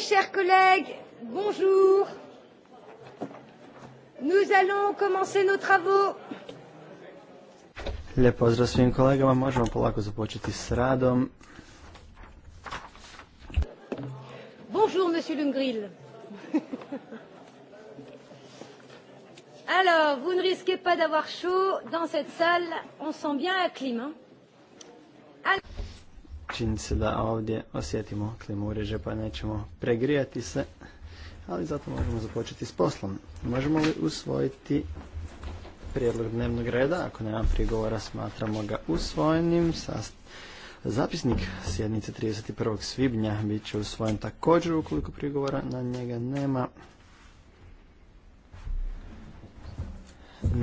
Mes chers collègues, bonjour. Nous allons commencer nos travaux. Lijep pozdrav svim kolegama, možemo polako započeti s radom. Bonjour, monsieur Lungril. Alors, vous ne risquez pas d'avoir chaud dans cette salle, on sent bien un climat. Alors čini se da ovdje osjetimo klimu pa nećemo pregrijati se, ali zato možemo započeti s poslom. Možemo li usvojiti prijedlog dnevnog reda? Ako nema prigovora smatramo ga usvojenim. Zapisnik sjednice 31. svibnja bit će usvojen također ukoliko prigovora na njega nema.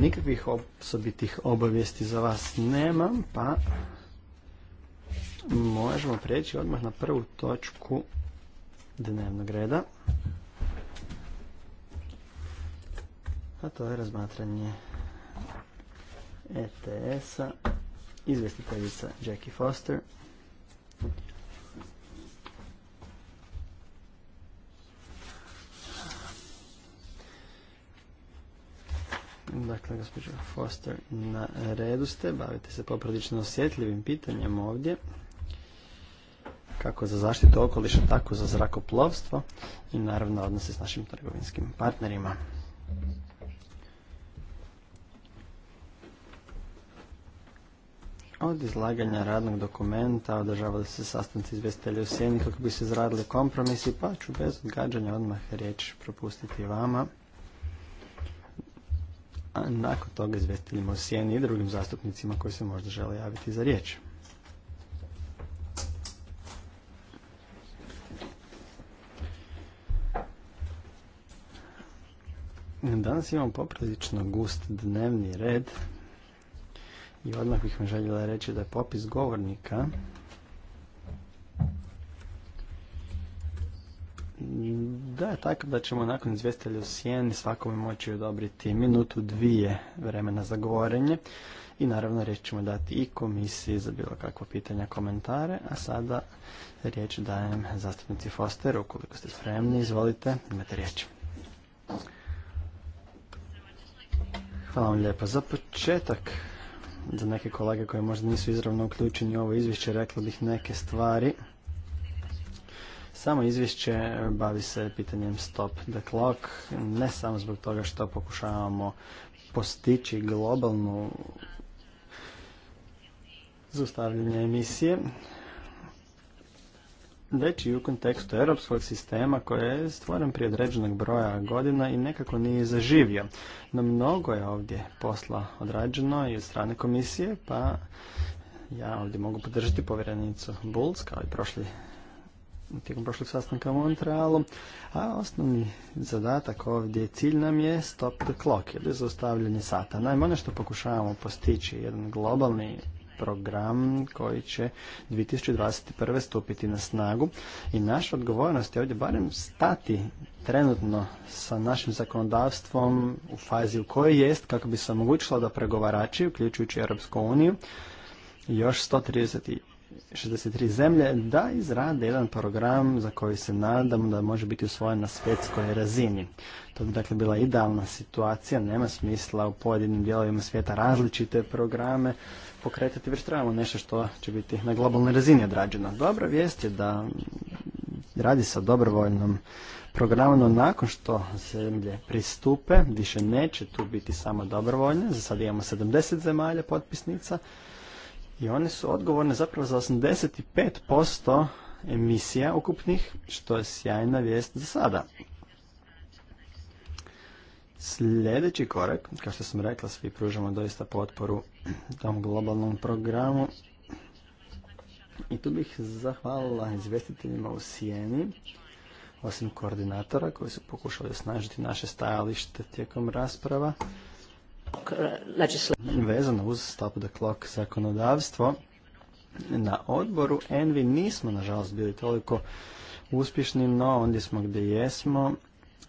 Nikakvih osobitih obavijesti za vas nemam, pa možemo prijeći odmah na prvu točku dnevnog reda. A to je razmatranje ETS-a, izvestiteljica Jackie Foster. Dakle, gospođo Foster, na redu ste, bavite se poprilično osjetljivim pitanjem ovdje kako za zaštitu okoliša, tako za zrakoplovstvo i naravno odnose s našim trgovinskim partnerima. Od izlaganja radnog dokumenta održavali se sastanci izvjestitelja u sjeni kako bi se izradili kompromisi, pa ću bez odgađanja odmah riječ propustiti vama. A nakon toga izvjestiteljima u sjeni i drugim zastupnicima koji se možda žele javiti za riječ. Danas imamo poprilično gust dnevni red i odmah bih vam željela reći da je popis govornika da je tako da ćemo nakon izvjestelja u sjeni svakome moći odobriti minutu dvije vremena za govorenje i naravno reći ćemo dati i komisiji za bilo kakva pitanja, komentare, a sada riječ dajem zastupnici Fosteru, ukoliko ste spremni, izvolite, imate riječ. Hvala vam lijepa. Za početak, za neke kolege koje možda nisu izravno uključeni u ovo izvješće, rekla bih neke stvari. Samo izvješće bavi se pitanjem stop the clock, ne samo zbog toga što pokušavamo postići globalnu zaustavljanje emisije, već i u kontekstu europskog sistema koji je stvoren prije određenog broja godina i nekako nije zaživio. No mnogo je ovdje posla odrađeno i od strane komisije, pa ja ovdje mogu podržati povjerenicu Bulls kao i prošli tijekom prošlog sastanka u Montrealu, a osnovni zadatak ovdje cilj nam je stop the clock ili zaustavljanje sata. Naime, ono što pokušavamo postići, jedan globalni program koji će 2021. stupiti na snagu i naša odgovornost je ovdje barem stati trenutno sa našim zakonodavstvom u fazi u kojoj jest kako bi se omogućilo da pregovarači, uključujući Europsku uniju, još 130 zemlje da izrade jedan program za koji se nadamo da može biti usvojen na svjetskoj razini. To bi dakle bila idealna situacija, nema smisla u pojedinim dijelovima svijeta različite programe pokretati, već trebamo nešto što će biti na globalnoj razini odrađeno. Dobra vijest je da radi sa dobrovoljnom programu nakon što zemlje pristupe, više neće tu biti samo dobrovoljne, za sad imamo 70 zemalja potpisnica i one su odgovorne zapravo za 85% emisija ukupnih, što je sjajna vijest za sada. Sljedeći korak, kao što sam rekla, svi pružamo doista potporu tom globalnom programu. I tu bih zahvalila izvjestiteljima u Sijeni, osim koordinatora koji su pokušali osnažiti naše stajalište tijekom rasprava. Vezano uz Stop the Clock zakonodavstvo, na odboru Envi nismo nažalost bili toliko uspješni, no ondje smo gdje jesmo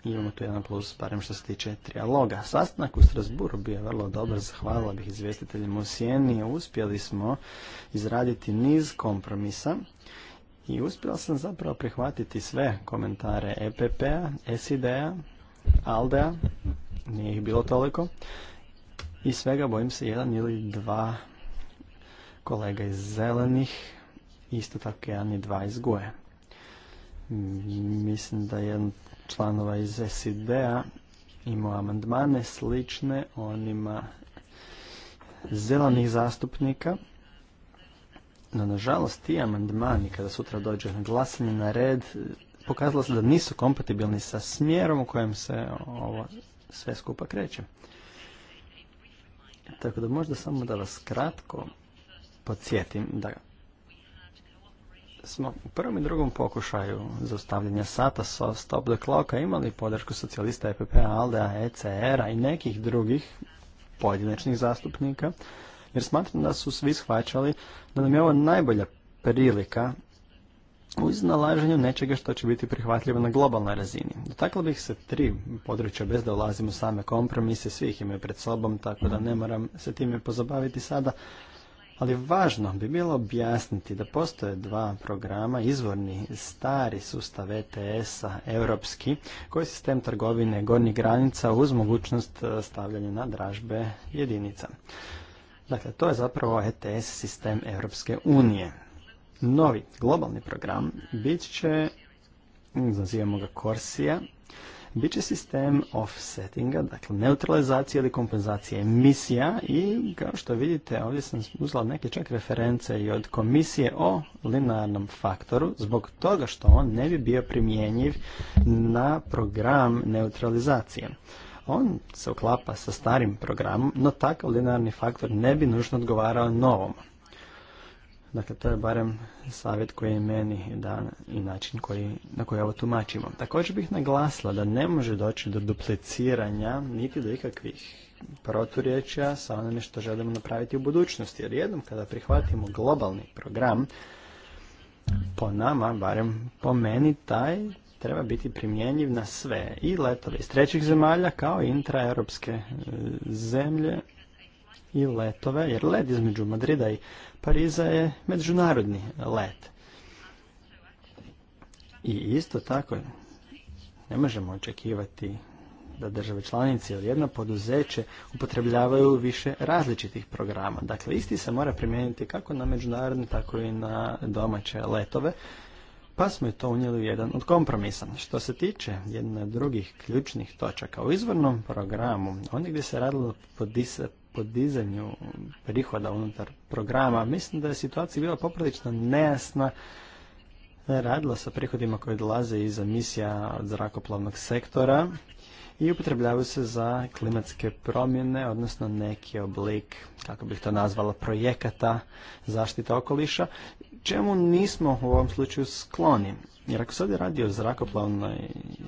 imamo tu jedan plus, barem što se tiče trialoga. Sastanak u Strasburu bio je vrlo dobar, zahvalila bih izvjestiteljima u Sijeni. Uspjeli smo izraditi niz kompromisa i uspjela sam zapravo prihvatiti sve komentare EPP-a, SID-a, ALDE-a, nije ih bilo toliko, i svega bojim se jedan ili dva kolega iz zelenih, isto tako jedan i dva iz guje. Mislim da jedan članova iz SID-a imao amandmane slične onima zelanih zastupnika. No, nažalost, ti amandmani, kada sutra dođe na glasanje na red, pokazalo se da nisu kompatibilni sa smjerom u kojem se ovo sve skupa kreće. Tako da možda samo da vas kratko podsjetim da smo u prvom i drugom pokušaju zaustavljanja sata sa Stop the Clocka imali podršku socijalista EPP-a, ECR-a i nekih drugih pojedinačnih zastupnika, jer smatram da su svi shvaćali da nam je ovo najbolja prilika u iznalaženju nečega što će biti prihvatljivo na globalnoj razini. Dotakla bih se tri područja bez da ulazim u same kompromise, svih imaju pred sobom, tako da ne moram se time pozabaviti sada, ali važno bi bilo objasniti da postoje dva programa, izvorni stari sustav ETS-a, europski, koji sistem trgovine gornjih granica uz mogućnost e, stavljanja na dražbe jedinica. Dakle, to je zapravo ETS sistem Europske unije. Novi globalni program bit će, nazivamo ga Korsija, bit će sistem offsettinga, dakle neutralizacija ili kompenzacija emisija i kao što vidite ovdje sam uzela neke čak reference i od komisije o linearnom faktoru zbog toga što on ne bi bio primjenjiv na program neutralizacije. On se uklapa sa starim programom, no takav linearni faktor ne bi nužno odgovarao novom. Dakle, to je barem savjet koji je meni dan i način koji, na koji ovo tumačimo. Također bih naglasila da ne može doći do dupliciranja niti do ikakvih proturječja sa onome što želimo napraviti u budućnosti. Jer jednom kada prihvatimo globalni program, po nama, barem po meni, taj treba biti primjenjiv na sve i letove iz trećih zemalja kao i intraeuropske e, zemlje i letove, jer let između Madrida i Pariza je međunarodni let. I isto tako ne možemo očekivati da države članice ili jedno poduzeće upotrebljavaju više različitih programa. Dakle, isti se mora primijeniti kako na međunarodne, tako i na domaće letove, pa smo i to unijeli u jedan od kompromisa. Što se tiče jedne od drugih ključnih točaka u izvornom programu, oni gdje se radilo podizanju prihoda unutar programa, mislim da je situacija bila poprilično nejasna. Radila sa prihodima koji dolaze iz emisija od zrakoplovnog sektora i upotrebljavaju se za klimatske promjene, odnosno neki oblik, kako bih to nazvala, projekata zaštite okoliša, čemu nismo u ovom slučaju skloni. Jer ako se ovdje radi o zrakoplovnoj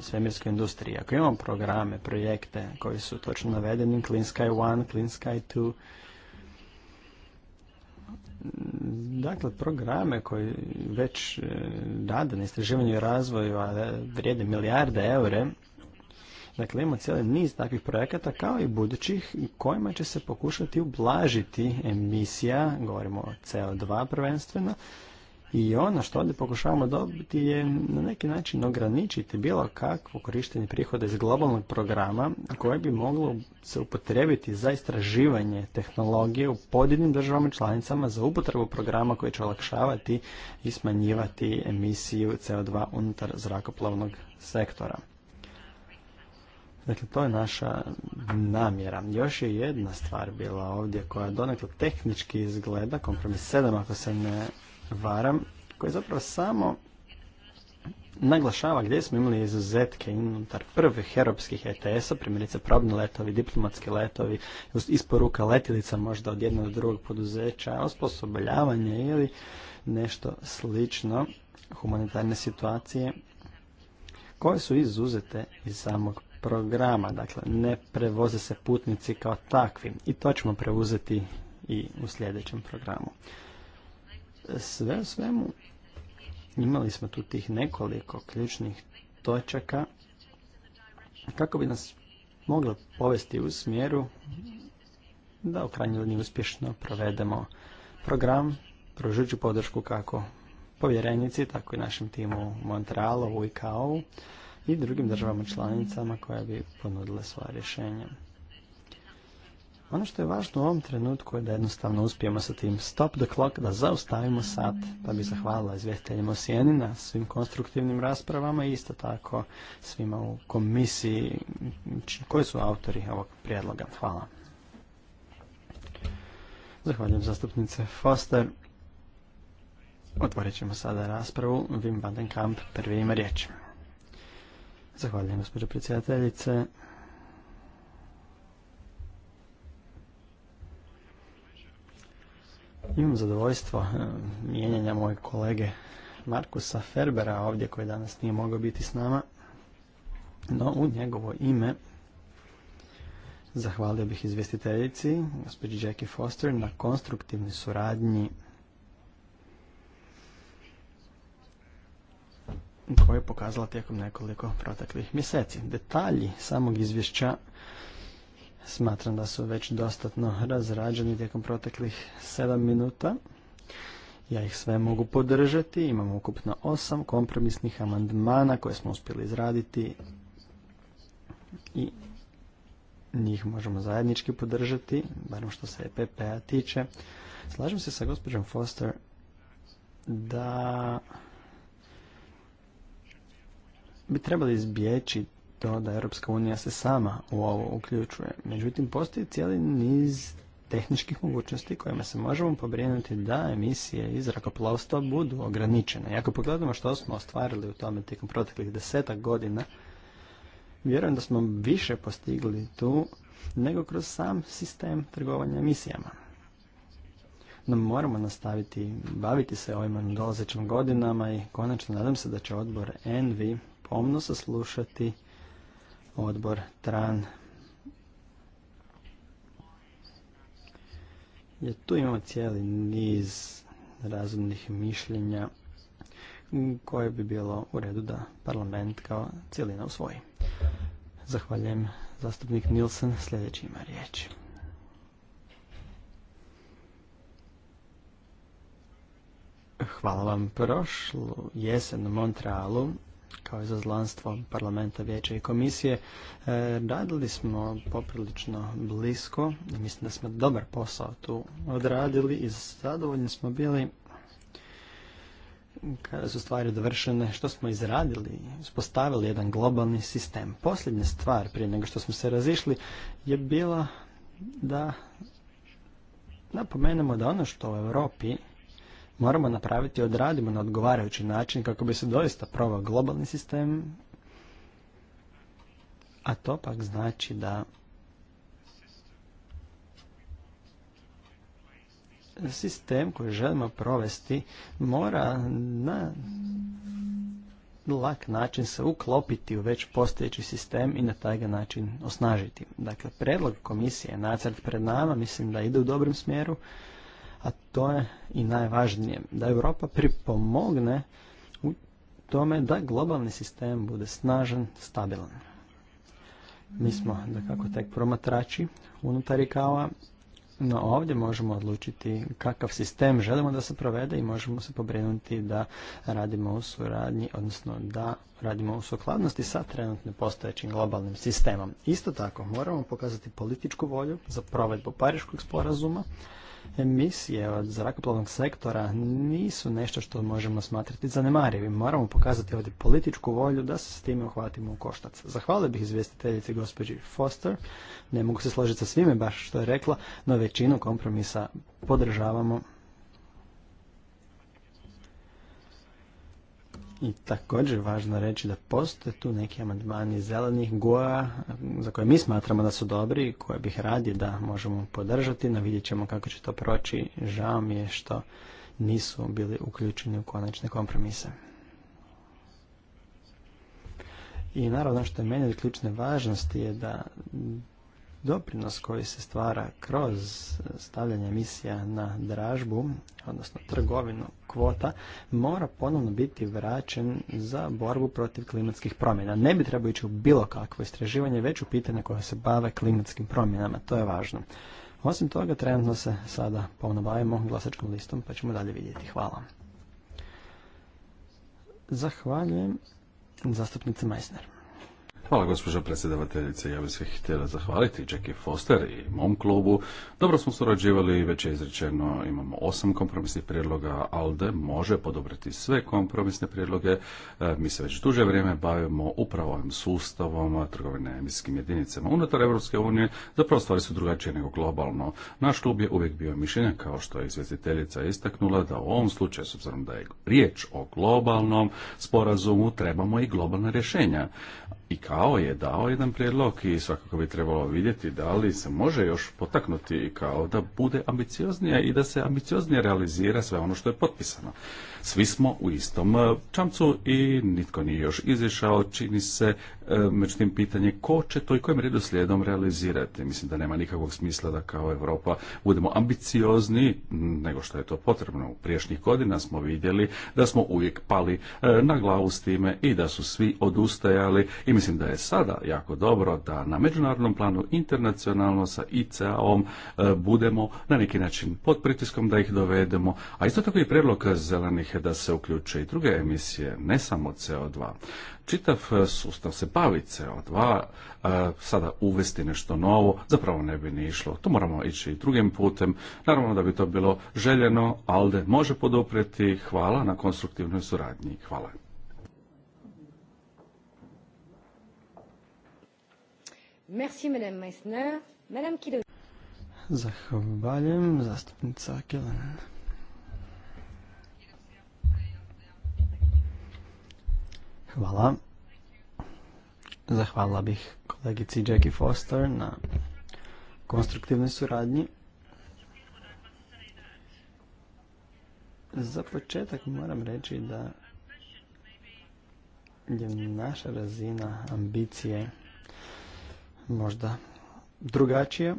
svemirskoj industriji, ako imamo programe, projekte koji su točno navedeni, Clean Sky 1, Clean Sky 2, Dakle, programe koji već e, rade na istraživanju i razvoju, a vrijede milijarde eure, Dakle, imamo cijeli niz takvih projekata kao i budućih kojima će se pokušati ublažiti emisija, govorimo o CO2 prvenstveno, i ono što ovdje pokušavamo dobiti je na neki način ograničiti bilo kakvo korištenje prihoda iz globalnog programa koje bi moglo se upotrebiti za istraživanje tehnologije u pojedinim državama i članicama za upotrebu programa koji će olakšavati i smanjivati emisiju CO2 unutar zrakoplovnog sektora. Dakle, to je naša namjera. Još je jedna stvar bila ovdje koja donekle tehnički izgleda, kompromis 7 ako se ne varam, koji zapravo samo naglašava gdje smo imali izuzetke unutar prvih heropskih ETS-a, primjerice probni letovi, diplomatski letovi, isporuka letilica možda od jednog do drugog poduzeća, osposobljavanje ili nešto slično humanitarne situacije koje su izuzete iz samog programa. Dakle, ne prevoze se putnici kao takvi i to ćemo preuzeti i u sljedećem programu. Sve u svemu imali smo tu tih nekoliko ključnih točaka kako bi nas moglo povesti u smjeru da u krajnjoj liniji uspješno provedemo program, pružujući podršku kako povjerenici, tako i našem timu u Montrealu, u i drugim državama članicama koja bi ponudile svoje rješenja. Ono što je važno u ovom trenutku je da jednostavno uspijemo sa tim stop the clock, da zaustavimo sat, pa bi zahvalila izvjestiteljima sjeni na svim konstruktivnim raspravama i isto tako svima u komisiji znači, koji su autori ovog prijedloga. Hvala. Zahvaljujem zastupnice Foster. Otvorit ćemo sada raspravu. Wim van Kamp prvi ima riječ. Zahvaljujem gospođo predsjedateljice. Imam zadovoljstvo eh, mijenjanja moje kolege Markusa Ferbera ovdje koji danas nije mogao biti s nama. No u njegovo ime zahvalio bih izvjestiteljici, gospođi Jackie Foster, na konstruktivnoj suradnji koju je pokazala tijekom nekoliko proteklih mjeseci. Detalji samog izvješća Smatram da su već dostatno razrađeni tijekom proteklih 7 minuta. Ja ih sve mogu podržati. Imamo ukupno osam kompromisnih amandmana koje smo uspjeli izraditi i njih možemo zajednički podržati, barem što se EPP-a tiče. Slažem se sa gospođom Foster da bi trebali izbjeći to da Europska unija se sama u ovo uključuje. Međutim, postoji cijeli niz tehničkih mogućnosti kojima se možemo pobrinuti da emisije iz zrakoplovstva budu ograničene. I ako pogledamo što smo ostvarili u tome tijekom proteklih desetak godina, vjerujem da smo više postigli tu nego kroz sam sistem trgovanja emisijama. No moramo nastaviti baviti se ovim dolazećim godinama i konačno nadam se da će odbor Envi pomno saslušati odbor TRAN. Jer tu imamo cijeli niz razumnih mišljenja koje bi bilo u redu da parlament kao cijelina usvoji. Zahvaljujem zastupnik Nilsen, sljedeći ima riječ. Hvala vam prošlu jesen u Montrealu kao izazlanstvo parlamenta, vijeća i komisije, e, radili smo poprilično blisko mislim da smo dobar posao tu odradili i zadovoljni smo bili kada su stvari dovršene, što smo izradili, uspostavili jedan globalni sistem. Posljednja stvar prije nego što smo se razišli je bila da napomenemo da ono što u Europi moramo napraviti i odradimo na odgovarajući način kako bi se doista provao globalni sistem, a to pak znači da sistem koji želimo provesti mora na lak način se uklopiti u već postojeći sistem i na taj ga način osnažiti. Dakle, predlog komisije, nacrt pred nama, mislim da ide u dobrom smjeru a to je i najvažnije, da Europa pripomogne u tome da globalni sistem bude snažan, stabilan. Mi smo, da kako tek promatrači unutar ikao a no ovdje možemo odlučiti kakav sistem želimo da se provede i možemo se pobrinuti da radimo u suradnji, odnosno da radimo u sukladnosti sa trenutno postojećim globalnim sistemom. Isto tako moramo pokazati političku volju za provedbu Pariškog sporazuma, emisije od zrakoplovnog sektora nisu nešto što možemo smatrati zanemarivim. Moramo pokazati ovdje političku volju da se s time uhvatimo u koštac. Zahvalio bih izvjestiteljici gospođi Foster. Ne mogu se složiti sa svime baš što je rekla, no većinu kompromisa podržavamo I također važno reći da postoje tu neki amandmani zelenih goja za koje mi smatramo da su dobri i koje bih radi da možemo podržati, no vidjet ćemo kako će to proći. Žao mi je što nisu bili uključeni u konačne kompromise. I naravno ono što je meni od ključne važnosti je da Doprinos koji se stvara kroz stavljanje emisija na dražbu, odnosno trgovinu kvota, mora ponovno biti vraćen za borbu protiv klimatskih promjena. Ne bi trebao ići u bilo kakvo istraživanje, već u pitanja koja se bave klimatskim promjenama. To je važno. Osim toga, trenutno se sada ponovno bavimo glasačkom listom, pa ćemo dalje vidjeti. Hvala. Zahvaljujem zastupnice Meissner. Hvala gospođo predsjedavateljice. Ja bih se htjela zahvaliti Jackie Foster i mom klubu. Dobro smo surađivali, već je izrečeno imamo osam kompromisnih prijedloga. ALDE može podobrati sve kompromisne prijedloge. E, mi se već duže vrijeme bavimo upravo ovim sustavom trgovine emisijskim jedinicama unutar Europske unije. Zapravo stvari su drugačije nego globalno. Naš klub je uvijek bio mišljenja, kao što je izvjestiteljica istaknula, da u ovom slučaju, s obzirom da je riječ o globalnom sporazumu, trebamo i globalna rješenja i kao je dao jedan prijedlog i svakako bi trebalo vidjeti da li se može još potaknuti kao da bude ambicioznija i da se ambicioznije realizira sve ono što je potpisano. Svi smo u istom e, čamcu i nitko nije još izišao, čini se, e, međutim pitanje ko će to i kojim redu slijedom realizirati. Mislim da nema nikakvog smisla da kao Europa budemo ambiciozni nego što je to potrebno. U priješnjih godina smo vidjeli da smo uvijek pali e, na glavu s time i da su svi odustajali i mislim da je sada jako dobro da na međunarodnom planu internacionalno sa ICA-om budemo na neki način pod pritiskom da ih dovedemo, a isto tako i prijedlog zelenih da se uključe i druge emisije, ne samo CO2. Čitav e, sustav se bavi CO2, e, sada uvesti nešto novo, zapravo ne bi ni išlo. To moramo ići i drugim putem. Naravno da bi to bilo željeno, ALDE može poduprijeti. Hvala na konstruktivnoj suradnji. Hvala. Merci, madame Madame Zahvaljujem, zastupnica Kilo. Hvala. Zahvalila bih kolegici Jackie Foster na konstruktivnoj suradnji. Za početak moram reći da je naša razina ambicije možda drugačija.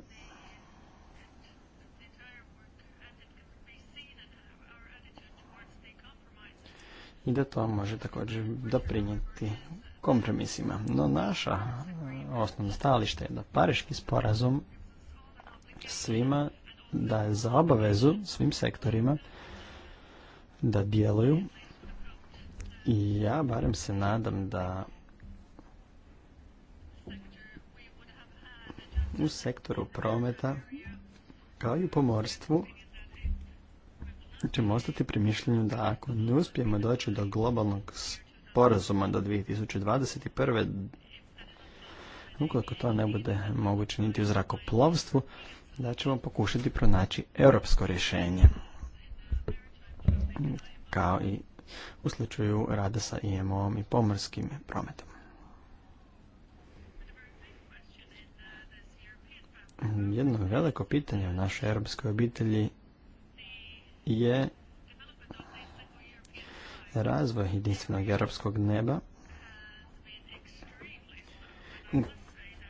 i da to može također doprinijeti kompromisima. No naša mm, osnovno stališta je da Pariški sporazum svima da je za obavezu svim sektorima da djeluju i ja barem se nadam da u sektoru prometa kao i u pomorstvu ćemo znači, ostati pri mišljenju da ako ne uspijemo doći do globalnog sporazuma do 2021. Ukoliko to ne bude moguće niti u zrakoplovstvu, da ćemo pokušati pronaći europsko rješenje. Kao i u slučaju rada sa IMO-om i pomorskim prometom. Jedno veliko pitanje u našoj europskoj obitelji je razvoj jedinstvenog europskog neba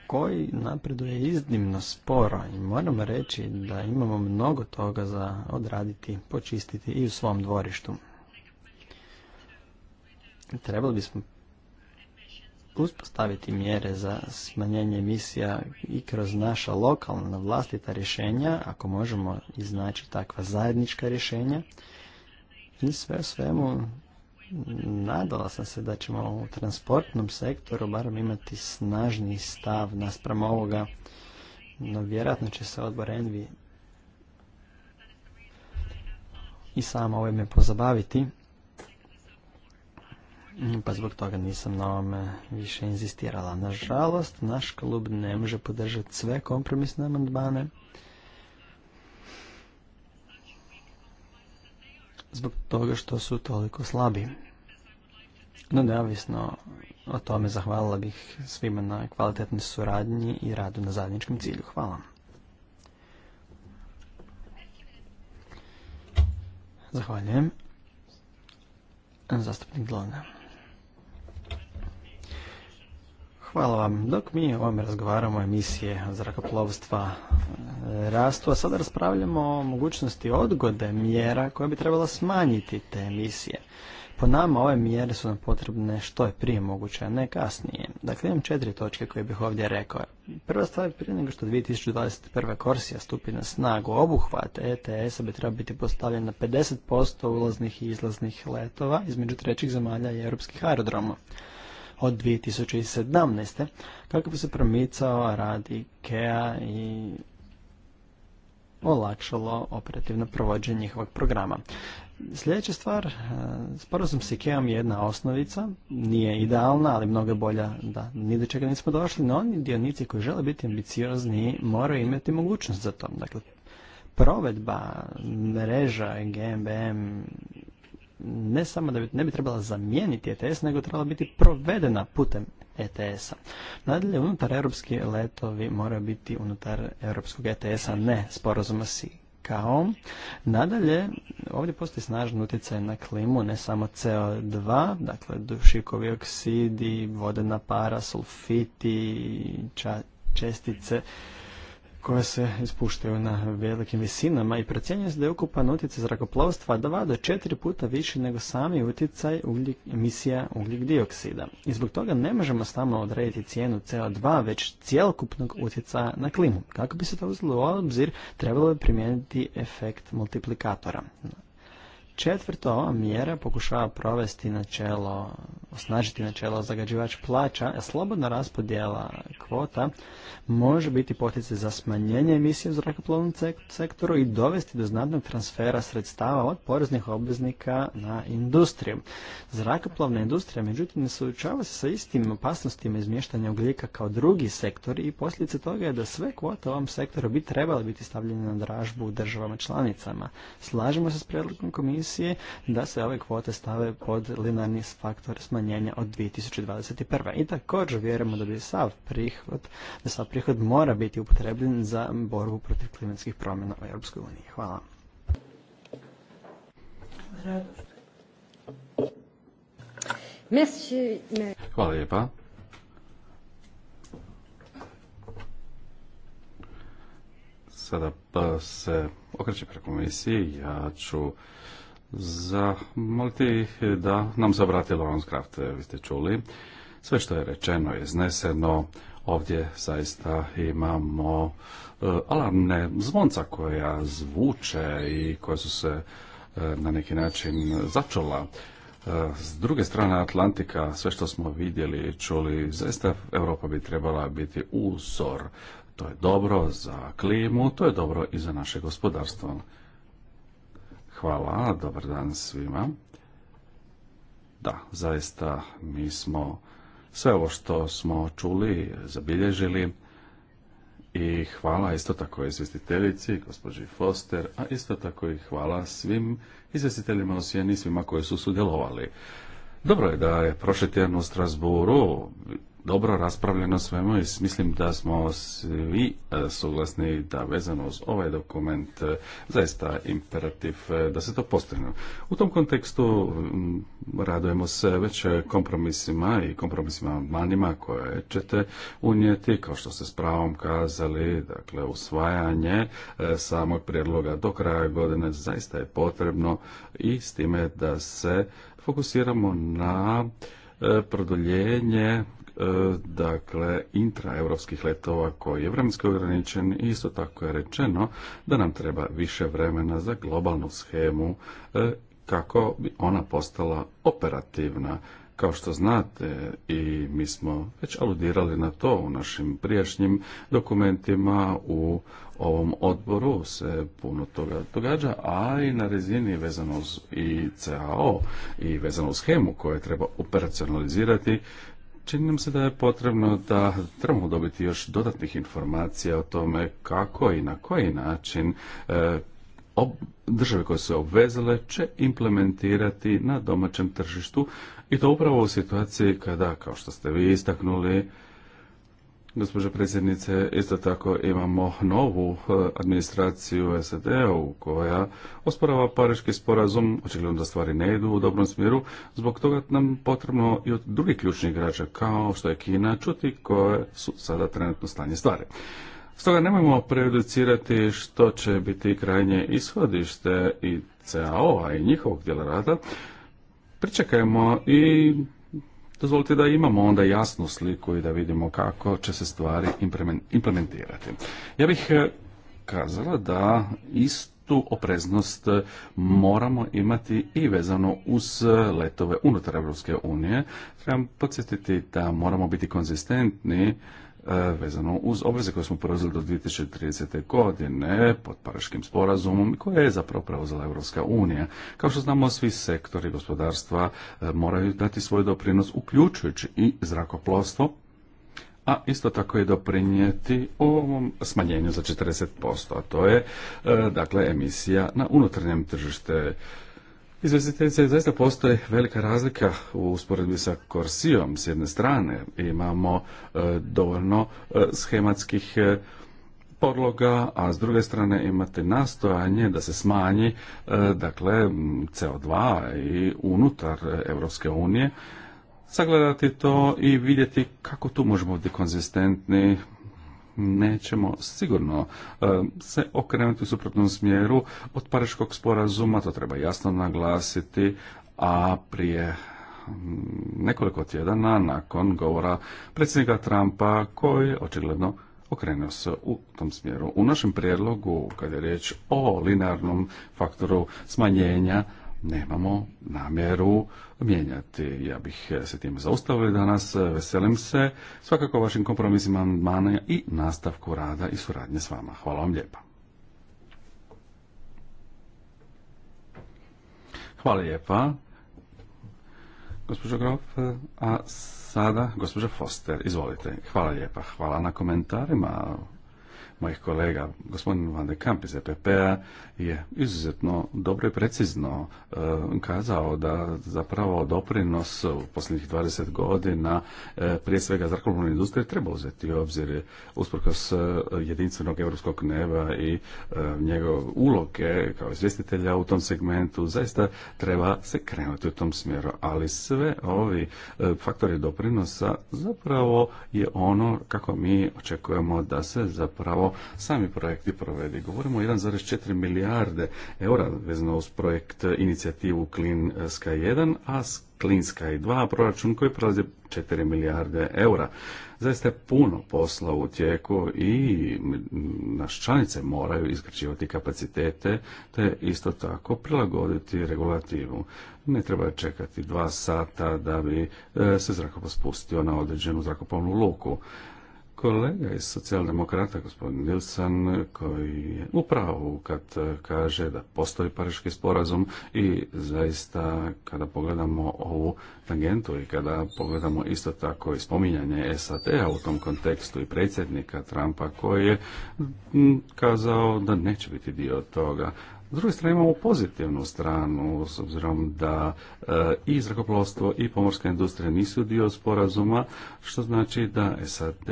koji napreduje iznimno sporo i moramo reći da imamo mnogo toga za odraditi, počistiti i u svom dvorištu. Trebali bismo uspostaviti mjere za smanjenje emisija i kroz naša lokalna vlastita rješenja, ako možemo iznaći takva zajednička rješenja. I sve u svemu nadala sam se da ćemo u transportnom sektoru barem imati snažni stav naspram ovoga, no vjerojatno će se odbor Envi i sam ovime pozabaviti. Mm, pa zbog toga nisam na ovome više inzistirala. Nažalost, naš klub ne može podržati sve kompromisne amandmane. Zbog toga što su toliko slabi. No neovisno o tome zahvalila bih svima na kvalitetnoj suradnji i radu na zajedničkom cilju. Hvala. Zahvaljujem. Zastupnik Glona. Hvala vam. Dok mi o ovome razgovaramo emisije zrakoplovstva e, rastu, a sada raspravljamo o mogućnosti odgode mjera koja bi trebala smanjiti te emisije. Po nama ove mjere su nam potrebne što je prije moguće, a ne kasnije. Dakle, imam četiri točke koje bih ovdje rekao. Prva stvar, prije nego što 2021. korsija stupi na snagu, obuhvat ETS-a bi trebao biti postavljen na 50% ulaznih i izlaznih letova između trećih zemalja i europskih aerodroma od 2017. kako bi se promicao rad KEA i olakšalo operativno provođenje njihovog programa. Sljedeća stvar, e, sporazum s om je jedna osnovica, nije idealna, ali mnogo bolja da ni do čega nismo došli, no oni dionici koji žele biti ambiciozni moraju imati mogućnost za to. Dakle, provedba mreža GMBM ne samo da bi, ne bi trebala zamijeniti ETS, nego trebala biti provedena putem ETS-a. Nadalje, unutar europski letovi moraju biti unutar europskog ETS-a, ne sporazuma si kao. Nadalje, ovdje postoji snažan utjecaj na klimu, ne samo CO2, dakle dušikovi oksidi, vodena para, sulfiti, čestice koje se ispuštaju na velikim visinama i procjenjuje se da je ukupan utjecaj zrakoplovstva 2 do 4 puta viši nego sami utjecaj emisija ugljik dioksida. I zbog toga ne možemo samo odrediti cijenu CO2, već cjelokupnog utjecaja na klimu. Kako bi se to uzelo u obzir, trebalo bi primijeniti efekt multiplikatora. Četvrto, ova mjera pokušava provesti načelo, osnažiti načelo zagađivač plaća, a slobodna raspodjela kvota može biti poticaj za smanjenje emisije u zrakoplovnom sektoru i dovesti do znatnog transfera sredstava od poreznih obveznika na industriju. Zrakoplovna industrija, međutim, ne suočava se sa istim opasnostima izmještanja ugljika kao drugi sektor i posljedice toga je da sve kvote u ovom sektoru bi trebale biti stavljene na dražbu u državama članicama. Slažemo se s predlogom komisije komisije da se ove kvote stave pod linarni faktor smanjenja od 2021. I također vjerujemo da bi sav prihod, da sav prihod mora biti upotrebljen za borbu protiv klimatskih promjena u EU. Hvala. Hvala lijepa. Sada pa se okreće pre komisije. Ja ću za Zamoliti da nam se on Kraft. vi ste čuli. Sve što je rečeno je izneseno. Ovdje zaista imamo e, alarmne zvonca koja zvuče i koja su se e, na neki način začula. E, s druge strane Atlantika, sve što smo vidjeli i čuli, zaista Europa bi trebala biti uzor. To je dobro za klimu, to je dobro i za naše gospodarstvo. Hvala, dobar dan svima. Da, zaista mi smo sve ovo što smo čuli, zabilježili i hvala isto tako izvjestiteljici, gospođi Foster, a isto tako i hvala svim izvjestiteljima u sjeni svima koji su sudjelovali. Dobro je da je prošli tjedan u Strasburu dobro raspravljeno svemu i mislim da smo svi e, suglasni da vezano uz ovaj dokument e, zaista imperativ e, da se to postigne. U tom kontekstu radujemo se već kompromisima i kompromisima manima koje ćete unijeti, kao što ste s pravom kazali, dakle usvajanje samog prijedloga do kraja godine zaista je potrebno i s time da se fokusiramo na produljenje E, dakle intraeuropskih letova koji je vremenski ograničen i isto tako je rečeno da nam treba više vremena za globalnu schemu e, kako bi ona postala operativna kao što znate i mi smo već aludirali na to u našim prijašnjim dokumentima u ovom odboru se puno toga događa, a i na rezini vezano uz i CAO i vezano uz schemu koje treba operacionalizirati Čini nam se da je potrebno da trebamo dobiti još dodatnih informacija o tome kako i na koji način e, države koje su obvezale će implementirati na domaćem tržištu i to upravo u situaciji kada, kao što ste vi istaknuli, Gospođo predsjednice, isto tako imamo novu eh, administraciju SAD-u koja osporava Pariški sporazum, očigledno da stvari ne idu u dobrom smjeru, zbog toga nam potrebno i od drugih ključnih građa kao što je Kina čuti koje su sada trenutno stanje stvari. Stoga nemojmo prejudicirati što će biti krajnje ishodište i CAO-a i njihovog dijela rada. Pričekajmo i Dozvolite da imamo onda jasnu sliku i da vidimo kako će se stvari implementirati. Ja bih eh, kazala da istu opreznost eh, moramo imati i vezano uz eh, letove unutar Europske unije. Trebam podsjetiti da moramo biti konzistentni E, vezano uz obveze koje smo porazili do 2030. godine pod pariškim sporazumom koje je zapravo preuzela Europska unija. Kao što znamo, svi sektori gospodarstva e, moraju dati svoj doprinos, uključujući i zrakoplovstvo, a isto tako je doprinijeti ovom smanjenju za 40%, a to je e, dakle emisija na unutarnjem tržište izvjestiteljice, zaista postoji velika razlika u usporedbi sa Korsijom. S jedne strane imamo e, dovoljno e, schematskih e, podloga, a s druge strane imate nastojanje da se smanji dakle CO2 i unutar Europske unije sagledati to i vidjeti kako tu možemo biti konzistentni, nećemo sigurno e, se okrenuti u suprotnom smjeru od Pariškog sporazuma, to treba jasno naglasiti, a prije mm, nekoliko tjedana nakon govora predsjednika Trumpa koji očigledno okrenuo se u tom smjeru. U našem prijedlogu, kada je riječ o linearnom faktoru smanjenja, nemamo namjeru mijenjati. Ja bih se tim zaustavio danas. Veselim se svakako vašim kompromisima mana i nastavku rada i suradnje s vama. Hvala vam lijepa. Hvala lijepa. Gospođo Grof, a sada gospođo Foster, izvolite. Hvala lijepa. Hvala na komentarima mojih kolega. Gospodin Van de Kamp iz EPP-a je izuzetno dobro i precizno e, kazao da zapravo doprinos u posljednjih 20 godina e, prije svega zrakoplovne industrije treba uzeti u obzir usprkos e, jedinstvenog europskog neba i e, njegove uloge kao izvjestitelja u tom segmentu zaista treba se krenuti u tom smjeru, ali sve ovi e, faktori doprinosa zapravo je ono kako mi očekujemo da se zapravo sami projekti provedi. Govorimo o 1,4 milijarde eura vezano uz projekt e, inicijativu Clean e, Sky 1, a Clean Sky dva proračun koji prelazi 4 milijarde eura. Zaista je puno posla u tijeku i naš članice moraju izgrađivati kapacitete te isto tako prilagoditi regulativu. Ne treba čekati dva sata da bi e, se zrakoplov spustio na određenu zrakoplovnu luku kolega iz socijaldemokrata, gospodin Nilsson, koji je upravo kad e, kaže da postoji pariški sporazum i zaista kada pogledamo ovu tangentu i kada pogledamo isto tako i spominjanje SAD-a u tom kontekstu i predsjednika Trumpa koji je kazao da neće biti dio toga. S druge strane imamo pozitivnu stranu, s obzirom da e, i zrakoplovstvo i pomorska industrija nisu dio sporazuma, što znači da SAD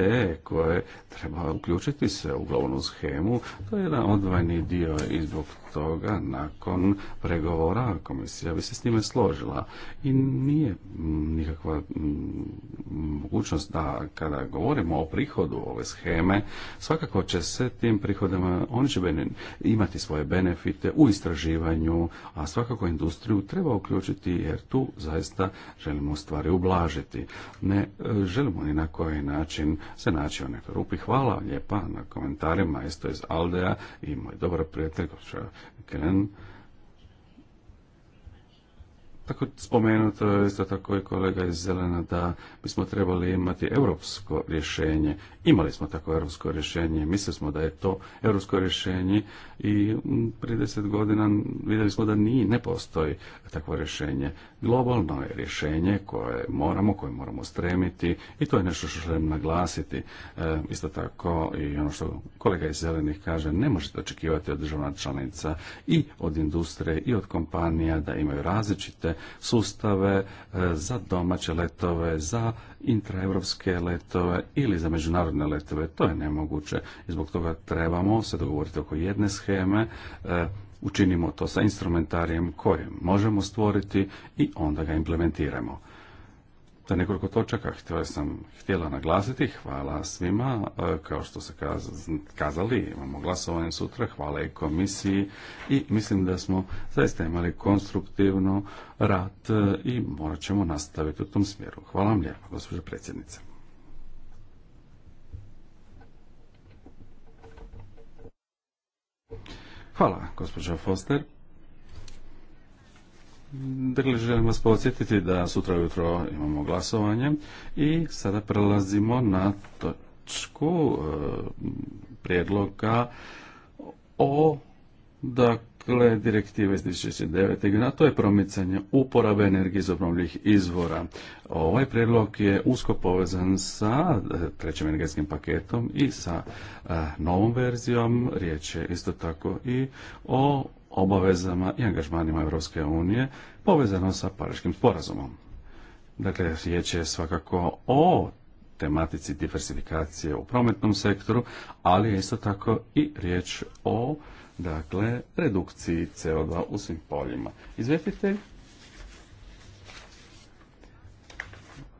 koje treba uključiti se u glavnu schemu, to je jedan odvojni dio i zbog toga nakon pregovora komisija bi se s njime složila i nije nikakva mogućnost da kada govorimo o prihodu ove sheme, svakako će se tim prihodima oni će imati svoje benefite u istraživanju a svakako industriju treba uključiti jer tu zaista želimo stvari ublažiti ne e, želimo ni na koji način se naći u nekoj rupi hvala lijepa na komentarima isto iz Aldeja i moj dobar prijatelj tako Tako spomenuto je isto tako i kolega iz Zelena da bismo trebali imati europsko rješenje. Imali smo tako europsko rješenje, mislili smo da je to europsko rješenje i prije deset godina vidjeli smo da nije, ne postoji takvo rješenje globalno je rješenje koje moramo, koje moramo stremiti i to je nešto što želim naglasiti. E, isto tako i ono što kolega iz Zelenih kaže, ne možete očekivati od državna članica i od industrije i od kompanija da imaju različite sustave e, za domaće letove, za intraevropske letove ili za međunarodne letove. To je nemoguće i zbog toga trebamo se dogovoriti oko jedne scheme e, učinimo to sa instrumentarijem koje možemo stvoriti i onda ga implementiramo. Da nekoliko točaka htjela sam htjela naglasiti. Hvala svima. E, kao što se kazali, imamo glasovanje sutra. Hvala i komisiji. I mislim da smo zaista imali konstruktivno rad e, i morat ćemo nastaviti u tom smjeru. Hvala vam lijepo gospođo predsjednice. Hvala, gospođo Foster. Dakle, želim vas podsjetiti da sutra ujutro imamo glasovanje i sada prelazimo na točku e, prijedloga o dakle, Dakle, direktive direktiva iz 2009. na to je promicanje uporabe energije iz obnovljivih izvora. Ovaj prijedlog je usko povezan sa e, trećim energetskim paketom i sa e, novom verzijom. Riječ je isto tako i o obavezama i angažmanima Europske unije povezano sa Pariškim sporazumom. Dakle, riječ je svakako o tematici diversifikacije u prometnom sektoru, ali je isto tako i riječ o dakle, redukciji CO2 u svim poljima. Izvjetitelj,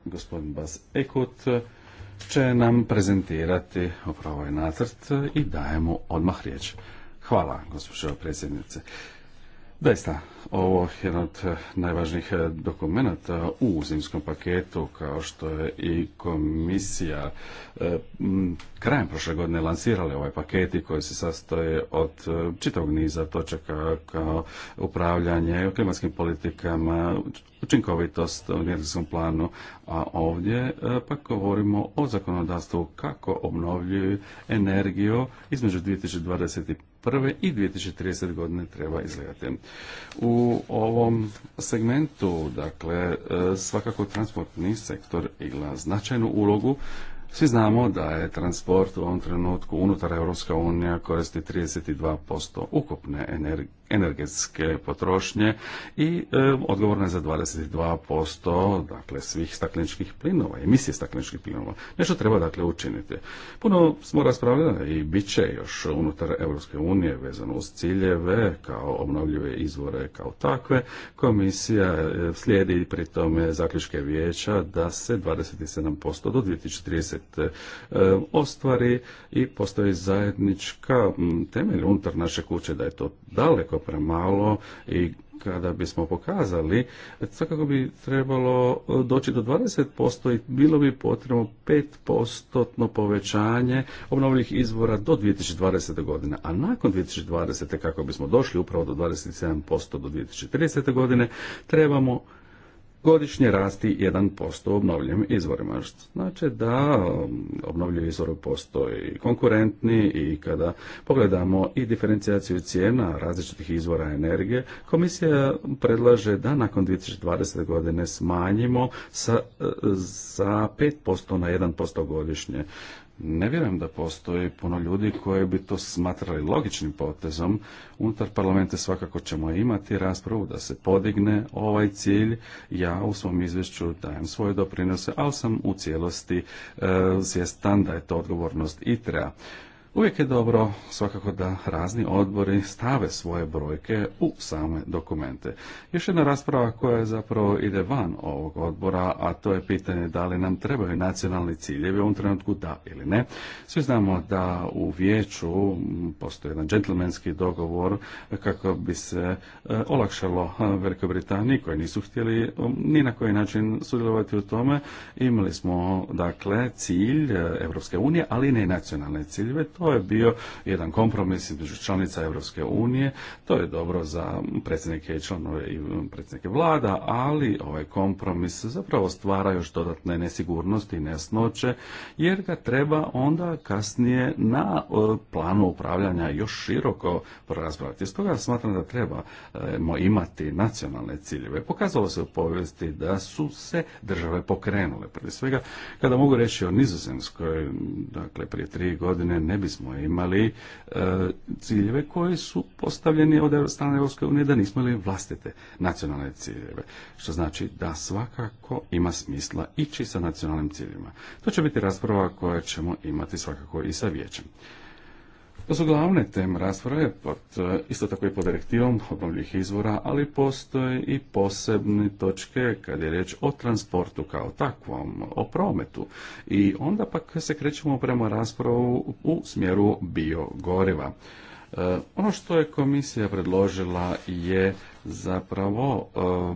gospodin Bas Ekut, će nam prezentirati upravo ovaj nacrt i dajemo odmah riječ. Hvala, gospođo predsjednice. Daista, ovo je jedan od eh, najvažnijih eh, dokumenata u zimskom paketu, kao što je i komisija eh, krajem prošle godine lansirali ovaj paket koji se sastoje od čitavog niza točaka kao upravljanje klimatskim politikama, učinkovitost u energetskom planu, a ovdje pa govorimo o zakonodavstvu kako obnovljuju energiju između 2025 i 2030. godine treba izgledati. U ovom segmentu, dakle, e, svakako transportni sektor igra značajnu ulogu svi znamo da je transport u ovom trenutku unutar Europska unija koristi 32% ukupne energije energetske potrošnje i e, odgovorna je za 22% dakle svih stakleničkih plinova, emisije stakleničkih plinova. Nešto treba dakle učiniti. Puno smo raspravljali i bit će još unutar Europske unije vezano uz ciljeve kao obnovljive izvore kao takve. Komisija e, slijedi pri tome zaključke vijeća da se 27% do 2030 e, ostvari i postoji zajednička temelj unutar naše kuće da je to daleko premalo i kada bismo pokazali, svakako bi trebalo e, doći do 20% i bilo bi potrebno 5% povećanje obnovljivih izvora do 2020. godine. A nakon 2020. kako bismo došli upravo do 27% do 2030. godine, trebamo godišnje rasti 1% u obnovljivim izvorima. Što znači da um, obnovljivi izvor postoji konkurentni i kada pogledamo i diferencijaciju cijena različitih izvora energije, komisija predlaže da nakon 2020. godine smanjimo sa, za 5% na 1% godišnje. Ne vjerujem da postoji puno ljudi koji bi to smatrali logičnim potezom. Unutar parlamente svakako ćemo imati raspravu da se podigne ovaj cilj. Ja u svom izvješću dajem svoje doprinose, ali sam u cijelosti e, svjestan da je to odgovornost ITREA. Uvijek je dobro svakako da razni odbori stave svoje brojke u same dokumente. Još jedna rasprava koja zapravo ide van ovog odbora, a to je pitanje da li nam trebaju nacionalni ciljevi u ovom trenutku da ili ne. Svi znamo da u vijeću postoji jedan džentlmenski dogovor kako bi se e, olakšalo e, Velikoj Britaniji koji nisu htjeli e, ni na koji način sudjelovati u tome. Imali smo dakle cilj Europske unije, ali ne nacionalne ciljeve. To je bio jedan kompromis između članica Europske unije. To je dobro za predsjednike i članove i predsjednike vlada, ali ovaj kompromis zapravo stvara još dodatne nesigurnosti i nesnoće, jer ga treba onda kasnije na e, planu upravljanja još široko prorazpraviti. Stoga smatram da trebamo e, imati nacionalne ciljeve. Pokazalo se u povijesti da su se države pokrenule. Prije svega, kada mogu reći o Nizozemskoj, dakle prije tri godine ne bi smo imali e, ciljeve koji su postavljeni od strane Europske unije da nismo imali vlastite nacionalne ciljeve. Što znači da svakako ima smisla ići sa nacionalnim ciljevima. To će biti rasprava koja ćemo imati svakako i sa vijećem. To su glavne teme rasprave, pod, e, isto tako i pod direktivom obnovljivih izvora, ali postoje i posebne točke kad je riječ o transportu kao takvom, o prometu. I onda pak se krećemo prema raspravu u smjeru biogoriva. E, ono što je komisija predložila je zapravo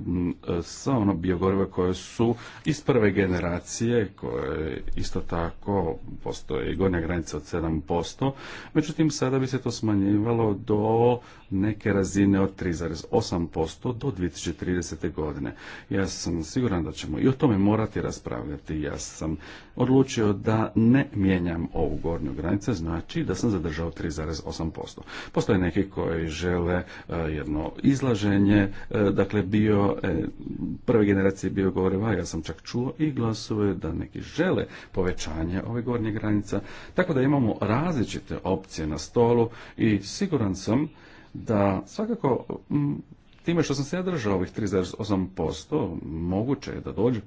um, sa ono biogoriva koje su iz prve generacije, koje isto tako postoje i gornja granica od 7%, međutim sada bi se to smanjivalo do neke razine od 3,8% do 2030. godine. Ja sam siguran da ćemo i o tome morati raspravljati. Ja sam odlučio da ne mijenjam ovu gornju granicu, znači da sam zadržao 3,8%. Postoje neki koji žele uh, jedno izlaženje je, e, dakle bio e, prve generacije bio govoreva, ja sam čak čuo i glasove da neki žele povećanje ove gornje granica, tako da imamo različite opcije na stolu i siguran sam da svakako time što sam se ja držao ovih 3,8%, moguće je da dođe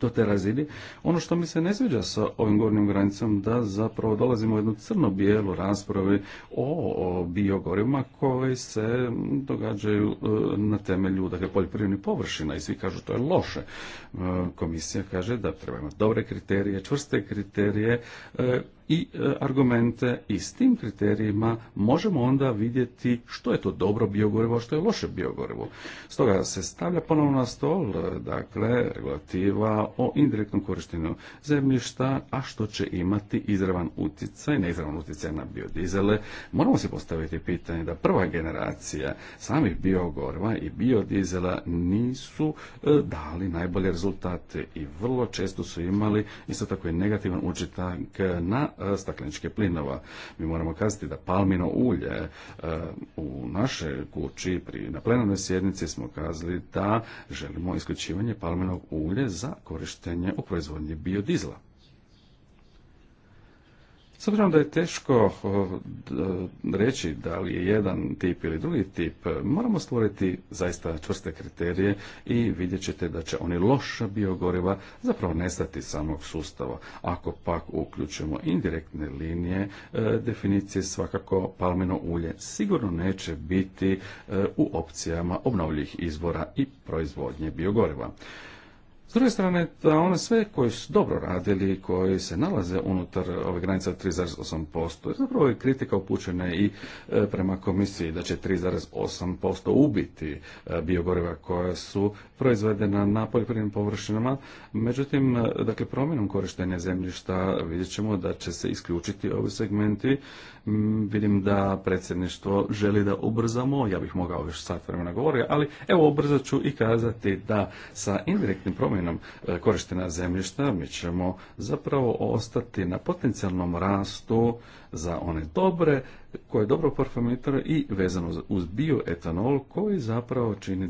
do te razine. Ono što mi se ne sviđa sa ovim gornjim granicom da zapravo dolazimo u jednu crno-bijelu rasprave o biogorima koji se događaju e, na temelju dakle, poljoprivrednih površina i svi kažu to je loše. E, komisija kaže da treba imati dobre kriterije, čvrste kriterije e, i e, argumente i s tim kriterijima možemo onda vidjeti što je to dobro biogorivo, što je loše biogorivo. Stoga se stavlja ponovno na stol, e, dakle, regulativa o indirektnom korištenju zemljišta, a što će imati izravan utjecaj, neizravan utjecaj na biodizele. Moramo se postaviti pitanje da prva generacija samih biogoriva i biodizela nisu e, dali najbolje rezultate i vrlo često su imali isto tako negativan učitak na E, stakleničke plinova. Mi moramo kazati da palmino ulje e, u našoj kući pri, na plenarnoj sjednici smo kazali da želimo isključivanje palminog ulje za korištenje u proizvodnji biodizla. S obzirom da je teško reći da li je jedan tip ili drugi tip, moramo stvoriti zaista čvrste kriterije i vidjet ćete da će oni loša biogoriva zapravo nestati samog sustava. Ako pak uključimo indirektne linije, e, definicije svakako palmeno ulje sigurno neće biti e, u opcijama obnovljivih izvora i proizvodnje biogoriva. S druge strane, da one sve koji su dobro radili, koji se nalaze unutar ove granice od 3,8%, zapravo je kritika upućena i e, prema komisiji da će 3,8% ubiti e, biogoriva koja su proizvedena na poljoprivrednim površinama. Međutim, e, dakle, promjenom korištenja zemljišta vidjet ćemo da će se isključiti ovi segmenti. Vidim da predsjedništvo želi da ubrzamo, ja bih mogao još sat vremena govoriti, ali evo ubrzat ću i kazati da sa indirektnim promjenom nam e, korištena zemljišta, mi ćemo zapravo ostati na potencijalnom rastu za one dobre koje je dobro performitarno i vezano uz bioetanol koji zapravo čini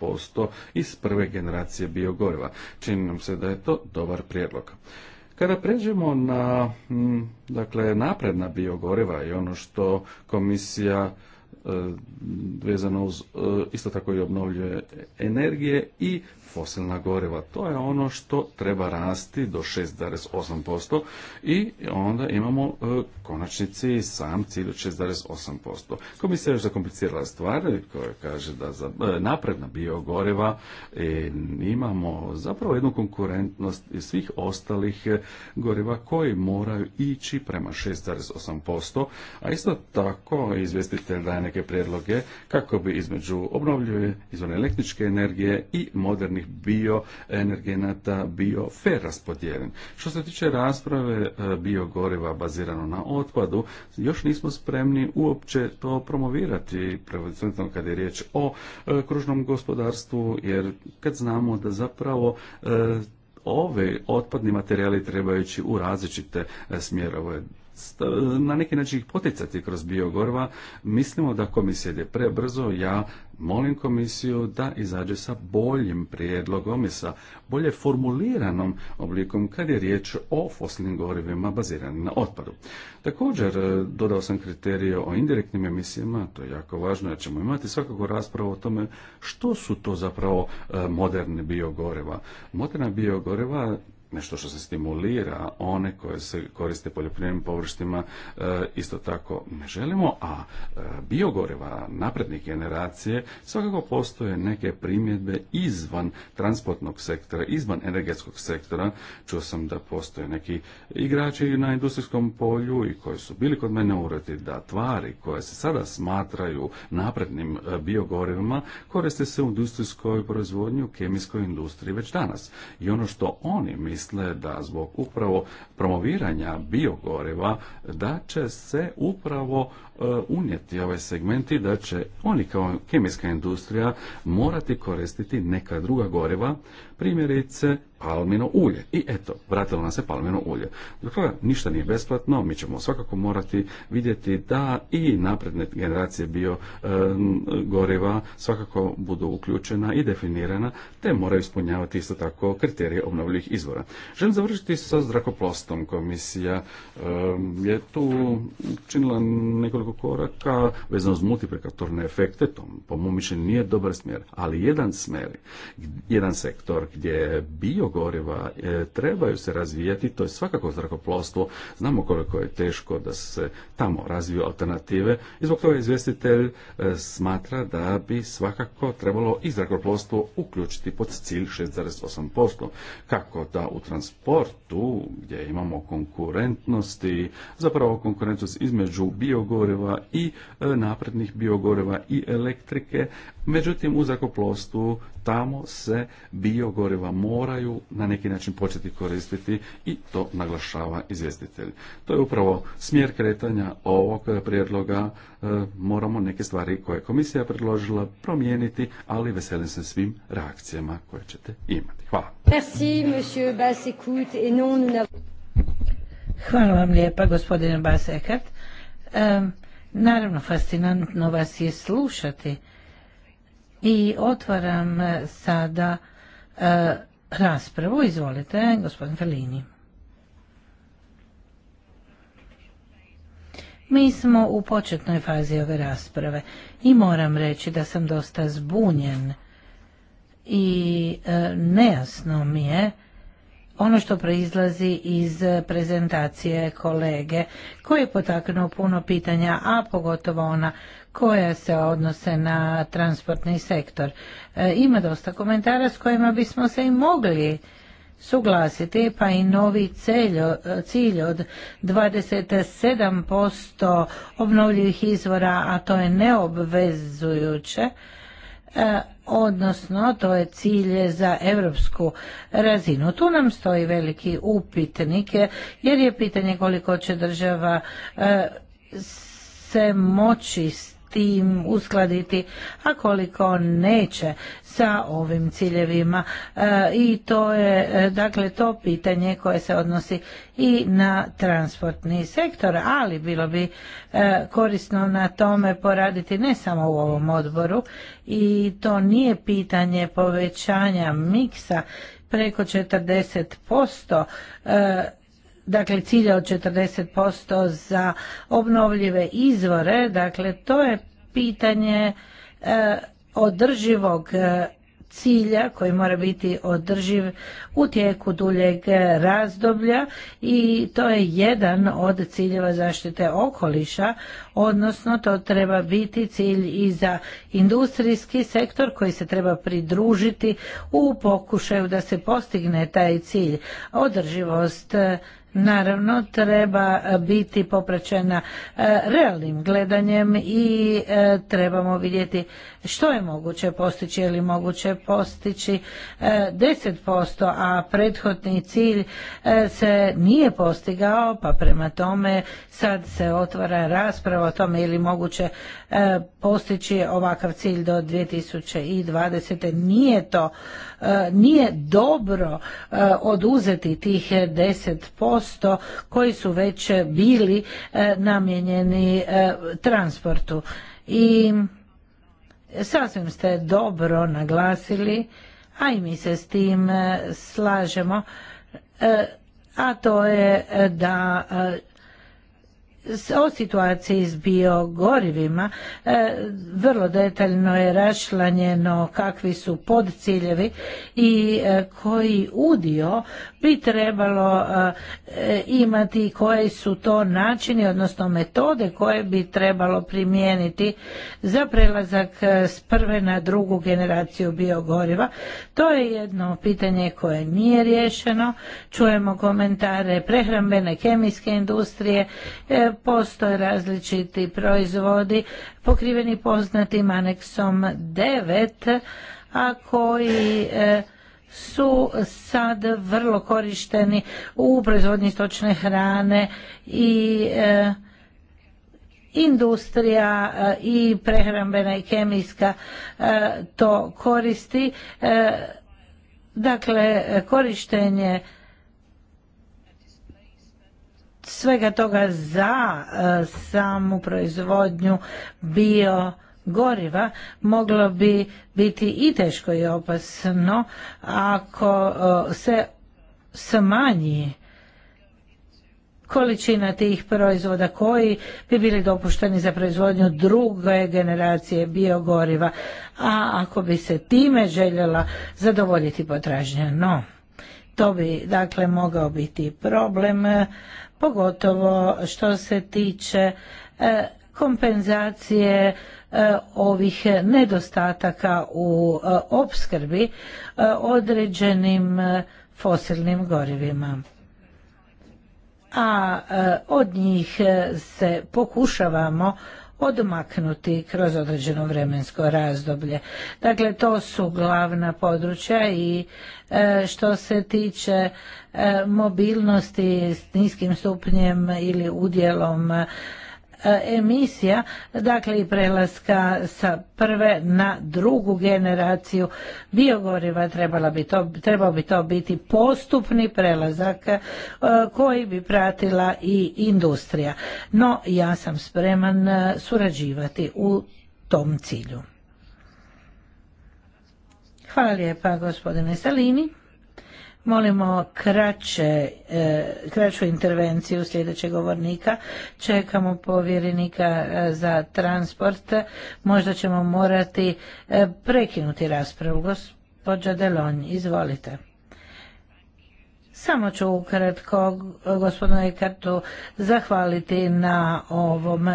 20% iz prve generacije biogoriva. Čini nam se da je to dobar prijedlog. Kada pređemo na dakle, napredna biogoriva i ono što komisija e, vezano uz e, isto tako i obnovljive energije i fosilna goriva. To je ono što treba rasti do 6,8% i onda imamo e, konačnici sam cilj od 6,8%. Komisija je još zakomplicirala stvar koja kaže da za e, napredna biogoriva e, imamo zapravo jednu konkurentnost svih ostalih goriva koji moraju ići prema 6,8%, a isto tako izvjestitelj daje neke prijedloge kako bi između obnovljive izvan električne energije i modernih bioenergenata bio fer Što se tiče rasprave e, biogoriva bazirano na otpadu, još nismo spremni uopće to promovirati, prvenstveno kad je riječ o e, kružnom gospodarstvu, jer kad znamo da zapravo e, ove otpadni materijali trebajući u različite smjerove na neki način ih poticati kroz biogorva. Mislimo da komisija ide prebrzo. Ja molim komisiju da izađe sa boljim prijedlogom i sa bolje formuliranom oblikom kad je riječ o fosilnim gorivima baziranim na otpadu. Također, e, dodao sam kriterije o indirektnim emisijama, to je jako važno, jer ćemo imati svakako raspravu o tome što su to zapravo e, moderne biogoriva. Moderna biogoriva nešto što se stimulira one koje se koriste poljoprivrednim površtima e, isto tako ne želimo, a e, biogoreva napredne generacije svakako postoje neke primjedbe izvan transportnog sektora, izvan energetskog sektora. Čuo sam da postoje neki igrači na industrijskom polju i koji su bili kod mene uredi da tvari koje se sada smatraju naprednim e, biogorivima koriste se u industrijskoj proizvodnji, u kemijskoj industriji već danas. I ono što oni misle misle da zbog upravo promoviranja biogoreva da će se upravo e, unijeti ovaj segmenti, da će oni kao kemijska industrija morati koristiti neka druga goriva primjerice palmino ulje. I eto, vratilo nam se palmino ulje. toga ništa nije besplatno, mi ćemo svakako morati vidjeti da i napredne generacije bio e, goriva svakako budu uključena i definirana, te moraju ispunjavati isto tako kriterije obnovljivih izvora. Želim završiti sa zrakoplostom. Komisija je tu učinila nekoliko koraka vezano uz multiplikatorne efekte, to po mom mišljenju nije dobar smjer, ali jedan smjer, jedan sektor gdje biogoriva e, trebaju se razvijati, to je svakako zrakoplovstvo. Znamo koliko je teško da se tamo razviju alternative i zbog toga izvjestitelj e, smatra da bi svakako trebalo i zrakoplovstvo uključiti pod cilj 6,8%. Kako da u transportu gdje imamo konkurentnosti, zapravo konkurentnost između biogoriva i e, naprednih biogoriva i elektrike, međutim u zrakoplovstvu tamo se biogoriva moraju na neki način početi koristiti i to naglašava izvjestitelj. To je upravo smjer kretanja ovog prijedloga. E, moramo neke stvari koje je komisija predložila promijeniti, ali veselim se svim reakcijama koje ćete imati. Hvala. Hvala vam lijepa, gospodine naravno, fascinantno vas je slušati i otvaram e, sada e, raspravu. Izvolite, gospodin Felini. Mi smo u početnoj fazi ove rasprave i moram reći da sam dosta zbunjen i e, nejasno mi je ono što proizlazi iz prezentacije kolege koji je potaknuo puno pitanja, a pogotovo ona koja se odnose na transportni sektor. E, ima dosta komentara s kojima bismo se i mogli suglasiti, pa i novi cilj, cilj od 27% obnovljivih izvora, a to je neobvezujuće, e, odnosno to je cilj za europsku razinu. Tu nam stoji veliki upitnik jer je pitanje koliko će država e, se moći tim uskladiti, a koliko neće sa ovim ciljevima. E, I to je e, dakle to pitanje koje se odnosi i na transportni sektor, ali bilo bi e, korisno na tome poraditi ne samo u ovom odboru i to nije pitanje povećanja miksa preko 40% dakle cilja od 40% za obnovljive izvore, dakle to je pitanje e, održivog e, cilja koji mora biti održiv u tijeku duljeg razdoblja i to je jedan od ciljeva zaštite okoliša, odnosno to treba biti cilj i za industrijski sektor koji se treba pridružiti u pokušaju da se postigne taj cilj. Održivost e, naravno treba biti popraćena e, realnim gledanjem i e, trebamo vidjeti što je moguće postići ili moguće postići 10%, e, a prethodni cilj se nije postigao, pa prema tome sad se otvara rasprava o tome ili moguće postići ovakav cilj do 2020. Nije to, nije dobro oduzeti tih 10% koji su već e, bili e, namijenjeni e, transportu i sasvim ste dobro naglasili a i mi se s tim slažemo a to je da o situaciji s biogorivima e, vrlo detaljno je rašlanjeno kakvi su podciljevi i e, koji udio bi trebalo e, imati i koji su to načini odnosno metode koje bi trebalo primijeniti za prelazak s prve na drugu generaciju biogoriva. To je jedno pitanje koje nije riješeno. Čujemo komentare prehrambene kemijske industrije postoje različiti proizvodi pokriveni poznatim aneksom 9, a koji e, su sad vrlo korišteni u proizvodnji stočne hrane i e, industrija e, i prehrambena i kemijska to koristi. Dakle, korištenje svega toga za e, samu proizvodnju bio goriva moglo bi biti i teško i opasno ako e, se smanji količina tih proizvoda koji bi bili dopušteni za proizvodnju druge generacije biogoriva, a ako bi se time željela zadovoljiti potražnja. No, to bi dakle mogao biti problem pogotovo što se tiče e, kompenzacije e, ovih nedostataka u e, opskrbi određenim fosilnim gorivima. A od njih se pokušavamo odmaknuti kroz određeno vremensko razdoblje. Dakle, to su glavna područja i e, što se tiče e, mobilnosti s niskim stupnjem ili udjelom E, emisija, dakle i prelaska sa prve na drugu generaciju biogoriva bi to, trebao bi to biti postupni prelazak e, koji bi pratila i industrija. No ja sam spreman e, surađivati u tom cilju. Hvala lijepa gospodine Salini. Molimo kraće, e, kraću intervenciju sljedećeg govornika. Čekamo povjerenika e, za transport. Možda ćemo morati e, prekinuti raspravu. Gospodža Delonj, izvolite. Samo ću ukratko gospodinu Ekartu zahvaliti na ovom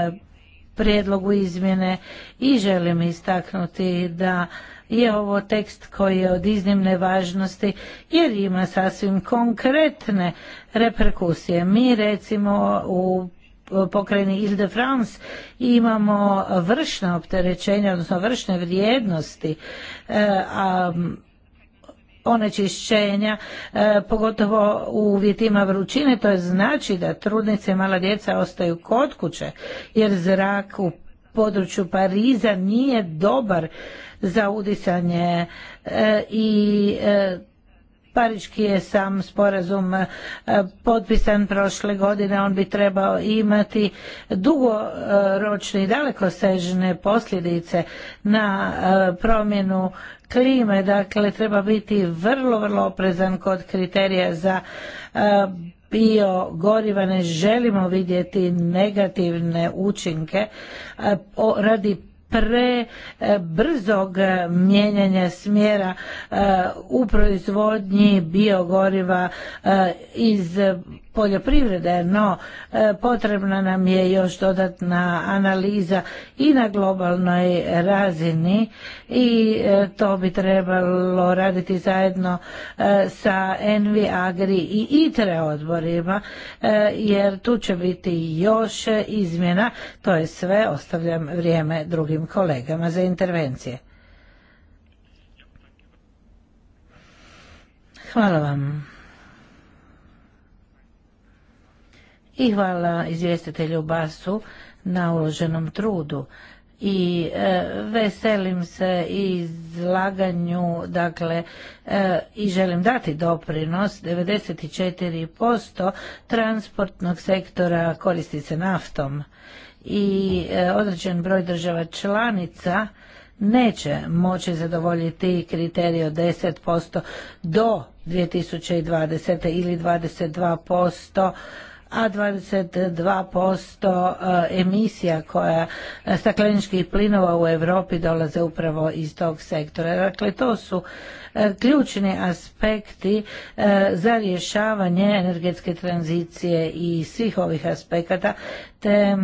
prijedlogu izmjene i želim istaknuti da je ovo tekst koji je od iznimne važnosti jer ima sasvim konkretne reperkusije. Mi recimo u pokrajini Ile de France imamo vršne opterećenja, odnosno vršne vrijednosti, e, a onečišćenja, e, pogotovo u uvjetima vrućine, to je znači da trudnice i mala djeca ostaju kod kuće, jer zrak u području Pariza nije dobar za udisanje e, i e, Pariški je sam sporazum e, potpisan prošle godine, on bi trebao imati dugoročne i dalekosežne posljedice na promjenu klime, dakle treba biti vrlo, vrlo oprezan kod kriterija za bio goriva ne želimo vidjeti negativne učinke radi prebrzog eh, mijenjanja smjera eh, u proizvodnji biogoriva eh, iz poljoprivrede, no e, potrebna nam je još dodatna analiza i na globalnoj razini i e, to bi trebalo raditi zajedno e, sa Envi, Agri i ITRE odborima jer tu će biti još izmjena, to je sve, ostavljam vrijeme drugim kolegama za intervencije. Hvala vam. i hvala izvjestitelju Basu na uloženom trudu i e, veselim se izlaganju dakle e, i želim dati doprinos 94% transportnog sektora koristi se naftom i e, određen broj država članica neće moći zadovoljiti kriterij od 10% do 2020. ili 22% a 22% eh, emisija koja eh, stakleničkih plinova u Europi dolaze upravo iz tog sektora. Dakle, to su eh, ključni aspekti za rješavanje energetske tranzicije i svih ovih aspekata, te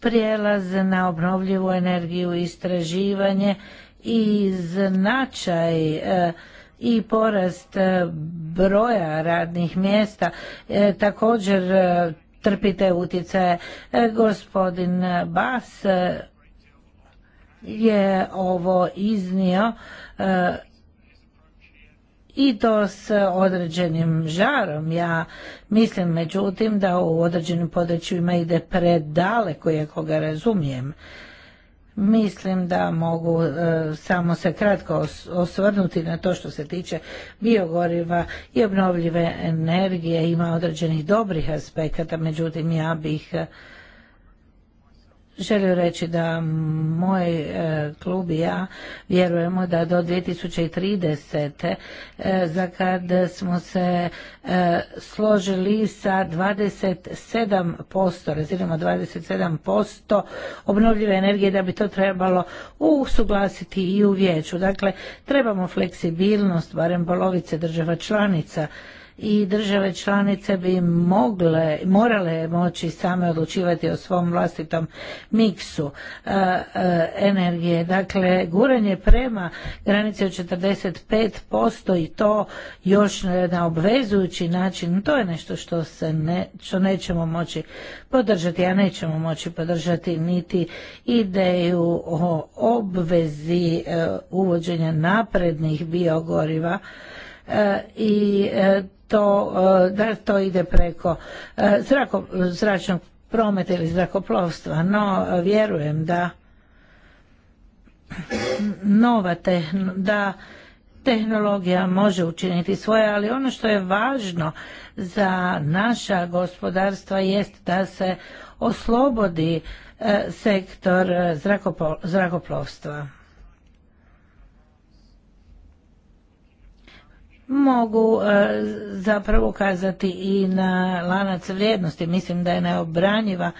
prijelaz na obnovljivu energiju, istraživanje i značaj i porast e, broja radnih mjesta e, također e, trpite utjecaje. Gospodin Bas je ovo iznio i to s određenim žarom. Ja mislim međutim da u određenim područjima ide predaleko, iako ga razumijem. Mislim da mogu e, samo se kratko osvrnuti na to što se tiče biogoriva i obnovljive energije. Ima određenih dobrih aspekata, međutim ja bih e, želio reći da moj e, klub i ja vjerujemo da do 2030. E, za kad smo se e, složili sa 27%, sedam 27% obnovljive energije da bi to trebalo usuglasiti i u vijeću. Dakle, trebamo fleksibilnost barem polovice država članica i države članice bi mogle, morale moći same odlučivati o svom vlastitom miksu e, e, energije. Dakle, guranje prema granici od 45% i to još na obvezujući način, to je nešto što, se ne, što nećemo moći podržati, a nećemo moći podržati niti ideju o obvezi e, uvođenja naprednih biogoriva i to, e, da to ide preko e, zrako, zračnog prometa ili zrakoplovstva, no vjerujem da nova da tehnologija može učiniti svoje, ali ono što je važno za naša gospodarstva jest da se oslobodi e, sektor zrakoplovstva. mogu e, zapravo kazati i na lanac vrijednosti. Mislim da je neobranjiva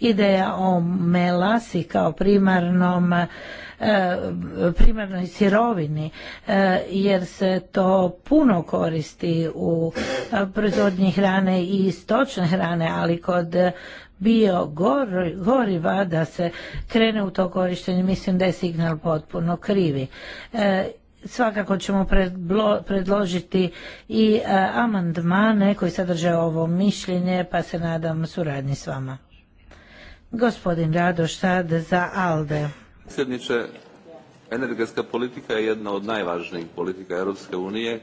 ideja o melasi kao primarnom e, primarnoj sirovini e, jer se to puno koristi u proizvodnji hrane i stočne hrane ali kod bio goriva da se krene u to korištenje mislim da je signal potpuno krivi svakako ćemo predložiti i e, amandmane koji sadrže ovo mišljenje pa se nadam suradnji s vama. Gospodin Radoš za ALDE. Predsjedniče, energetska politika je jedna od najvažnijih politika Europske unije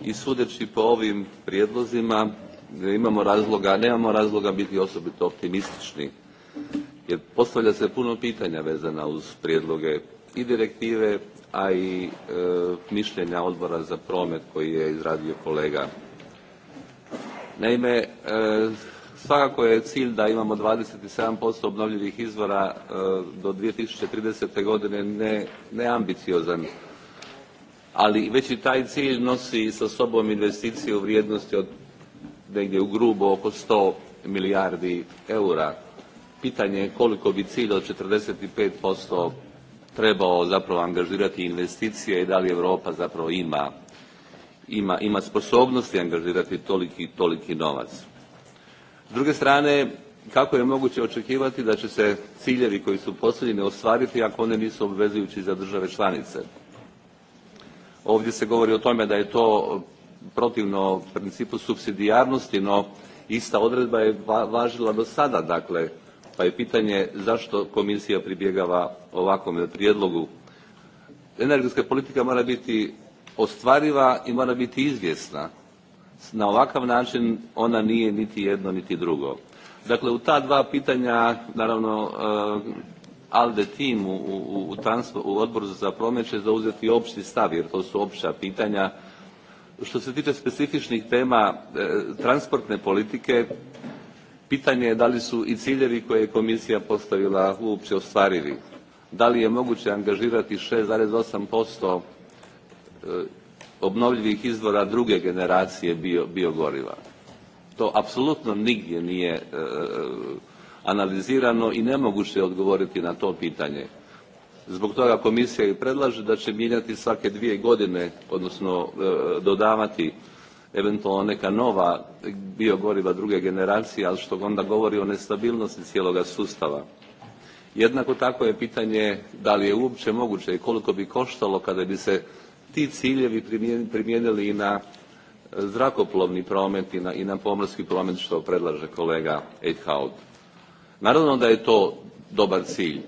i sudeći po ovim prijedlozima imamo razloga, nemamo razloga biti osobito optimistični jer postavlja se puno pitanja vezana uz prijedloge i direktive a i e, mišljenja odbora za promet koji je izradio kolega. Naime, e, svakako je cilj da imamo 27% obnovljivih izvora e, do 2030. godine neambiciozan, ali već i taj cilj nosi sa sobom investicije u vrijednosti od negdje u grubo oko 100 milijardi eura. Pitanje je koliko bi cilj od 45% trebao zapravo angažirati investicije i da li Europa zapravo ima, ima, ima sposobnosti angažirati toliki, toliki novac. S druge strane, kako je moguće očekivati da će se ciljevi koji su postavljeni ostvariti ako one nisu obvezujući za države članice? Ovdje se govori o tome da je to protivno principu supsidijarnosti, no ista odredba je važila do sada, dakle pa je pitanje zašto komisija pribjegava ovakvom prijedlogu. Energetska politika mora biti ostvariva i mora biti izvjesna. Na ovakav način ona nije niti jedno niti drugo. Dakle, u ta dva pitanja, naravno, eh, ALDE tim u, u, u odboru za promet će zauzeti opći stav, jer to su opća pitanja. Što se tiče specifičnih tema eh, transportne politike, pitanje je da li su i ciljevi koje je komisija postavila uopće ostvarivi da li je moguće angažirati 6,8% posto e, obnovljivih izvora druge generacije biogoriva to apsolutno nigdje nije e, analizirano i nemoguće je odgovoriti na to pitanje zbog toga komisija i predlaže da će mijenjati svake dvije godine odnosno e, dodavati eventualno neka nova biogoriva druge generacije, ali što onda govori o nestabilnosti cijeloga sustava. Jednako tako je pitanje da li je uopće moguće i koliko bi koštalo kada bi se ti ciljevi primijenili i na e, zrakoplovni promet i na, pomorski promet što predlaže kolega Eithaut. Naravno da je to dobar cilj.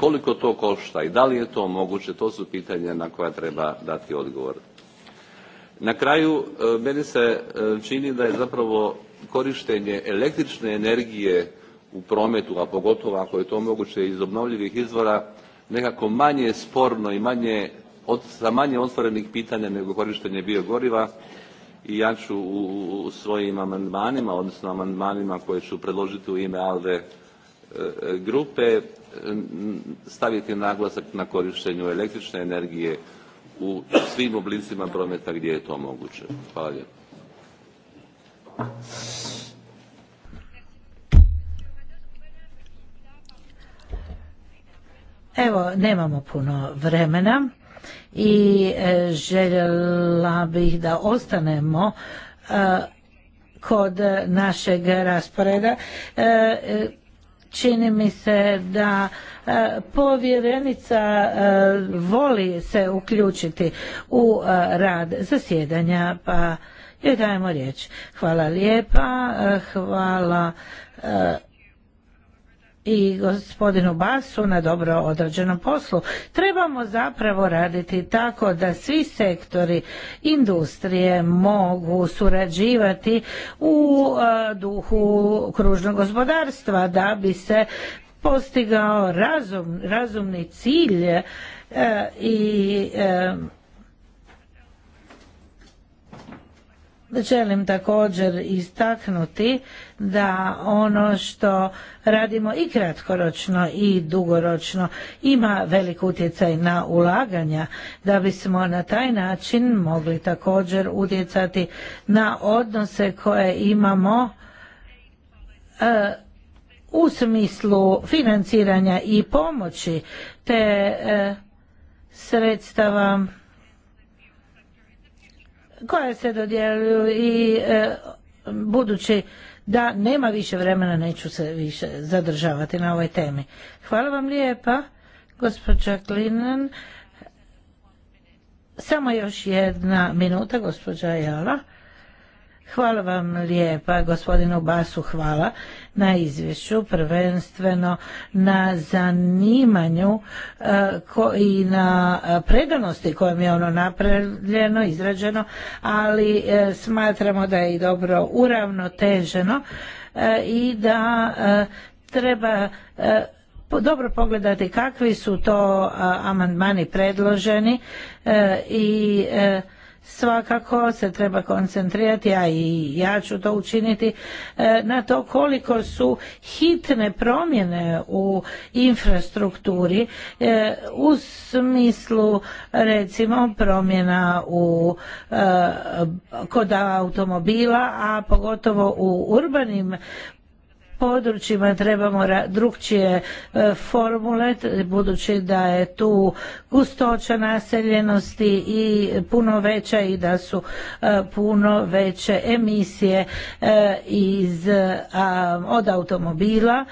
Koliko to košta i da li je to moguće, to su pitanja na koja treba dati odgovor na kraju e, meni se e, čini da je zapravo korištenje električne energije u prometu a pogotovo ako je to moguće iz obnovljivih izvora nekako manje sporno i manje od, sa manje otvorenih pitanja nego korištenje biogoriva i ja ću u, u svojim amandmanima odnosno amandmanima koje ću predložiti u ime alde e, grupe staviti naglasak na korištenju električne energije u svim oblicima prometa gdje je to moguće. Hvala lijepo. Evo, nemamo puno vremena i e, željela bih da ostanemo e, kod našeg rasporeda e, čini mi se da e, povjerenica e, voli se uključiti u e, rad zasjedanja pa joj dajemo riječ. Hvala lijepa, hvala i gospodinu Basu na dobro odrađenom poslu. Trebamo zapravo raditi tako da svi sektori industrije mogu surađivati u e, duhu kružnog gospodarstva da bi se postigao razumni cilj e, i e, Želim također istaknuti da ono što radimo i kratkoročno i dugoročno ima velik utjecaj na ulaganja, da bismo na taj način mogli također utjecati na odnose koje imamo e, u smislu financiranja i pomoći te e, sredstava koja se dodjeljuju i e, budući da nema više vremena neću se više zadržavati na ovoj temi. Hvala vam lijepa gospođa Klinan. Samo još jedna minuta, gospođa Jala. Hvala vam lijepa, gospodinu Basu, hvala na izvješću, prvenstveno na zanimanju e, i na e, predanosti kojom je ono napravljeno, izrađeno, ali e, smatramo da je i dobro uravnoteženo i da treba dobro pogledati kakvi su to amandmani predloženi i svakako se treba koncentrirati, a i ja ću to učiniti, e, na to koliko su hitne promjene u infrastrukturi e, u smislu recimo promjena u, e, kod automobila, a pogotovo u urbanim područjima trebamo drugčije formule, budući da je tu gustoća naseljenosti i puno veća i da su e, puno veće emisije e, iz, e, od automobila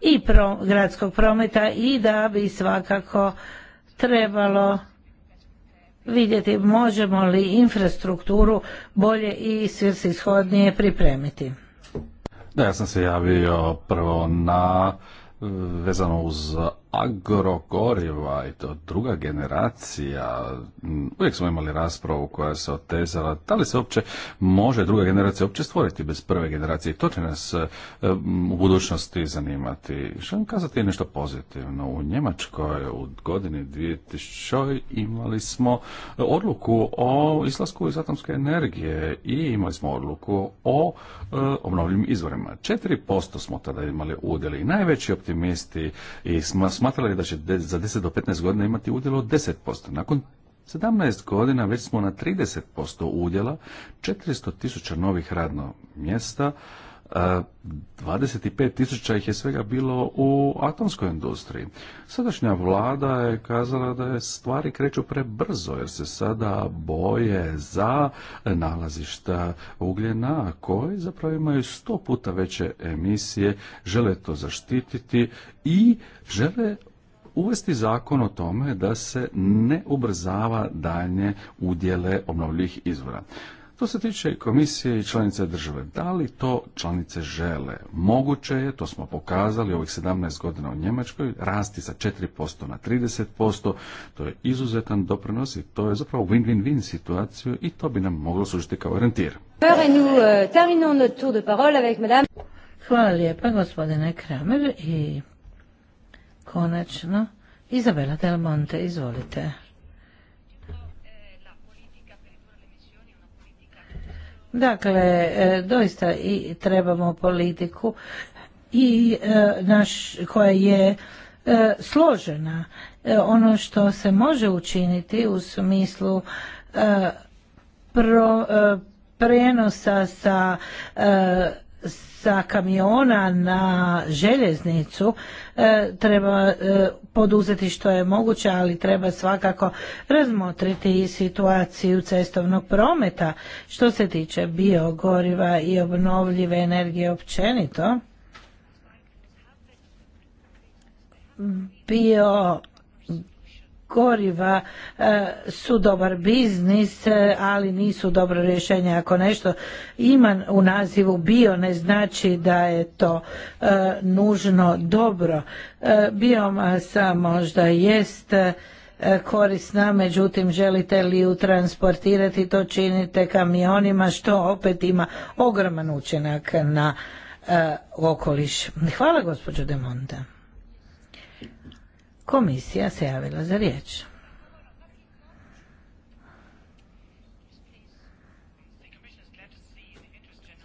i pro, gradskog prometa i da bi svakako trebalo vidjeti možemo li infrastrukturu bolje i svrsishodnije pripremiti. Da, ja sam se javio prvo na vezano uz agrogoriva i to druga generacija, mm, uvijek smo imali raspravu koja se otezala, da li se uopće može druga generacija uopće stvoriti bez prve generacije i to će nas e, u budućnosti zanimati. Želim kazati nešto pozitivno. U Njemačkoj u godini 2000 imali smo odluku o islasku iz atomske energije i imali smo odluku o e, obnovljivim izvorima. 4% smo tada imali udjeli i najveći optimisti i smo smatrali da će za 10 do 15 godina imati udjel od 10%. Nakon 17 godina već smo na 30% udjela, 400 tisuća novih radno mjesta, 25 tisuća ih je svega bilo u atomskoj industriji. Sadašnja vlada je kazala da je stvari kreću prebrzo jer se sada boje za nalazišta ugljena koji zapravo imaju sto puta veće emisije, žele to zaštititi i žele uvesti zakon o tome da se ne ubrzava dalje udjele obnovljivih izvora. Što se tiče komisije i članice države, da li to članice žele? Moguće je, to smo pokazali ovih 17 godina u Njemačkoj, rasti sa 4% na 30%, to je izuzetan doprinos i to je zapravo win-win-win situaciju i to bi nam moglo služiti kao orijentir. Euh, Hvala lijepa gospodine Kramer i konačno Izabela Del Monte, izvolite. Dakle, e, doista i trebamo politiku i e, naš koja je e, složena. Ono što se može učiniti u smislu pro, prenosa sa sa kamiona na željeznicu treba poduzeti što je moguće, ali treba svakako razmotriti i situaciju cestovnog prometa što se tiče biogoriva i obnovljive energije općenito. Bio goriva e, su dobar biznis, e, ali nisu dobro rješenje. Ako nešto ima u nazivu bio, ne znači da je to e, nužno dobro. Biomasa možda jest korisna, međutim želite li ju transportirati, to činite kamionima, što opet ima ogroman učinak na okoliš. Hvala gospođo Demonta. Komisija se javila za riječ.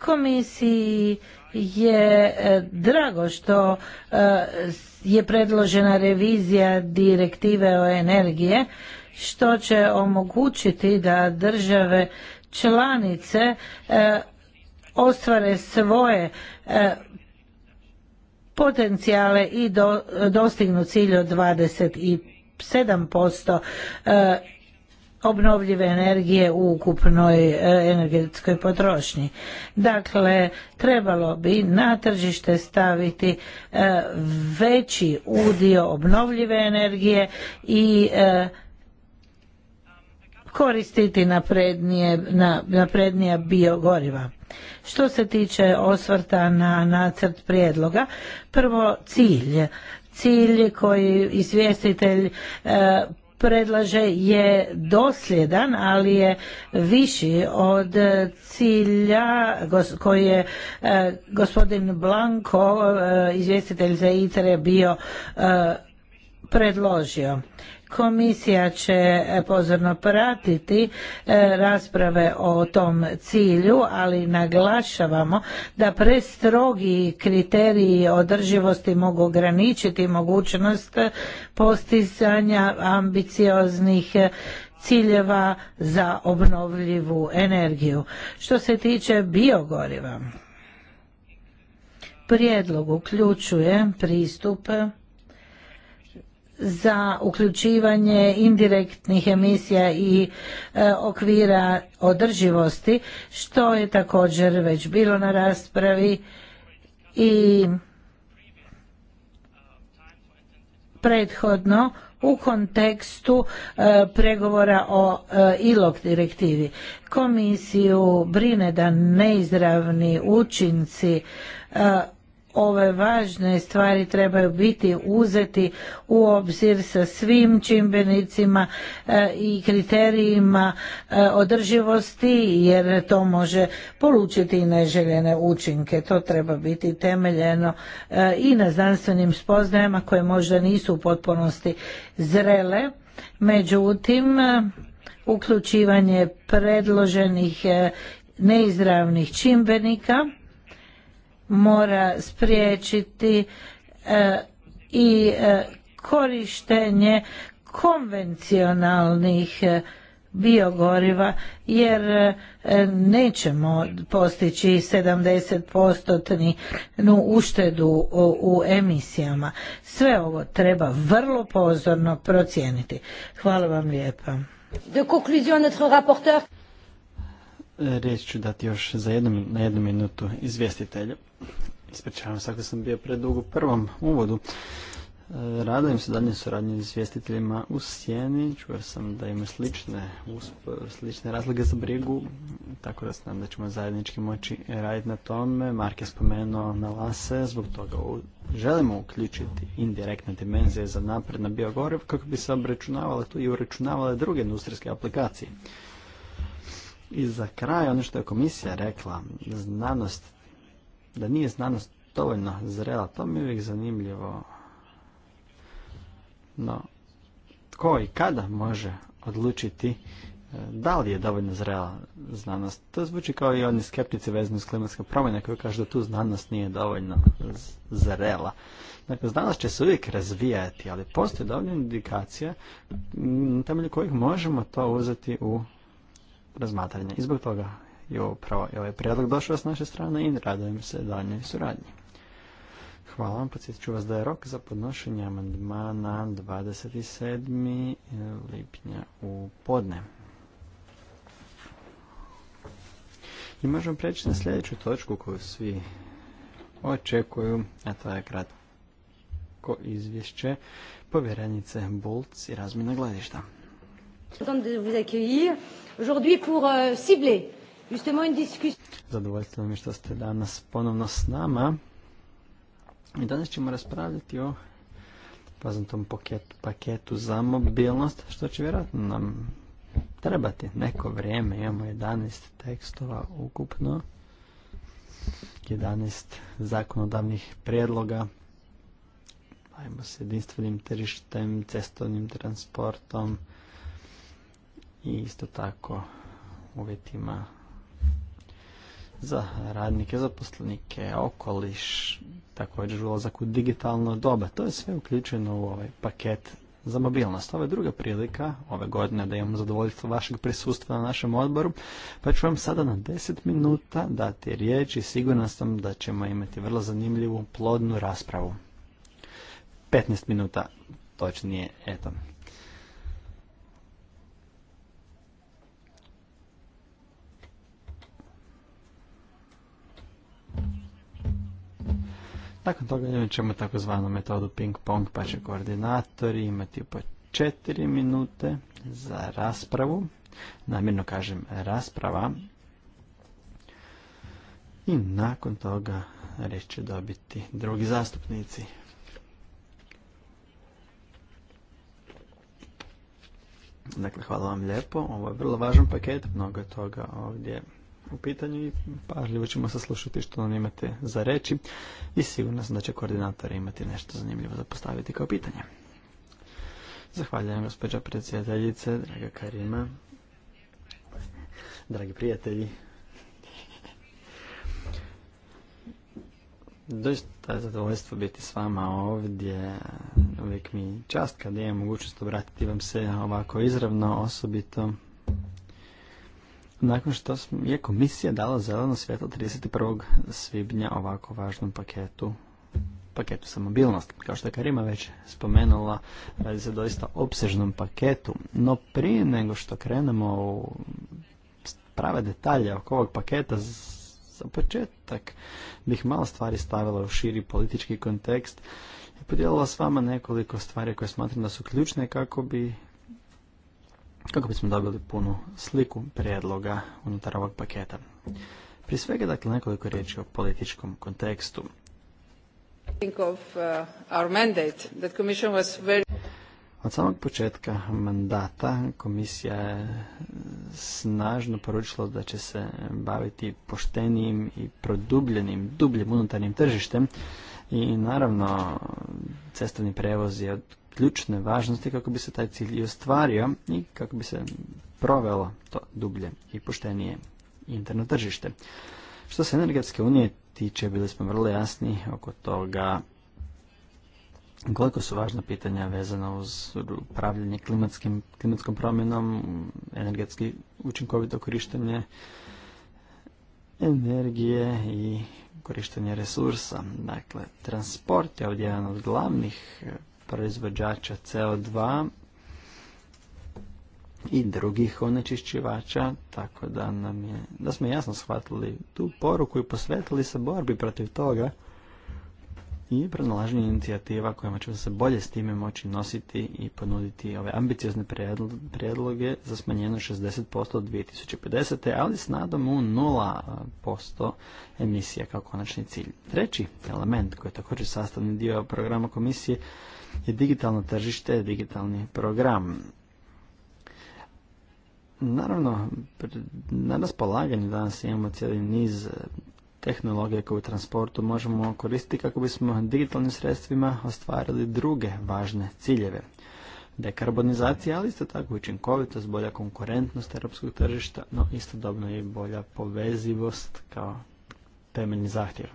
Komisiji je e, drago što e, je predložena revizija direktive o energije što će omogućiti da države članice e, ostvare svoje potencijale i do, dostignu cilj od 27% e, obnovljive energije u ukupnoj e, energetskoj potrošnji. Dakle, trebalo bi na tržište staviti e, veći udio obnovljive energije i koristiti na, naprednija biogoriva. Što se tiče osvrta na nacrt prijedloga, prvo cilj. Cilj koji izvjestitelj e, predlaže je dosljedan, ali je viši od cilja koji je e, gospodin Blanko, e, izvjestitelj za ITRE, bio predložio. Komisija će e, pozorno pratiti e, rasprave o tom cilju, ali naglašavamo da prestrogi kriteriji održivosti mogu ograničiti mogućnost postizanja ambicioznih e, ciljeva za obnovljivu energiju. Što se tiče biogoriva, prijedlog uključuje pristup za uključivanje indirektnih emisija i e, okvira održivosti što je također već bilo na raspravi i prethodno u kontekstu e, pregovora o e, ILOG direktivi. Komisiju brine da neizravni učinci e, ove važne stvari trebaju biti uzeti u obzir sa svim čimbenicima e, i kriterijima e, održivosti jer to može polučiti neželjene učinke. To treba biti temeljeno e, i na znanstvenim spoznajama koje možda nisu u potpunosti zrele. Međutim, uključivanje predloženih neizravnih čimbenika mora spriječiti e, i e, korištenje konvencionalnih e, biogoriva jer nećemo postići 70% uštedu u emisijama. Sve ovo treba vrlo pozorno procijeniti. Hvala vam lijepa. De conclusion, notre rapporteur. Riječ ću dati još za jednu, na jednu minutu izvjestitelju. Ispričavam se ako sam bio predugo u prvom uvodu. E, radujem se dalje suradnji s izvjestiteljima u Sjeni. Čuo sam da ima slične, slične razloge za brigu, tako da znam da ćemo zajednički moći raditi na tome. Mark je spomenuo na lase, zbog toga želimo uključiti indirektne dimenzije za na biogoriv kako bi se obračunavale tu i uračunavale druge industrijske aplikacije. I za kraj, ono što je komisija rekla, znanost, da nije znanost dovoljno zrela, to mi je uvijek zanimljivo. No, tko i kada može odlučiti e, da li je dovoljno zrela znanost. To zvuči kao i oni skeptici vezani s klimatske promjene koji kažu da tu znanost nije dovoljno zrela. Dakle, znanost će se uvijek razvijati, ali postoje dovoljno indikacija na temelju kojih možemo to uzeti u razmatranja. I zbog toga je upravo i ovaj prijedlog došao s naše strane i radujem se daljnjoj suradnji. Hvala vam, podsjetit ću vas da je rok za podnošenje amandmana 27. E, lipnja u podne. I možemo preći na sljedeću točku koju svi očekuju, a to je kratko izvješće povjerenice Bulc i razmjena gledišta de vous accueillir aujourd'hui pour euh, cibler justement une discussion. Zadovoljstvo mi što ste danas ponovno s nama. I danas ćemo raspravljati o poznatom paketu, paketu za mobilnost, što će vjerojatno nam trebati neko vrijeme. Imamo 11 tekstova ukupno, 11 zakonodavnih prijedloga. Ajmo s jedinstvenim tržištem, cestovnim transportom, i isto tako uvjetima za radnike, zaposlenike, okoliš, također ulazak u digitalno doba. To je sve uključeno u ovaj paket za mobilnost. Ovo je druga prilika ove godine da imamo zadovoljstvo vašeg prisustva na našem odboru, pa ću vam sada na 10 minuta dati riječ i siguran sam da ćemo imati vrlo zanimljivu, plodnu raspravu. 15 minuta, točnije, eto. Nakon toga imat ćemo takozvanu metodu ping-pong pa će koordinatori imati po četiri minute za raspravu. Namjerno kažem rasprava. I nakon toga reći će dobiti drugi zastupnici. Dakle, hvala vam lijepo. Ovo je vrlo važan paket, mnogo toga ovdje u pitanju i pažljivo ćemo saslušati što nam imate za reći i sigurno sam da će koordinatori imati nešto zanimljivo za postaviti kao pitanje. Zahvaljujem gospođa predsjedateljice, draga Karima, dragi prijatelji. Doista je zadovoljstvo biti s vama ovdje. Uvijek mi čast kad imam mogućnost obratiti vam se ovako izravno, osobito nakon što je komisija dala zeleno svjetlo 31. svibnja ovako važnom paketu paketu sa mobilnost. Kao što je Karima već spomenula, radi se doista opsežnom paketu. No prije nego što krenemo u prave detalje oko ovog paketa, za početak bih malo stvari stavila u širi politički kontekst i podijelila s vama nekoliko stvari koje smatram da su ključne kako bi kako bismo dobili punu sliku prijedloga unutar ovog paketa. Prije svega, dakle, nekoliko riječi o političkom kontekstu. Uh, od samog početka mandata komisija je uh, snažno poručila da će se baviti poštenijim i produbljenim, dubljim unutarnjim tržištem i naravno cestovni prevoz je od ključne važnosti kako bi se taj cilj i ostvario i kako bi se provelo to dublje i poštenije interno tržište. Što se energetske unije tiče, bili smo vrlo jasni oko toga koliko su važna pitanja vezana uz upravljanje klimatskim, klimatskom promjenom, energetski učinkovito korištenje energije i korištenje resursa. Dakle, transport je ovdje jedan od glavnih proizvođača CO2 i drugih onečišćivača, tako da nam je, da smo jasno shvatili tu poruku i posvetili se borbi protiv toga i pronalaženje inicijativa kojima ćemo se bolje s time moći nositi i ponuditi ove ambiciozne prijedloge za smanjenje 60% od 2050. ali s nadom u 0% emisija kao konačni cilj. Treći element koji je također sastavni dio programa komisije je digitalno tržište digitalni program. Naravno, na raspolaganju danas imamo cijeli niz eh, tehnologije koje u transportu možemo koristiti kako bismo digitalnim sredstvima ostvarili druge važne ciljeve. Dekarbonizacija, ali isto tako učinkovitost, bolja konkurentnost europskog tržišta, no istodobno i bolja povezivost kao temeljni zahtjev.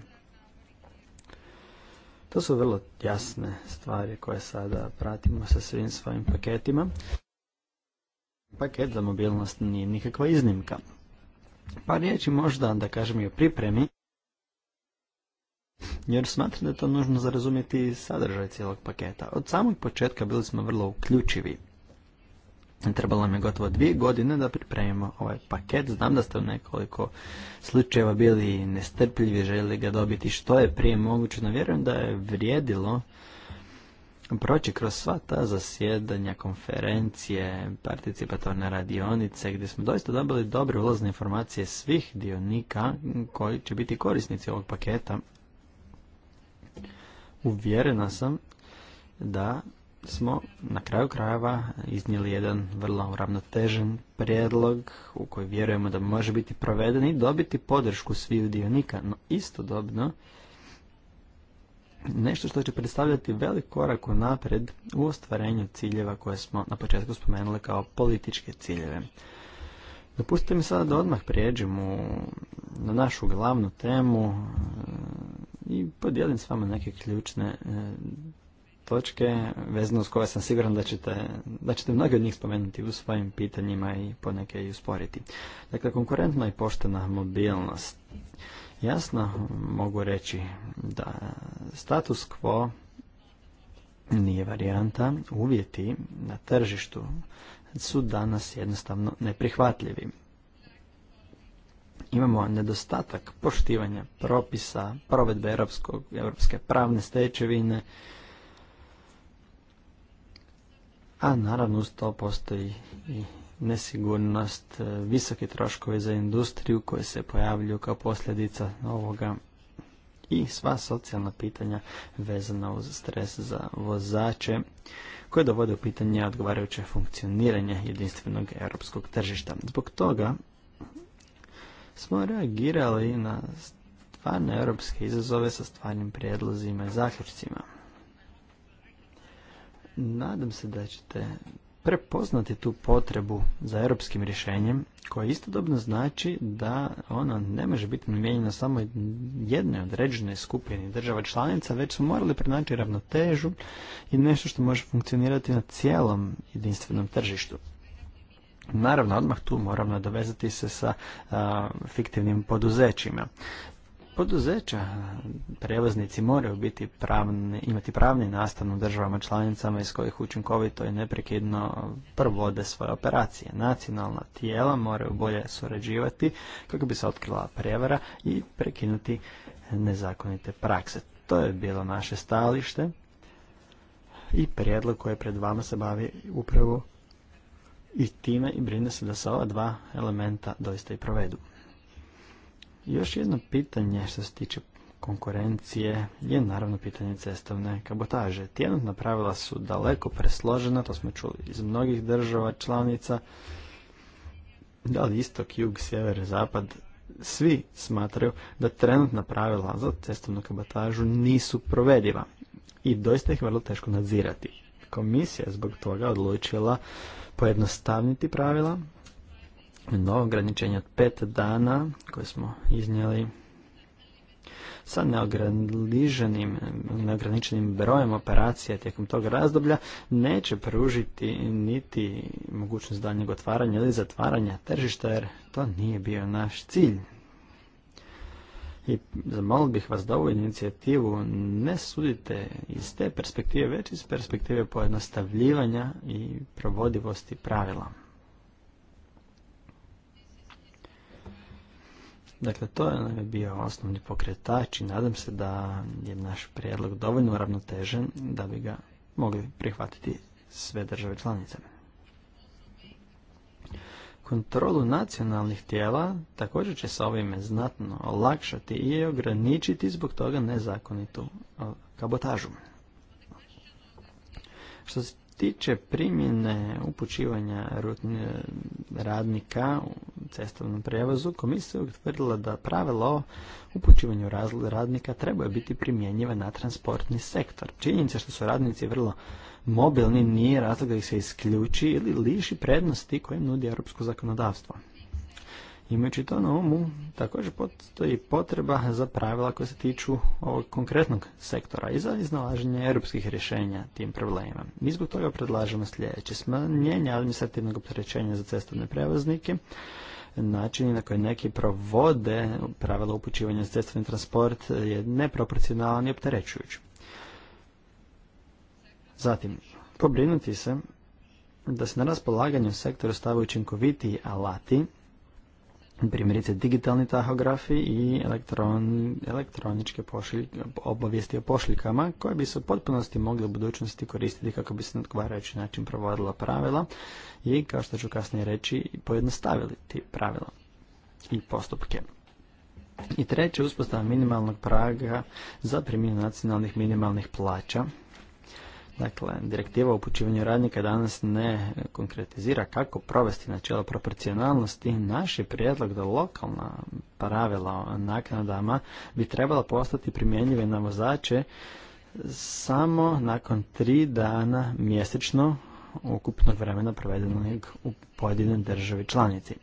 To su vrlo jasne stvari koje sada pratimo sa svim svojim paketima. Paket za mobilnost nije nikakva iznimka. Pa riječi možda, da kažem i o pripremi, jer smatram da je to nužno za razumjeti sadržaj cijelog paketa. Od samog početka bili smo vrlo uključivi Trebalo nam je gotovo dvije godine da pripremimo ovaj paket. Znam da ste u nekoliko slučajeva bili nestrpljivi, željeli ga dobiti što je prije moguće. No vjerujem da je vrijedilo proći kroz sva ta zasjedanja, konferencije, participatorne radionice, gdje smo doista dobili dobre ulazne informacije svih dionika koji će biti korisnici ovog paketa. Uvjerena sam da smo na kraju krajeva iznijeli jedan vrlo ravnotežen prijedlog u koji vjerujemo da može biti proveden i dobiti podršku svih dionika, no istodobno nešto što će predstavljati velik korak u napred u ostvarenju ciljeva koje smo na početku spomenuli kao političke ciljeve. Dopustite mi sada da odmah prijeđemo na našu glavnu temu e, i podijelim s vama neke ključne e, točke vezano s koje sam siguran da ćete, da ćete mnogi od njih spomenuti u svojim pitanjima i poneke i usporiti. Dakle, konkurentna i poštena mobilnost. Jasno mogu reći da status quo nije varijanta, uvjeti na tržištu su danas jednostavno neprihvatljivi. Imamo nedostatak poštivanja propisa, provedbe europske pravne stečevine, a naravno uz to postoji i nesigurnost, e, visoki troškovi za industriju koje se pojavljuju kao posljedica ovoga i sva socijalna pitanja vezana uz stres za vozače koje dovode u pitanje odgovarajuće funkcioniranje jedinstvenog europskog tržišta. Zbog toga smo reagirali na stvarne europske izazove sa stvarnim prijedlozima i zaključcima. Nadam se da ćete prepoznati tu potrebu za europskim rješenjem koja istodobno znači da ona ne može biti namijenjena samo jedne određene skupini država članica, već su morali pronaći ravnotežu i nešto što može funkcionirati na cijelom jedinstvenom tržištu. Naravno, odmah tu moramo dovezati se sa fiktivnim poduzećima. Poduzeća, prevoznici moraju biti pravni, imati pravni nastan u državama članicama iz kojih učinkovito i neprekidno provode svoje operacije. Nacionalna tijela moraju bolje surađivati kako bi se otkrila prevara i prekinuti nezakonite prakse. To je bilo naše stalište i prijedlog koji pred vama se bavi upravo i time i brine se da se ova dva elementa doista i provedu. Još jedno pitanje što se tiče konkurencije je naravno pitanje cestovne kabotaže. Tjenutna pravila su daleko presložena, to smo čuli iz mnogih država članica. Da li istok, jug, sjever, zapad, svi smatraju da trenutna pravila za cestovnu kabotažu nisu provediva i doista ih vrlo teško nadzirati. Komisija je zbog toga odlučila pojednostavniti pravila, novo ograničenje od pet dana koje smo iznijeli sa neograničenim brojem operacija tijekom tog razdoblja neće pružiti niti mogućnost daljnjeg otvaranja ili zatvaranja tržišta jer to nije bio naš cilj. I zamolio bih vas da ovu inicijativu ne sudite iz te perspektive, već iz perspektive pojednostavljivanja i provodivosti pravila. Dakle, to je bio osnovni pokretač i nadam se da je naš prijedlog dovoljno ravnotežen da bi ga mogli prihvatiti sve države članice. Kontrolu nacionalnih tijela također će se ovime znatno olakšati i ograničiti zbog toga nezakonitu e, kabotažu. Što se tiče primjene upućivanja radnika u cestovnom prijevozu, komisija je utvrdila da pravilo o upućivanju radnika trebaju biti primjenjiva na transportni sektor. Činjenica što su radnici vrlo mobilni nije razlog da ih se isključi ili liši prednosti koje nudi europsko zakonodavstvo. Imajući to na umu, također postoji potreba za pravila koje se tiču ovog konkretnog sektora i za iznalaženje europskih rješenja tim problemima. Mi zbog toga predlažemo sljedeće smanjenje administrativnog opterećenja za cestovne prevoznike, načini na koji neki provode pravila upućivanja za cestovni transport je neproporcionalan i opterećujući. Zatim, pobrinuti se da se na raspolaganju sektoru stavaju učinkovitiji alati primjerice digitalni tahografi i elektroničke obavijesti o pošiljkama koje bi se u potpunosti mogli u budućnosti koristiti kako bi se na odgovarajući način provodila pravila i kao što ću kasnije reći pojednostavili ti pravila i postupke. I treće, uspostava minimalnog praga za primjenu nacionalnih minimalnih plaća Dakle, direktiva o upućivanju radnika danas ne konkretizira kako provesti načelo proporcionalnosti. Naš je prijedlog da lokalna pravila o naknadama bi trebala postati primjenjive na vozače samo nakon tri dana mjesečno ukupnog vremena provedenog u pojedinoj državi članici.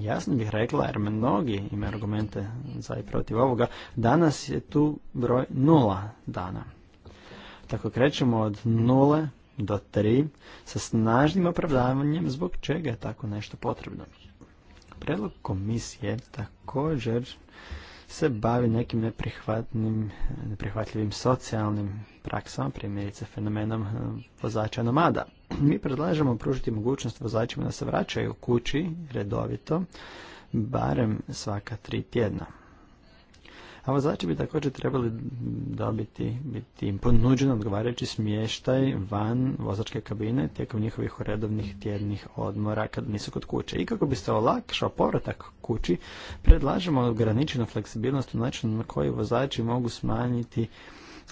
Jasno bih rekla, jer mnogi imaju argumente za i protiv ovoga, danas je tu broj nula dana. Tako krećemo od nule do tri sa snažnim opravdavanjem zbog čega je tako nešto potrebno. Predlog komisije također se bavi nekim neprihvatljivim socijalnim praksama, primjerice fenomenom eh, vozača nomada. Mi predlažemo pružiti mogućnost vozačima da se vraćaju kući redovito, barem svaka tri tjedna a vozači bi također trebali dobiti biti im ponuđen odgovarajući smještaj van vozačke kabine tijekom njihovih redovnih tjednih odmora kad nisu kod kuće. I kako bi se olakšao povratak kući, predlažemo ograničenu fleksibilnost u načinu na koji vozači mogu smanjiti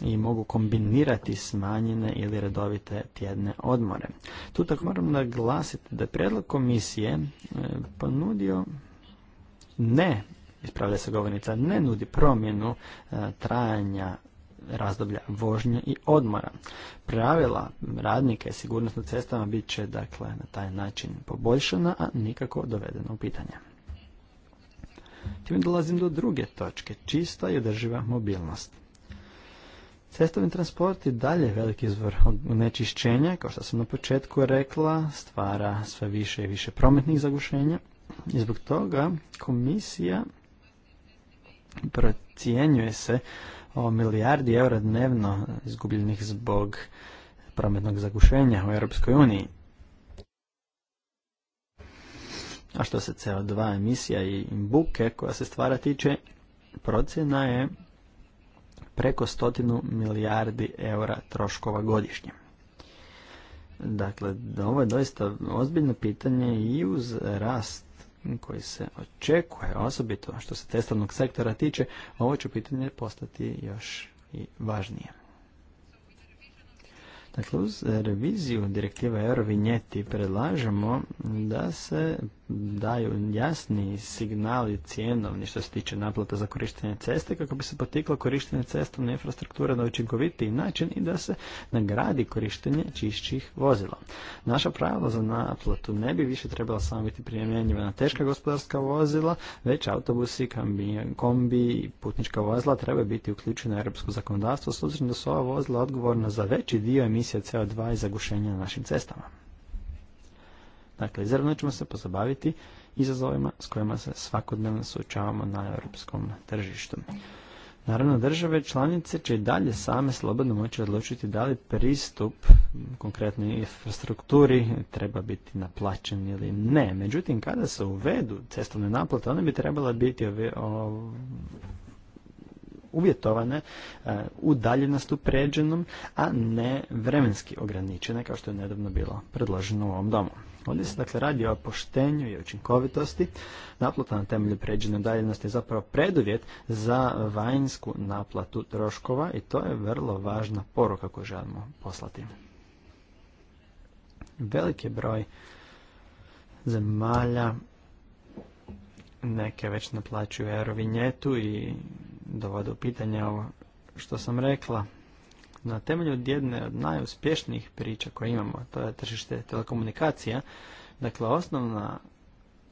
i mogu kombinirati smanjene ili redovite tjedne odmore. Tu tako moram naglasiti da je prijedlog komisije e, ponudio ne ispravlja se govornica, ne nudi promjenu e, trajanja razdoblja vožnje i odmora. Pravila radnika i sigurnost na cestama bit će dakle na taj način poboljšana, a nikako dovedena u pitanje. Time dolazim do druge točke, čista i održiva mobilnost. Cestovni transport je dalje veliki izvor onečišćenja, kao što sam na početku rekla, stvara sve više i više prometnih zagušenja i zbog toga komisija Procijenjuje se o milijardi eura dnevno izgubljenih zbog prometnog zagušenja u Europskoj uniji. A što se CO2 emisija i buke koja se stvara tiče, procjena je preko stotinu milijardi eura troškova godišnje. Dakle, ovo je doista ozbiljno pitanje i uz rast koji se očekuje, osobito što se testovnog sektora tiče, ovo će pitanje postati još i važnije. Dakle, uz reviziju direktiva Eurovinjeti predlažemo da se daju jasni signali cijenovni što se tiče naplata za korištenje ceste kako bi se potiklo korištenje cestovne infrastrukture na učinkovitiji način i da se nagradi korištenje čišćih vozila. Naša pravila za naplatu ne bi više trebala samo biti primjenjiva na teška gospodarska vozila, već autobusi, kombi i putnička vozila treba biti uključena u europsko zakonodavstvo s obzirom da su ova vozila odgovorna za veći dio emisije CO2 i zagušenja na našim cestama. Dakle, izravno ćemo se pozabaviti izazovima s kojima se svakodnevno suočavamo na europskom tržištu. Naravno, države članice će i dalje same slobodno moći odlučiti da li pristup konkretnoj infrastrukturi treba biti naplaćen ili ne. Međutim, kada se uvedu cestovne naplate, one bi trebala biti uvjetovane, e, udaljenost u pređenom, a ne vremenski ograničene kao što je nedavno bilo predloženo u ovom domu. Ovdje se dakle radi o poštenju i učinkovitosti. Naplata na temelju pređene udaljenosti je zapravo preduvjet za vanjsku naplatu troškova i to je vrlo važna poruka koju želimo poslati. Veliki broj zemalja Neke već naplaćuju eurovinjetu i dovode u pitanje ovo što sam rekla. Na temelju jedne od najuspješnijih priča koje imamo, to je tržište telekomunikacija, dakle osnovna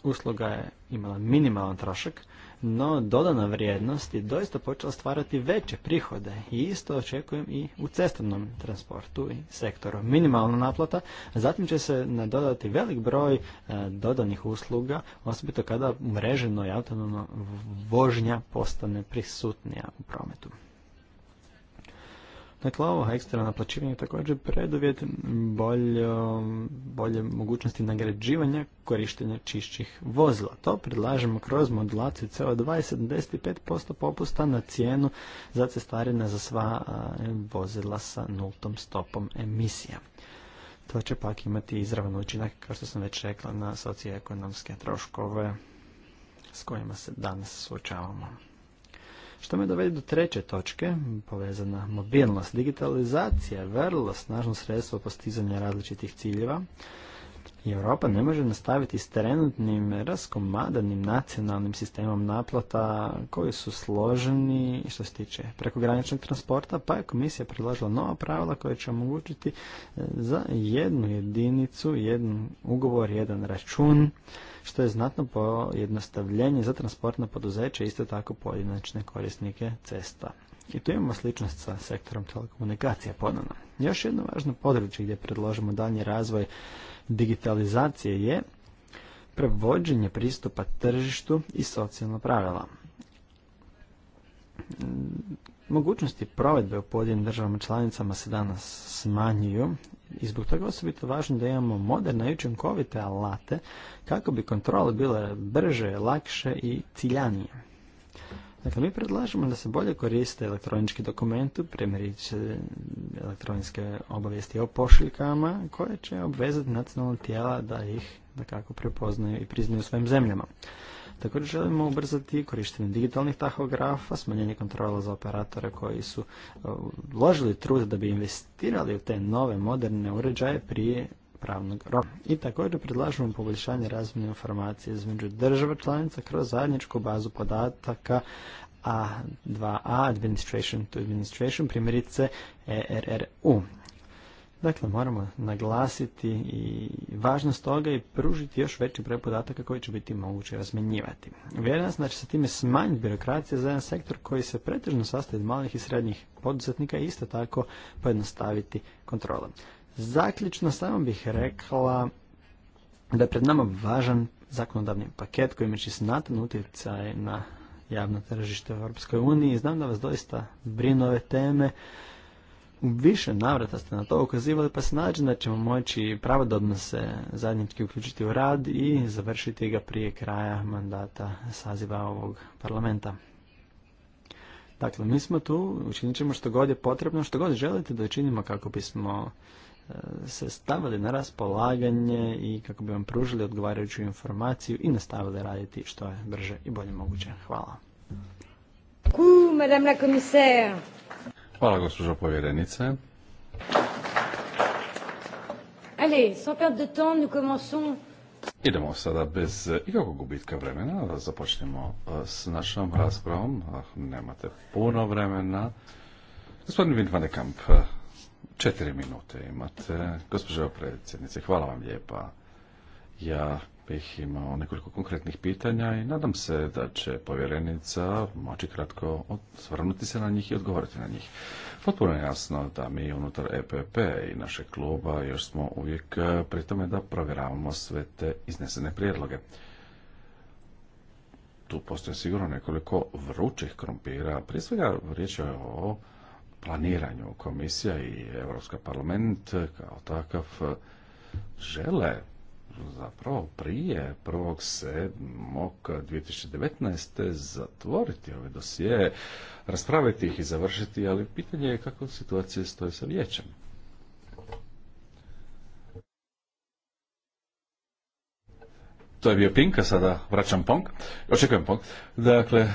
usluga je imala minimalan trošak, no dodana vrijednost je doista počela stvarati veće prihode i isto očekujem i u cestovnom transportu i sektoru. Minimalna naplata, zatim će se nadodati velik broj e, dodanih usluga, osobito kada mreženo i autonomno vožnja postane prisutnija u prometu. Dakle, ovo eksterno naplaćivanje je također preduvjet bolje, bolje mogućnosti nagrađivanja korištenja čišćih vozila. To predlažemo kroz modulaciju CO2 i 75% popusta na cijenu za cestarine za sva vozila sa nultom stopom emisija. To će pak imati izravan učinak, kao što sam već rekla, na socioekonomske troškove s kojima se danas suočavamo. Što me dovede do treće točke, povezana mobilnost. Digitalizacija je vrlo snažno sredstvo postizanja različitih ciljeva. I Europa ne može nastaviti s trenutnim raskomadanim nacionalnim sistemom naplata koji su složeni što se tiče prekograničnog transporta, pa je komisija predložila nova pravila koja će omogućiti e, za jednu jedinicu, jedan ugovor, jedan račun, što je znatno pojednostavljenje za transportno poduzeće isto tako pojedinačne korisnike cesta. I tu imamo sličnost sa sektorom telekomunikacija ponovno. Još jedno važno područje gdje predložimo dalji razvoj digitalizacije je prevođenje pristupa tržištu i socijalna pravila Mogućnosti provedbe u pojedinim državama članicama se danas smanjuju i zbog toga osobito važno da imamo moderne i učinkovite alate kako bi kontrole bile brže, lakše i ciljanije. Dakle, mi predlažemo da se bolje koriste elektronički dokumenti, primjerice elektronske obavijesti o pošiljkama, koje će obvezati nacionalna tijela da ih da kako prepoznaju i priznaju svojim zemljama. Također želimo ubrzati korištenje digitalnih tahografa, smanjenje kontrola za operatore koji su uložili trud da bi investirali u te nove moderne uređaje prije pravnog roka. I također predlažemo poboljšanje razmjene informacije između država članica kroz zajedničku bazu podataka A2A, Administration to Administration, primjerice ERRU. Dakle, moramo naglasiti i važnost toga i pružiti još veći broj podataka koji će biti moguće razmenjivati. Vjerujem sam da će se time smanjiti birokracija za jedan sektor koji se pretežno sastoji od malih i srednjih poduzetnika i isto tako pojednostaviti kontrolom. Zaključno samo bih rekla da je pred nama važan zakonodavni paket koji će snatan utjecaj na javno tržište u Europskoj i Znam da vas doista brinu ove teme. U više navrata ste na to ukazivali, pa se nađe da ćemo moći pravodobno se zajednički uključiti u rad i završiti ga prije kraja mandata saziva ovog parlamenta. Dakle, mi smo tu, učinit ćemo što god je potrebno, što god želite da učinimo kako bismo e, se stavili na raspolaganje i kako bi vam pružili odgovarajuću informaciju i nastavili raditi što je brže i bolje moguće. Hvala. madame Hvala, gospođo povjerenice. de temps, nous commençons Idemo sada bez eh, ikakvog gubitka vremena, započnemo eh, s našom raspravom, ah, nemate puno vremena. Gospodin vindvane Kamp, eh, četiri minute imate. Gospođo predsjednice, hvala vam lijepa. Ja bih imao nekoliko konkretnih pitanja i nadam se da će povjerenica moći kratko osvrnuti se na njih i odgovoriti na njih. Potpuno je jasno da mi unutar EPP i našeg kluba još smo uvijek pri tome da provjeravamo sve te iznesene prijedloge. Tu postoje sigurno nekoliko vrućih krompira. Prije svega riječ je o planiranju komisija i Europska parlament kao takav žele zapravo prije 1.7.2019. zatvoriti ove dosije, raspraviti ih i završiti, ali pitanje je kako situacija stoje sa vijećem. To je bio Pink, a sada vraćam Pong. Očekujem Pong. Dakle,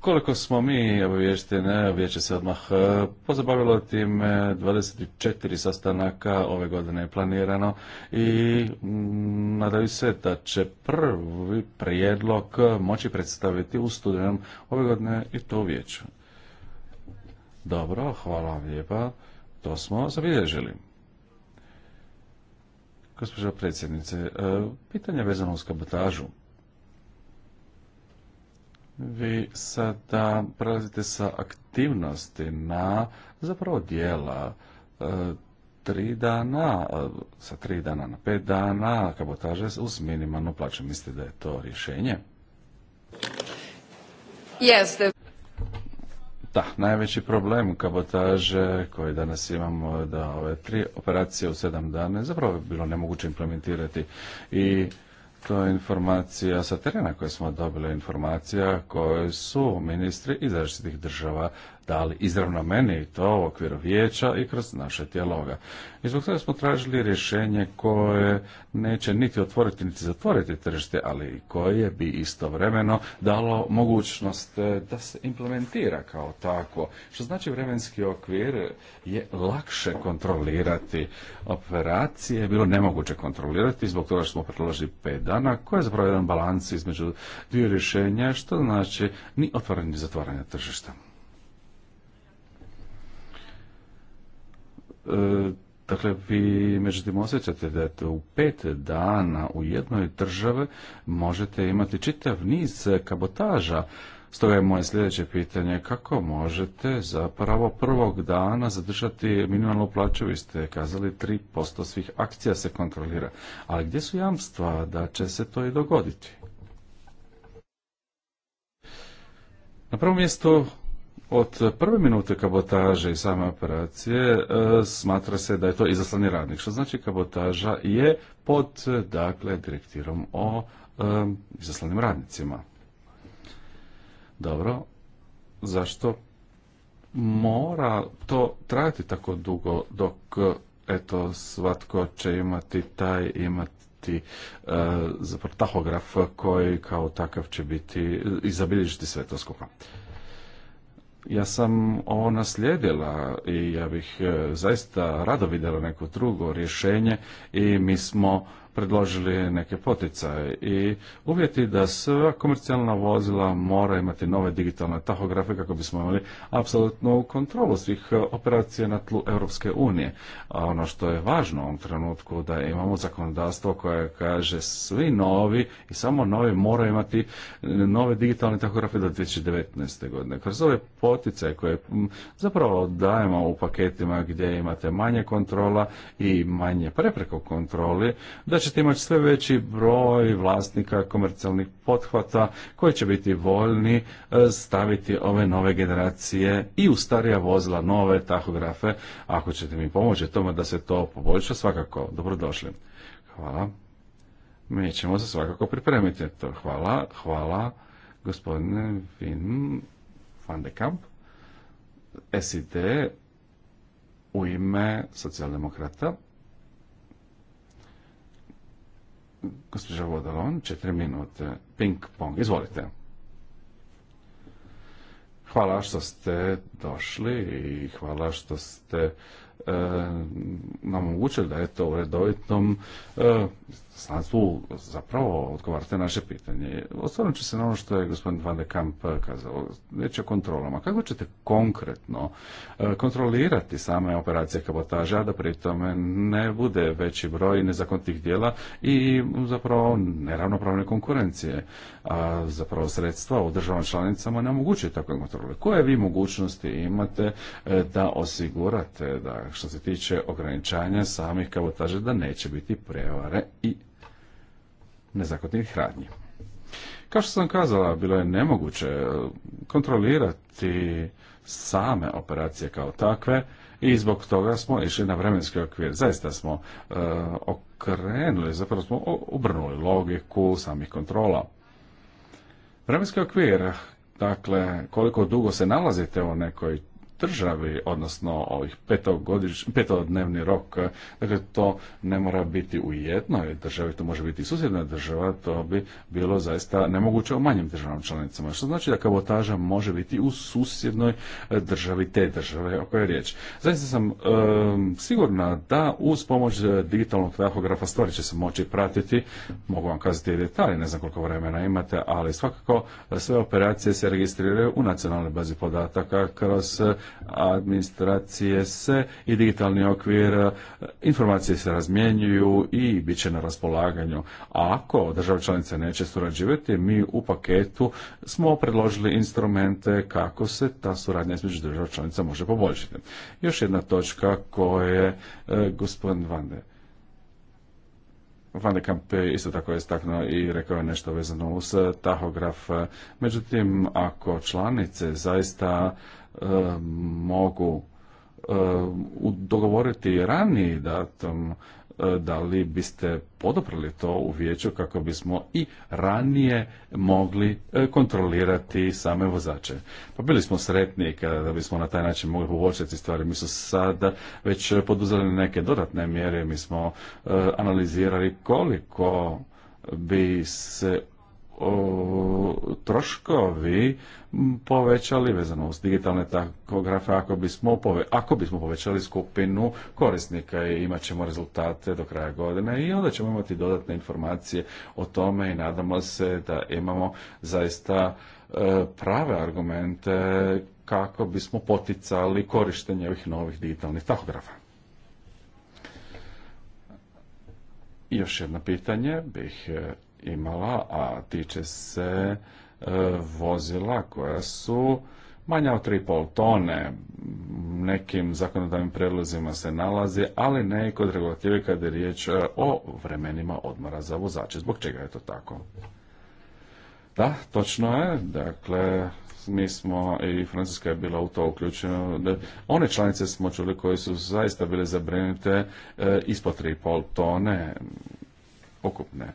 koliko smo mi obavještene, vijeće se odmah e, pozabavilo tim, 24 sastanaka ove godine je planirano i mm, nadaju se da će prvi prijedlog moći predstaviti u studenom ove godine i to u vijeću. Dobro, hvala vam lijepa, to smo zabilježili. Gospođo predsjednice, e, pitanje vezano uz kabotažu. Vi sada prelazite sa aktivnosti na zapravo dijela e, tri dana, e, sa tri dana na pet dana, kabotaže uz minimalnu plaću. Mislite da je to rješenje? Yes, Da, najveći problem kabotaže koji danas imamo je da ove tri operacije u sedam dana je bi bilo nemoguće implementirati i to je informacija sa terena koje smo dobili, informacija koje su ministri iz različitih država dali izravno meni i to u okviru vijeća i kroz naše dijaloga. I zbog toga smo tražili rješenje koje neće niti otvoriti niti zatvoriti tržište, ali koje bi istovremeno dalo mogućnost e, da se implementira kao tako. Što znači vremenski okvir je lakše kontrolirati. Operacije je bilo nemoguće kontrolirati zbog toga smo predložili pet dana koje je zapravo jedan balans između dvije rješenja što znači ni otvaranje ni zatvaranje tržišta. E, dakle, vi međutim osjećate da je u pet dana u jednoj državi možete imati čitav niz kabotaža. Stoga je moje sljedeće pitanje kako možete zapravo prvog dana zadržati minimalnu plaću, vi ste kazali 3% svih akcija se kontrolira, ali gdje su jamstva da će se to i dogoditi? Na prvom mjestu od prve minute kabotaže i same operacije e, smatra se da je to izaslani radnik, što znači kabotaža je pod dakle, direktirom o e, izaslanim radnicima. Dobro, zašto mora to trajati tako dugo dok eto svatko će imati taj imati e, zapravo tahograf koji kao takav će biti i zabilježiti sve to skupa ja sam ovo naslijedila i ja bih e, zaista rado vidjela neko drugo rješenje i mi smo predložili neke poticaje i uvjeti da sva komercijalna vozila mora imati nove digitalne tahografe kako bismo imali apsolutnu kontrolu svih e, operacija na tlu Europske unije. A ono što je važno u ovom trenutku da imamo zakonodavstvo koje kaže svi novi i samo novi moraju imati e, nove digitalne tahografe do 2019. godine. Kroz ove poticaje koje zapravo dajemo u paketima gdje imate manje kontrola i manje prepreka kontroli, da ćete imati sve veći broj vlasnika komercijalnih pothvata koji će biti voljni e, staviti ove nove generacije i u starija vozila nove tahografe. Ako ćete mi pomoći tome da se to poboljša, svakako dobrodošli. Hvala. Mi ćemo se svakako pripremiti. To. Hvala, hvala gospodine Vin van de Kamp. SID u ime socijaldemokrata. Gospođa Vodalon, četiri minute. Ping pong, izvolite. Hvala što ste došli i hvala što ste nam e, omogućili da je to u redovitom stanstvu e, zapravo odgovarate naše pitanje. Osvrnut ću se na ono što je gospodin Van de Kamp kazao, već o kontrolama. Kako ćete konkretno e, kontrolirati same operacije kabotaža, da pri tome ne bude veći broj nezakonitih dijela i zapravo neravnopravne konkurencije? A zapravo sredstva u državama članicama ne omogućuju takve kontrole. Koje vi mogućnosti imate da osigurate da što se tiče ograničanja samih kabotaže da neće biti prevare i nezakotnih radnji. Kao što sam kazala, bilo je nemoguće e, kontrolirati same operacije kao takve i zbog toga smo išli na vremenski okvir. Zaista smo e, okrenuli, zapravo smo obrnuli logiku samih kontrola. Vremenski okvir, dakle, koliko dugo se nalazite u nekoj državi, odnosno ovih petodnevni rok, dakle to ne mora biti u jednoj državi, to može biti i susjedna država, to bi bilo zaista nemoguće u manjim državama članicama. Što znači da kabotaža može biti u susjednoj e, državi te države o kojoj je riječ. Zaista sam sigurna da uz pomoć e, digitalnog tahografa stvari će se moći pratiti, mogu vam kazati i detalje, ne znam koliko vremena imate, ali svakako e, sve operacije se registriraju u nacionalnoj bazi podataka kroz administracije se i digitalni okvir, e, informacije se razmjenjuju i bit će na raspolaganju. A ako države članice neće surađivati, mi u paketu smo predložili instrumente kako se ta suradnja između država članica može poboljšati. Još jedna točka koje je gospodin Vande Van de Kamp isto tako je istaknuo i rekao je nešto vezano uz tahograf. Međutim, ako članice zaista E, mogu e, dogovoriti raniji datum e, da li biste podoprili to u vijeću kako bismo i ranije mogli kontrolirati same vozače. Pa bili smo sretni kada bismo na taj način mogli poboljšati stvari. Mi smo sada već poduzeli neke dodatne mjere, mi smo analizirali koliko bi se troškovi povećali vezano uz digitalne takografe ako bismo, ako bismo povećali skupinu korisnika i imat ćemo rezultate do kraja godine i onda ćemo imati dodatne informacije o tome i nadamo se da imamo zaista e, prave argumente kako bismo poticali korištenje ovih novih digitalnih tahografa. Još jedno pitanje bih e, imala, a tiče se e, vozila koja su manja od 3,5 tone. Nekim zakonodavnim predlozima se nalazi, ali ne i kod regulative kada je riječ e, o vremenima odmora za vozače. Zbog čega je to tako? Da, točno je. Dakle, mi smo i Francuska je bila u to uključena. One članice smo čuli koje su zaista bile zabrinute e, ispod 3,5 tone ukupne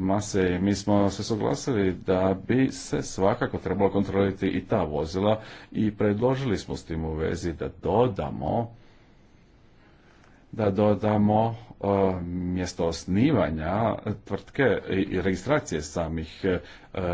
mase mi smo se suglasili da bi se svakako trebalo kontrolirati i ta vozila i predložili smo s tim u vezi da dodamo da dodamo e, mjesto osnivanja tvrtke i registracije samih e,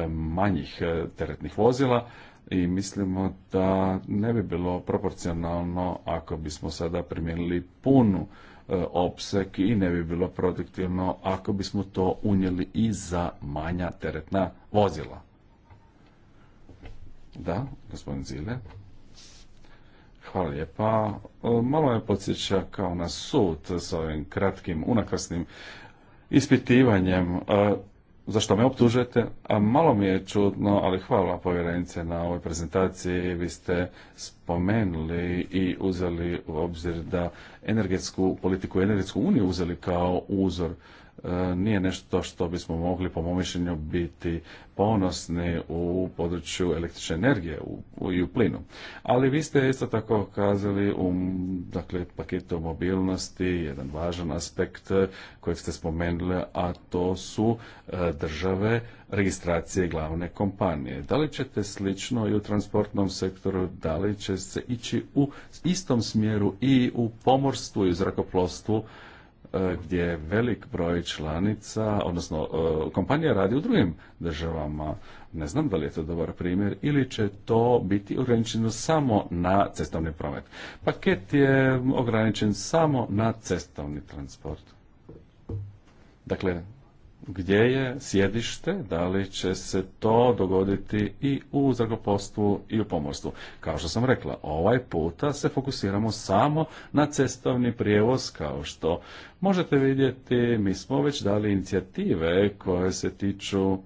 manjih e, teretnih vozila i mislimo da ne bi bilo proporcionalno ako bismo sada primijenili punu E, opsek i ne bi bilo produktivno ako bismo to unijeli i za manja teretna vozila. Da, gospodin Zile. Hvala lijepa. E, malo me podsjeća kao na sud s ovim kratkim, unakrasnim ispitivanjem. E, za što me optužujete? A malo mi je čudno, ali hvala povjerenice na ovoj prezentaciji. Vi ste spomenuli i uzeli u obzir da energetsku politiku, energetsku uniju uzeli kao uzor e, nije nešto što bismo mogli po mom mišljenju biti ponosni u području električne energije u, i u plinu. Ali vi ste isto tako kazali u dakle, paketu mobilnosti jedan važan aspekt kojeg ste spomenuli, a to su e, države registracije glavne kompanije. Da li ćete slično i u transportnom sektoru, da li će se ići u istom smjeru i u pomorstvu i zrakoplovstvu e, gdje velik broj članica, odnosno e, kompanija radi u drugim državama. Ne znam da li je to dobar primjer ili će to biti ograničeno samo na cestovni promet. Paket je ograničen samo na cestovni transport. Dakle, gdje je sjedište, da li će se to dogoditi i u zrakoplovstvu i u pomorstvu. Kao što sam rekla, ovaj puta se fokusiramo samo na cestovni prijevoz, kao što možete vidjeti, mi smo već dali inicijative koje se tiču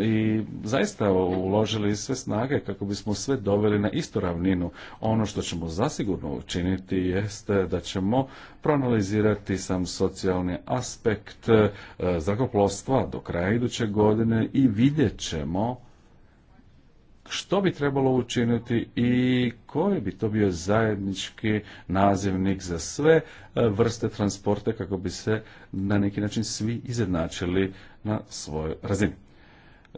i zaista uložili sve snage kako bismo sve doveli na istu ravninu. Ono što ćemo zasigurno učiniti jeste da ćemo proanalizirati sam socijalni aspekt e, zrakoplovstva do kraja iduće godine i vidjet ćemo što bi trebalo učiniti i koji bi to bio zajednički nazivnik za sve e, vrste transporta kako bi se na neki način svi izjednačili na svojoj razini.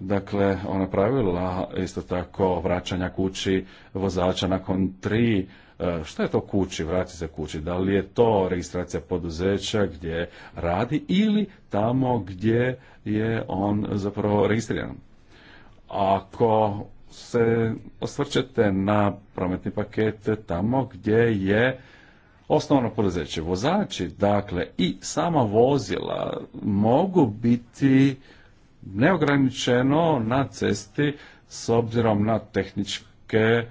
Dakle, ona pravila isto tako vraćanja kući vozača nakon tri e, Što je to kući, vrati se kući? Da li je to registracija poduzeća gdje radi ili tamo gdje je on zapravo registriran? Ako se osvrćete na prometni paket tamo gdje je osnovno poduzeće, vozači, dakle, i sama vozila mogu biti neograničeno na cesti s obzirom na tehničke e,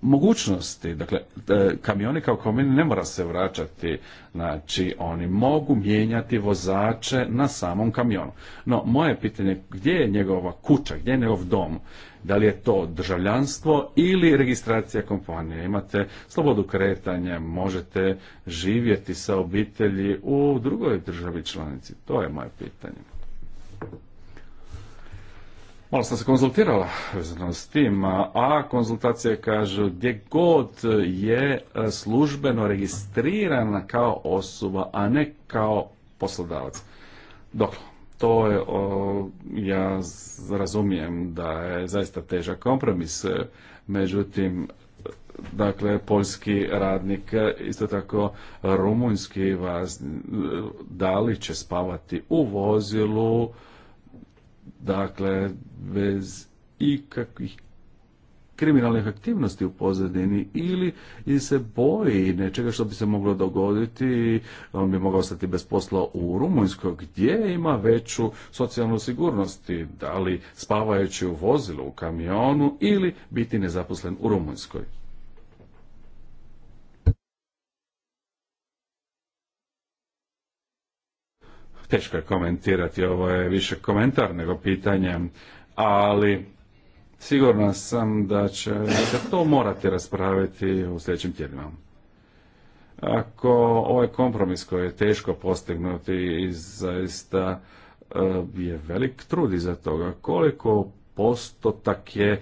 mogućnosti. Dakle, e, kamioni kao kamioni ne mora se vraćati. Znači, oni mogu mijenjati vozače na samom kamionu. No, moje pitanje gdje je njegova kuća, gdje je njegov dom? Da li je to državljanstvo ili registracija kompanije? Imate slobodu kretanja, možete živjeti sa obitelji u drugoj državi članici. To je moje pitanje. Malo sam se konzultirala vezano s tim, a konzultacije kažu gdje god je e, službeno registrirana kao osoba, a ne kao poslodavac. Dobro, to je, ja razumijem da je zaista težak kompromis, e, međutim, dakle, poljski radnik, e, isto tako rumunjski vas, da li će spavati u vozilu, Dakle, bez ikakvih kriminalnih aktivnosti u pozadini ili se boji nečega što bi se moglo dogoditi, on bi mogao ostati bez posla u Rumunjskoj gdje ima veću socijalnu sigurnost, da li spavajući u vozilu, u kamionu ili biti nezaposlen u Rumunjskoj. Teško je komentirati, ovo je više komentar nego pitanje, ali sigurno sam da će da to morati raspraviti u sljedećim tjednima. Ako ovaj kompromis koji je teško postignuti i zaista eh, je velik trud iza toga, koliko postotak je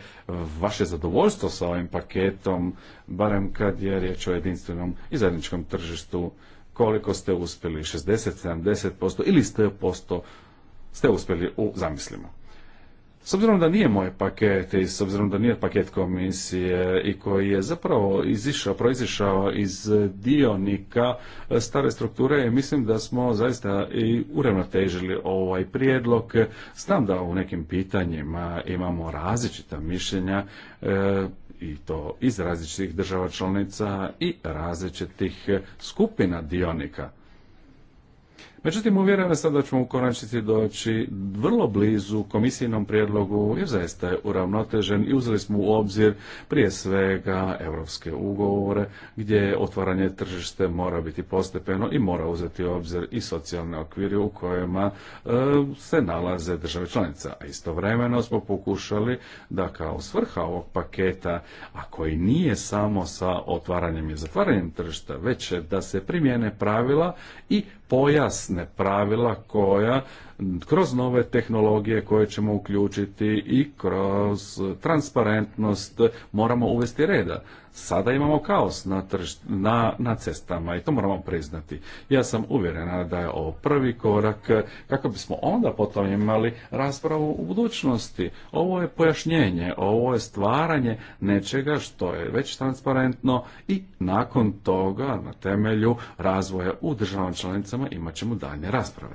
vaše zadovoljstvo sa ovim paketom, barem kad je riječ o jedinstvenom i zajedničkom tržištu koliko ste uspjeli, 60, 70% ili 100% ste uspjeli u zamislimo. S obzirom da nije moj paket i s obzirom da nije paket komisije i koji je zapravo izišao, proizišao iz dionika stare strukture, mislim da smo zaista i uravnotežili ovaj prijedlog. Znam da u nekim pitanjima imamo različita mišljenja, e, i to iz različitih država članica i različitih skupina dionika. Međutim, uvjeren sam da ćemo u konačnici doći vrlo blizu komisijnom prijedlogu jer zaista je uravnotežen i uzeli smo u obzir prije svega europske ugovore gdje otvaranje tržište mora biti postepeno i mora uzeti u obzir i socijalne okvire u kojima e, se nalaze države članice. A istovremeno smo pokušali da kao svrha ovog paketa, a koji nije samo sa otvaranjem i zatvaranjem tržišta, već da se primjene pravila i pojasne pravila koja kroz nove tehnologije koje ćemo uključiti i kroz transparentnost moramo uvesti reda sada imamo kaos na, na, cestama i to moramo priznati. Ja sam uvjerena da je ovo prvi korak kako bismo onda potom imali raspravu u budućnosti. Ovo je pojašnjenje, ovo je stvaranje nečega što je već transparentno i nakon toga na temelju razvoja u državnim članicama imat ćemo daljnje rasprave.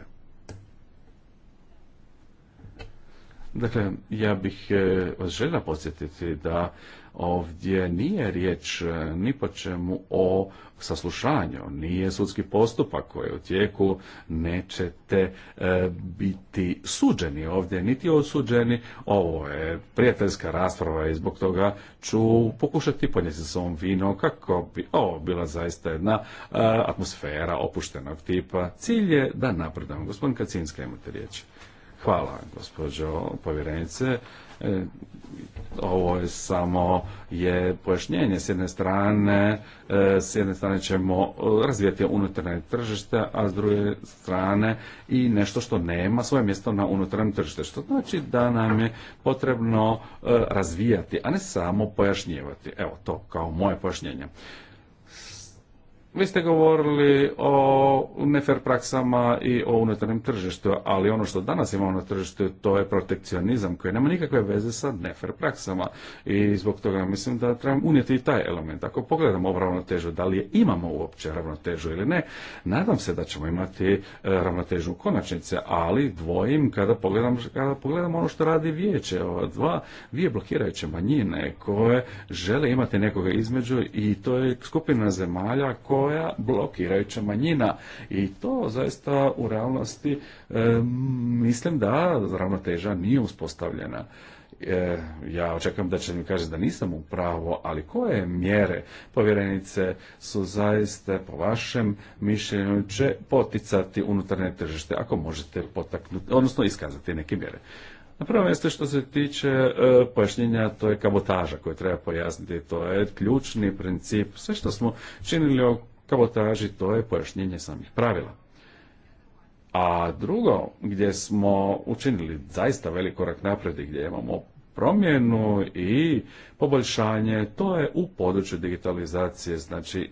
Dakle, ja bih eh, vas želja podsjetiti da Ovdje nije riječ e, ni po čemu o saslušanju, nije sudski postupak koji je u tijeku, nećete e, biti suđeni ovdje, niti osuđeni. Ovo je prijateljska rasprava i zbog toga ću pokušati podnijeti s ovom vino kako bi ovo bila zaista jedna e, atmosfera opuštenog tipa. Cilj je da napredamo. Gospodin Kacinska imate riječ. Hvala, gospođo povjerenice. E, ovo je samo je pojašnjenje s jedne strane e, s jedne strane ćemo razvijati unutarnje tržište a s druge strane i nešto što nema svoje mjesto na unutarnjem tržište, što znači da nam je potrebno e, razvijati a ne samo pojašnjivati evo to kao moje pojašnjenje vi ste govorili o nefer praksama i o unutarnjem tržištu, ali ono što danas imamo na tržištu to je protekcionizam koji nema nikakve veze sa nefer praksama i zbog toga mislim da trebamo unijeti i taj element. Ako pogledamo ovu ravnotežu, da li je imamo uopće ravnotežu ili ne, nadam se da ćemo imati e, ravnotežu u ali dvojim kada pogledamo, kada ono što radi vijeće, ova dva, dvije blokirajuće manjine koje žele imati nekoga između i to je skupina zemalja koja koja blokirajuća manjina i to zaista u realnosti mislim da ravnoteža nije uspostavljena e, ja očekujem da će mi kaži da nisam u pravo ali koje mjere povjerenice su zaista po vašem mišljenju će poticati unutarnje tržište ako možete potaknuti, odnosno iskazati neke mjere. Na prvo mjesto što se tiče e, pojašnjenja, to je kabotaža koju treba pojasniti, to je ključni princip. Sve što smo činili to je pojašnjenje samih pravila. A drugo, gdje smo učinili zaista velik korak naprijed i gdje imamo promjenu i poboljšanje, to je u području digitalizacije, znači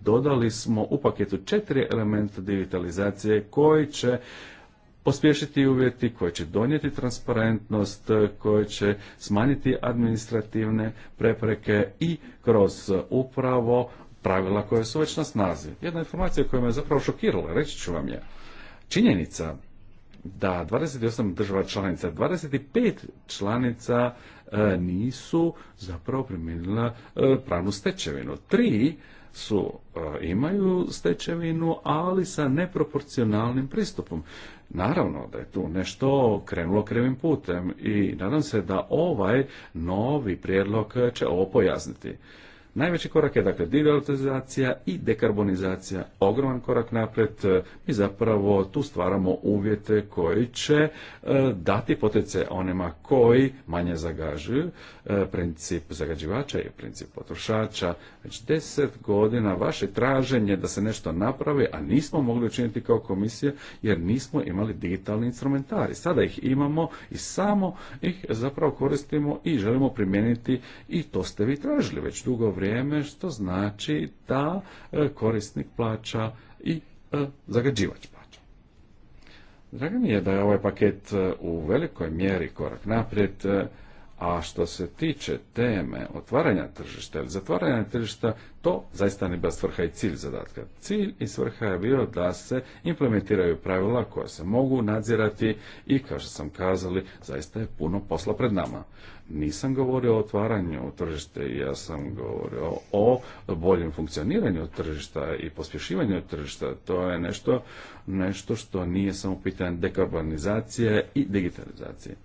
dodali smo u paketu četiri elementa digitalizacije koji će pospješiti uvjeti, koji će donijeti transparentnost, koji će smanjiti administrativne prepreke i kroz upravo pravila koje su već na snazi. Jedna informacija koja me zapravo šokirala, reći ću vam je, činjenica da 28 država članica, 25 članica e, nisu zapravo primjenila e, pravnu stečevinu. Tri su e, imaju stečevinu, ali sa neproporcionalnim pristupom. Naravno da je tu nešto krenulo krivim putem i nadam se da ovaj novi prijedlog će ovo pojasniti. Najveći korak je dakle digitalizacija i dekarbonizacija, ogroman korak napred. E, mi zapravo tu stvaramo uvjete koji će e, dati potice onima koji manje zagažuju. E, princip zagađivača i princip potrošača. Već deset godina vaše traženje da se nešto napravi, a nismo mogli učiniti kao komisija jer nismo imali digitalni instrumentari. Sada ih imamo i samo ih zapravo koristimo i želimo primijeniti i to ste vi tražili već dugo vrijeme vrijeme, što znači da e, korisnik plaća i e, zagađivač plaća. Drago mi je da je ovaj paket e, u velikoj mjeri korak naprijed a što se tiče teme otvaranja tržišta ili zatvaranja tržišta, to zaista ne bila svrha i cilj zadatka. Cilj i svrha je bio da se implementiraju pravila koja se mogu nadzirati i, kao što sam kazali, zaista je puno posla pred nama. Nisam govorio o otvaranju tržišta, ja sam govorio o boljem funkcioniranju tržišta i pospješivanju tržišta. To je nešto, nešto što nije samo pitanje dekarbonizacije i digitalizacije.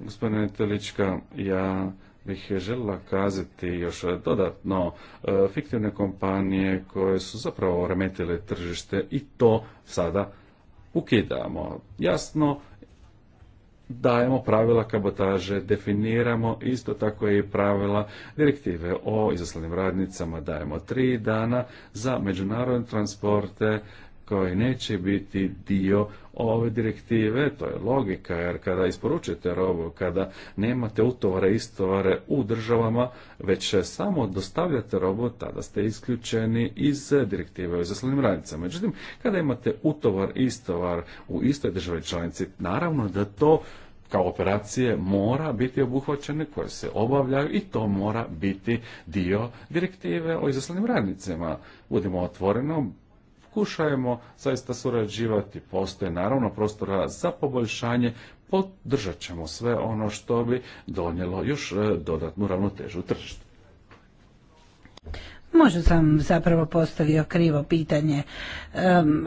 Gospodine Telička, ja bih želila kazati još dodatno e, fiktivne kompanije koje su zapravo remetile tržište i to sada ukidamo. Jasno, dajemo pravila kabotaže, definiramo isto tako i pravila direktive o izaslanim radnicama, dajemo tri dana za međunarodne transporte koji neće biti dio ove direktive, to je logika, jer kada isporučite robu, kada nemate utovare i istovare u državama, već samo dostavljate robu, tada ste isključeni iz direktive o izaslanim radnicama. Međutim, kada imate utovar i istovar u istoj državi članici, naravno da to kao operacije mora biti obuhvaćene koje se obavljaju i to mora biti dio direktive o izaslanim radnicima. Budimo otvoreno, pokušajemo zaista surađivati. Postoje naravno prostora za poboljšanje, podržat ćemo sve ono što bi donijelo još e, dodatnu ravnotežu tržištu. Možda sam zapravo postavio krivo pitanje,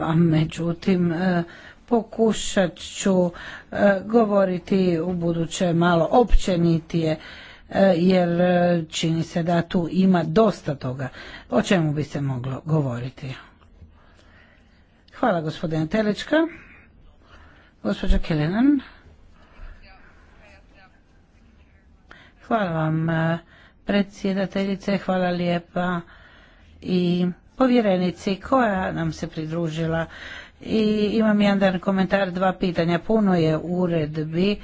a međutim e, pokušat ću e, govoriti u buduće malo općenitije jer čini se da tu ima dosta toga o čemu bi se moglo govoriti. Hvala gospodine Telečka. Gospođa Kelenan, Hvala vam eh, predsjedateljice, hvala lijepa i povjerenici koja nam se pridružila i imam jedan komentar, dva pitanja. Puno je uredbi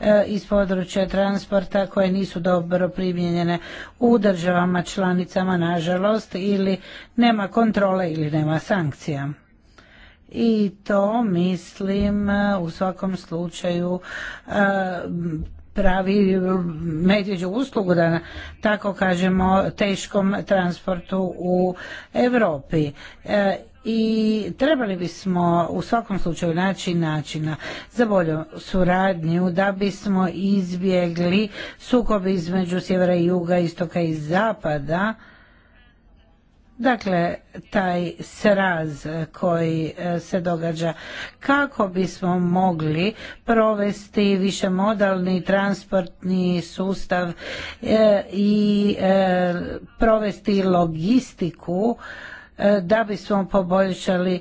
eh, iz područja transporta koje nisu dobro primijenjene u državama članicama, nažalost, ili nema kontrole ili nema sankcija i to mislim e, u svakom slučaju e, pravi medvjeđu uslugu da tako kažemo teškom transportu u Europi e, i trebali bismo u svakom slučaju naći načina za bolju suradnju da bismo izbjegli sukob između sjevera i juga, istoka i zapada Dakle, taj sraz koji e, se događa kako bismo mogli provesti višemodalni transportni sustav e, i e, provesti logistiku da bismo poboljšali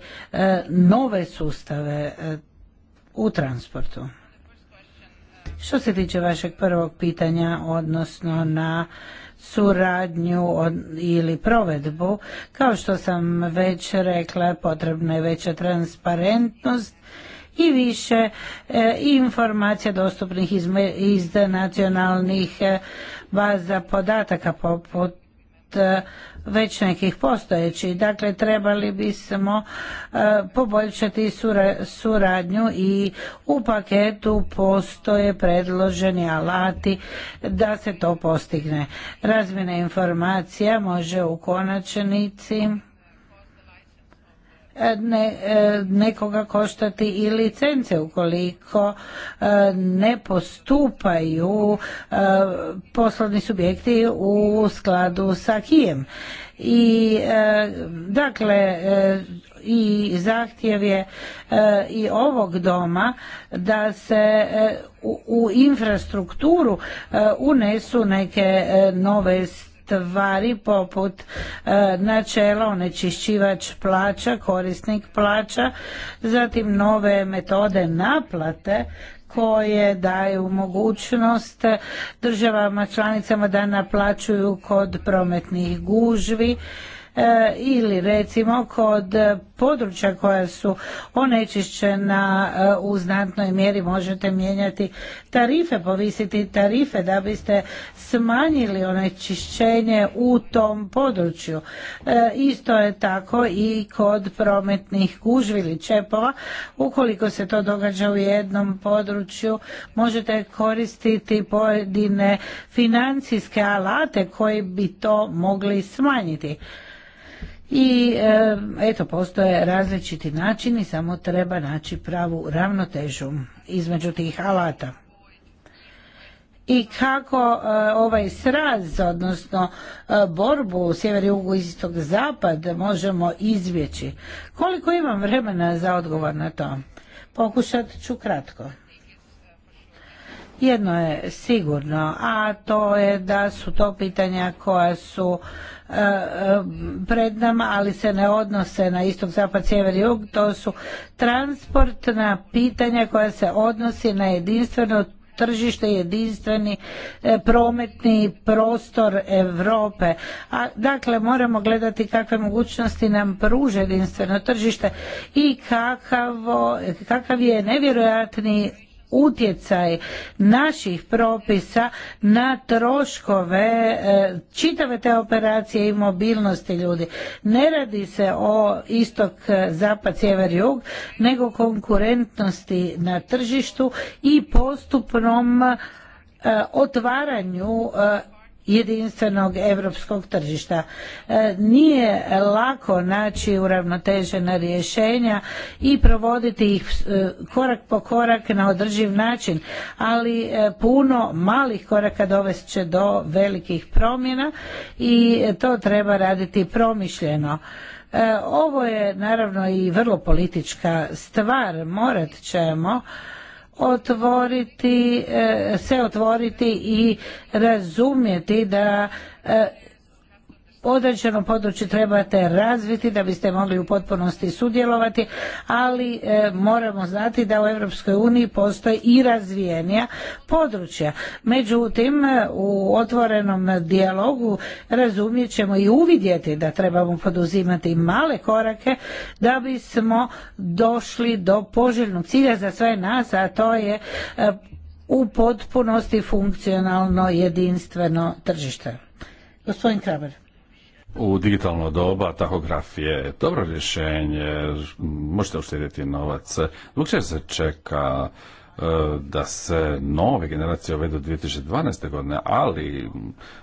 nove sustave u transportu. Što se tiče vašeg prvog pitanja, odnosno na suradnju ili provedbu. Kao što sam već rekla, potrebna je veća transparentnost i više e, informacija dostupnih iz, iz nacionalnih e, baza podataka poput E, već nekih postojećih. Dakle, trebali bismo e, poboljšati suradnju i u paketu postoje predloženi alati da se to postigne. Razmjena informacija može u konačnici E, ne, e, nekoga koštati i licence ukoliko e, ne postupaju poslovni subjekti u skladu sa Kijem. I dakle i zahtjev je i ovog doma da se u infrastrukturu unesu neke nove tvari poput e, načela onečišćivač plaća, korisnik plaća, zatim nove metode naplate koje daju mogućnost državama članicama da naplaćuju kod prometnih gužvi E, ili recimo kod područja koja su onečišćena e, u znatnoj mjeri možete mijenjati tarife, povisiti tarife da biste smanjili onečišćenje u tom području. E, isto je tako i kod prometnih gužvi ili čepova. Ukoliko se to događa u jednom području možete koristiti pojedine financijske alate koji bi to mogli smanjiti i eh, eto postoje različiti načini samo treba naći pravu ravnotežu između tih alata i kako eh, ovaj sraz odnosno eh, borbu sjever i istog zapad možemo izvjeći koliko imam vremena za odgovor na to pokušat ću kratko jedno je sigurno a to je da su to pitanja koja su E, e, pred nama, ali se ne odnose na istog, zapad, sjever, jug. To su transportna pitanja koja se odnosi na jedinstveno tržište jedinstveni e, prometni prostor Europe. A dakle moramo gledati kakve mogućnosti nam pruža jedinstveno tržište i kakav je nevjerojatni utjecaj naših propisa na troškove e, čitave te operacije i mobilnosti ljudi. Ne radi se o istok, e, zapad, sjever, jug, nego konkurentnosti na tržištu i postupnom e, otvaranju jedinstvenog europskog tržišta. E, nije lako naći uravnotežena rješenja i provoditi ih e, korak po korak na održiv način, ali e, puno malih koraka dovest će do velikih promjena i to treba raditi promišljeno. Ovo je naravno i vrlo politička stvar, morat ćemo otvoriti, e, se otvoriti i razumjeti da e, određeno područje trebate razviti da biste mogli u potpunosti sudjelovati, ali e, moramo znati da u Europskoj uniji postoje i razvijenija područja. Međutim, e, u otvorenom dijalogu razumjet ćemo i uvidjeti da trebamo poduzimati male korake da bismo došli do poželjnog cilja za sve nas, a to je e, u potpunosti funkcionalno jedinstveno tržište. Gospodin Kramer u digitalno doba tahograf je dobro rješenje, možete uštedjeti novac. Zbog čega se čeka e, da se nove generacije uvedu 2012. godine, ali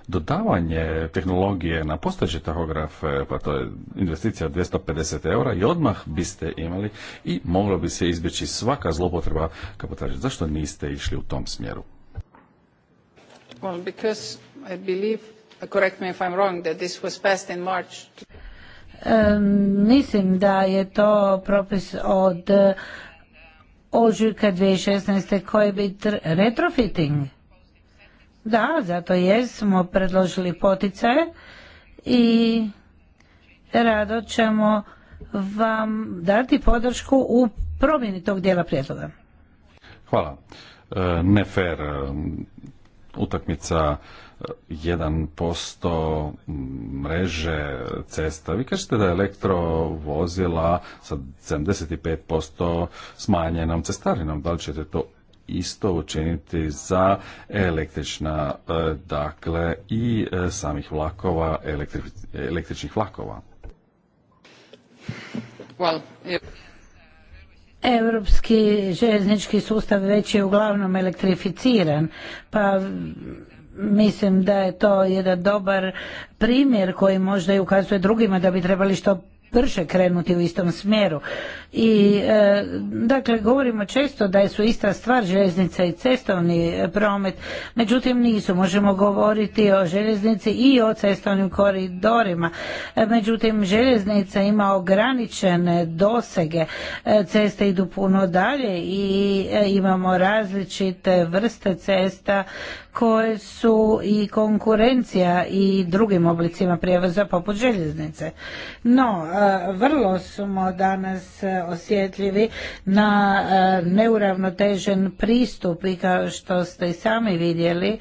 dodavanje tehnologije na postojeći tahograf, pa to je investicija 250 eura i odmah biste imali i moglo bi se izbjeći svaka zlopotreba kapotaže. Zašto niste išli u tom smjeru? Well, because I correct me if I'm wrong, that this was passed in March. mislim da je to propis od eh, ožujka 2016. koji bi retrofitting. Da, zato jesmo predložili poticaje i rado ćemo vam dati podršku u promjeni tog dijela prijedloga. Hvala. Eh, Nefer eh, utakmica 1% mreže cesta. Vi kažete da je elektrovozila sa 75% smanjenom cestarinom. Da li ćete to isto učiniti za električna, e, dakle, i e, samih vlakova, električnih vlakova? Well, yeah. željeznički sustav već je uglavnom elektrificiran, pa mislim da je to jedan dobar primjer koji možda i ukazuje drugima da bi trebali što brže krenuti u istom smjeru. I e, dakle govorimo često da su ista stvar željeznica i cestovni promet, međutim nisu. Možemo govoriti o željeznici i o cestovnim koridorima. E, međutim željeznica ima ograničene dosege, e, ceste idu puno dalje i imamo različite vrste cesta koje su i konkurencija i drugim oblicima prijevoza poput željeznice. No, e, vrlo smo danas e, osjetljivi na e, neuravnotežen pristup i kao što ste i sami vidjeli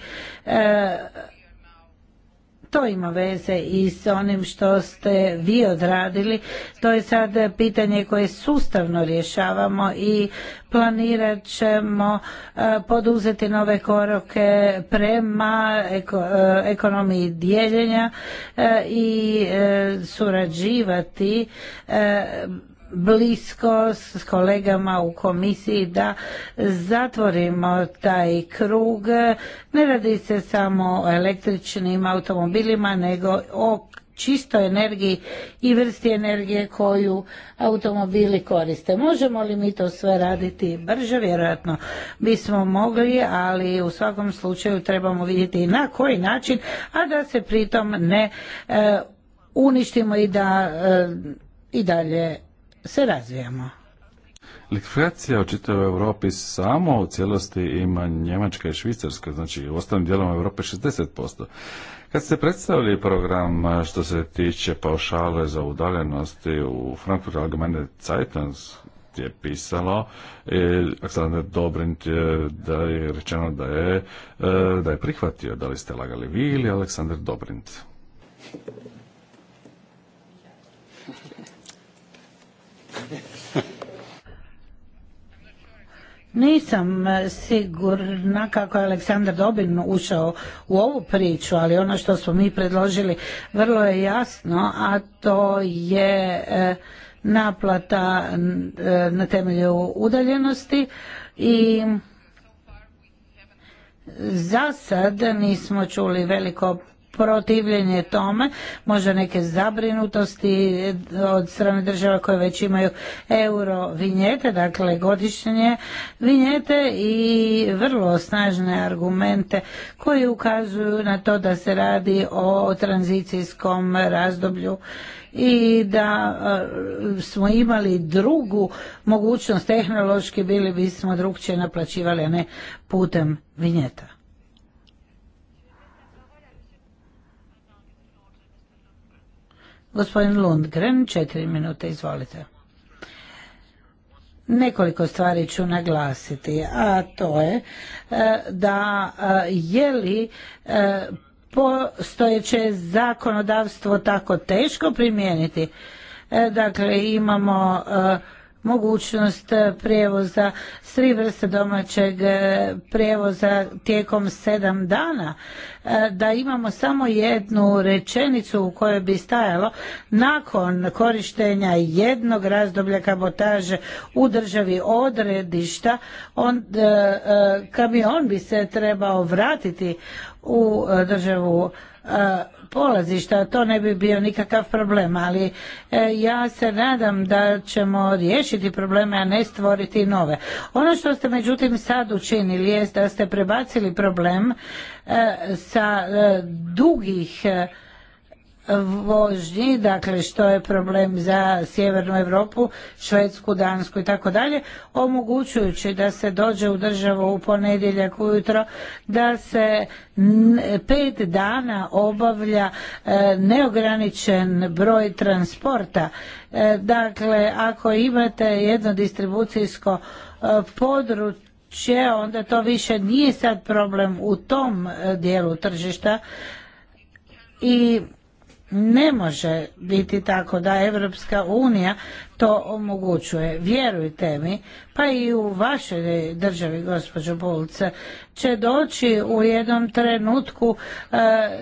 to ima veze i s onim što ste vi odradili. To je sad pitanje koje sustavno rješavamo i planirat ćemo e, poduzeti nove koroke prema e, ekonomiji dijeljenja e, i surađivati blisko s kolegama u komisiji da zatvorimo taj krug. Ne radi se samo o električnim automobilima, nego o čistoj energiji i vrsti energije koju automobili koriste. Možemo li mi to sve raditi brže? Vjerojatno bismo mogli, ali u svakom slučaju trebamo vidjeti na koji način, a da se pritom ne e, uništimo i da e, i dalje se razvijamo. Elektrifikacija u čitavoj Europi samo u cijelosti ima Njemačka i Švicarska, znači u ostalim dijelom Europe 60%. Kad ste predstavili program što se tiče paušale za udaljenosti u Frankfurt Allgemeine Zeitung je pisalo, Alexander Aleksandar da je rečeno da je, e, da je prihvatio, da li ste lagali vi ili Aleksandar Dobrint? Nisam e, sigurna kako je Aleksandar Dobin ušao u ovu priču, ali ono što smo mi predložili vrlo je jasno, a to je e, naplata e, na temelju udaljenosti i za sad nismo čuli veliko protivljenje tome, možda neke zabrinutosti od strane država koje već imaju euro vinjete, dakle godišnje vinjete i vrlo snažne argumente koji ukazuju na to da se radi o tranzicijskom razdoblju i da e, smo imali drugu mogućnost tehnološki bili bismo drugčije naplaćivali, a ne putem vinjeta. Gospodin Lundgren, četiri minute, izvolite. Nekoliko stvari ću naglasiti, a to je e, da e, je li e, postojeće zakonodavstvo tako teško primijeniti. Dakle, imamo mogućnost eh, prijevoza svi vrste domaćeg eh, prijevoza tijekom sedam dana eh, da imamo samo jednu rečenicu u kojoj bi stajalo nakon korištenja jednog razdoblja kabotaže u državi odredišta on, kamion bi se trebao vratiti u državu polazišta, to ne bi bio nikakav problem, ali e, ja se nadam da ćemo riješiti probleme, a ne stvoriti nove. Ono što ste međutim sad učinili jest da ste prebacili problem e, sa e, dugih vožnji, dakle što je problem za sjevernu Europu, Švedsku, Dansku i tako dalje, omogućujući da se dođe u državu u ponedjeljak ujutro, da se pet dana obavlja e, neograničen broj transporta. E, dakle, ako imate jedno distribucijsko e, područje, će onda to više nije sad problem u tom dijelu tržišta i ne može biti tako da Evropska unija to omogućuje. Vjerujte mi, pa i u vašoj državi, gospođo Bulce, će doći u jednom trenutku e,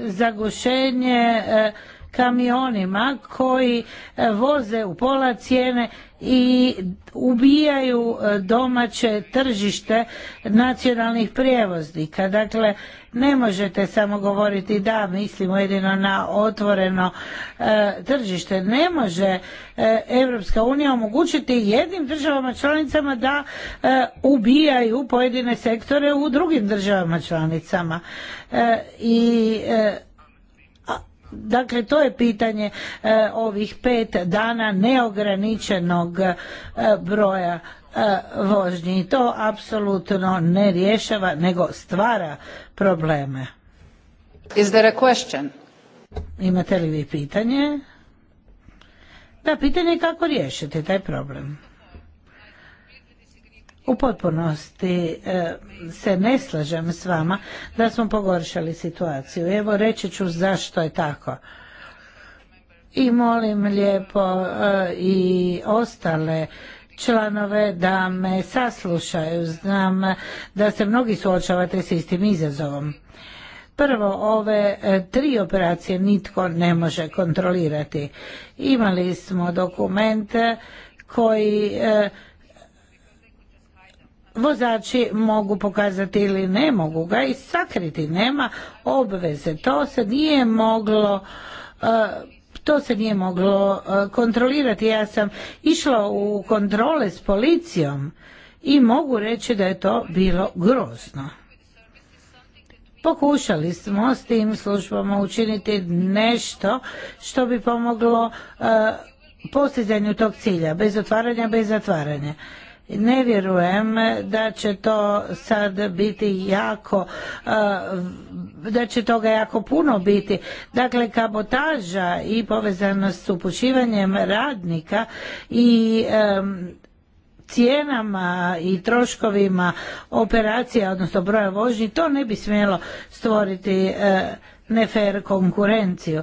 zagušenje e, kamionima koji e, voze u pola cijene i ubijaju e, domaće tržište nacionalnih prijevoznika. Dakle, ne možete samo govoriti da mislimo jedino na otvoreno e, tržište. Ne može Europska unija omogućiti jednim državama članicama da e, ubijaju pojedine sektore u drugim državama članicama. I Dakle, to je pitanje e, ovih pet dana neograničenog e, broja e, vožnji. To apsolutno ne rješava, nego stvara probleme. Imate li vi pitanje? Da, pitanje je kako riješite taj problem u potpunosti e, se ne slažem s vama da smo pogoršali situaciju. Evo reći ću zašto je tako. I molim lijepo e, i ostale članove da me saslušaju. Znam da se mnogi suočavate s istim izazovom. Prvo, ove e, tri operacije nitko ne može kontrolirati. Imali smo dokumente koji vozači mogu pokazati ili ne mogu ga i sakriti, nema obveze. To se nije moglo e, to se nije moglo e, kontrolirati. Ja sam išla u kontrole s policijom i mogu reći da je to bilo grozno. Pokušali smo s tim službama učiniti nešto što bi pomoglo e, postizanju tog cilja, bez otvaranja, bez zatvaranja ne vjerujem da će to sad biti jako da će toga jako puno biti dakle kabotaža i povezanost s upućivanjem radnika i cijenama i troškovima operacija odnosno broja vožnji to ne bi smjelo stvoriti e, nefer konkurenciju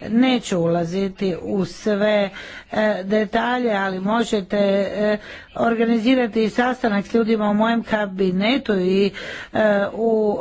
Neću ulaziti u sve e, detalje, ali možete e, organizirati i sastanak s ljudima u mojem kabinetu i e, u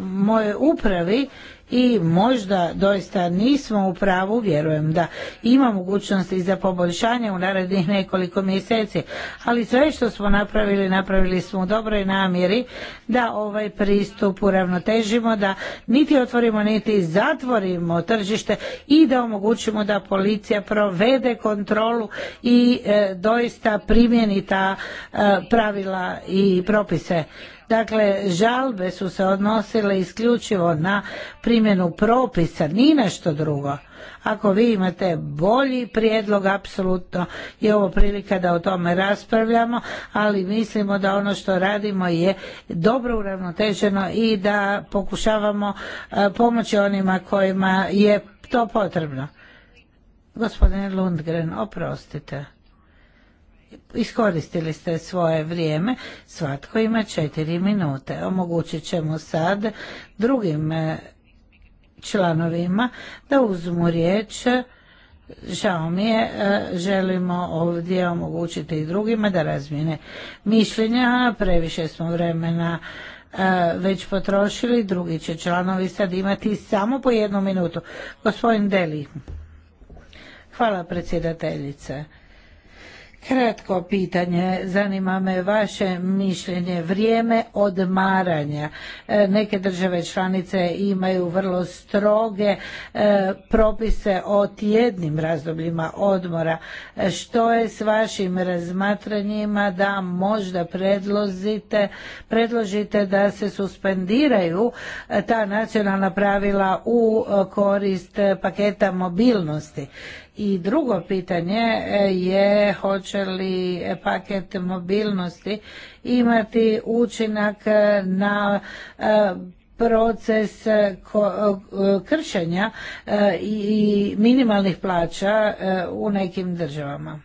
mojoj upravi i možda doista nismo u pravu, vjerujem da ima mogućnosti za poboljšanje u narednih nekoliko mjeseci, ali sve što smo napravili, napravili smo u dobroj namjeri da ovaj pristup uravnotežimo, da niti otvorimo niti zatvorimo tržište i da omogućimo da policija provede kontrolu i e, doista primjeni ta e, pravila i propise. Dakle, žalbe su se odnosile isključivo na primjenu propisa, ni na što drugo. Ako vi imate bolji prijedlog, apsolutno je ovo prilika da o tome raspravljamo, ali mislimo da ono što radimo je dobro uravnoteženo i da pokušavamo e, pomoći onima kojima je to potrebno. Gospodine Lundgren, oprostite iskoristili ste svoje vrijeme, svatko ima četiri minute. Omogućit ćemo sad drugim e, članovima da uzmu riječ. Žao mi je, e, želimo ovdje omogućiti i drugima da razmijene mišljenja, previše smo vremena e, već potrošili, drugi će članovi sad imati samo po jednu minutu. Gospodin Deli. Hvala predsjedateljice. Kratko pitanje, zanima me vaše mišljenje, vrijeme odmaranja. E, neke države članice imaju vrlo stroge e, propise o tjednim razdobljima odmora. E, što je s vašim razmatranjima da možda predložite, predložite da se suspendiraju ta nacionalna pravila u korist paketa mobilnosti? I drugo pitanje e, je hoće li paket mobilnosti imati učinak na e, proces e, kršenja i minimalnih plaća u nekim državama.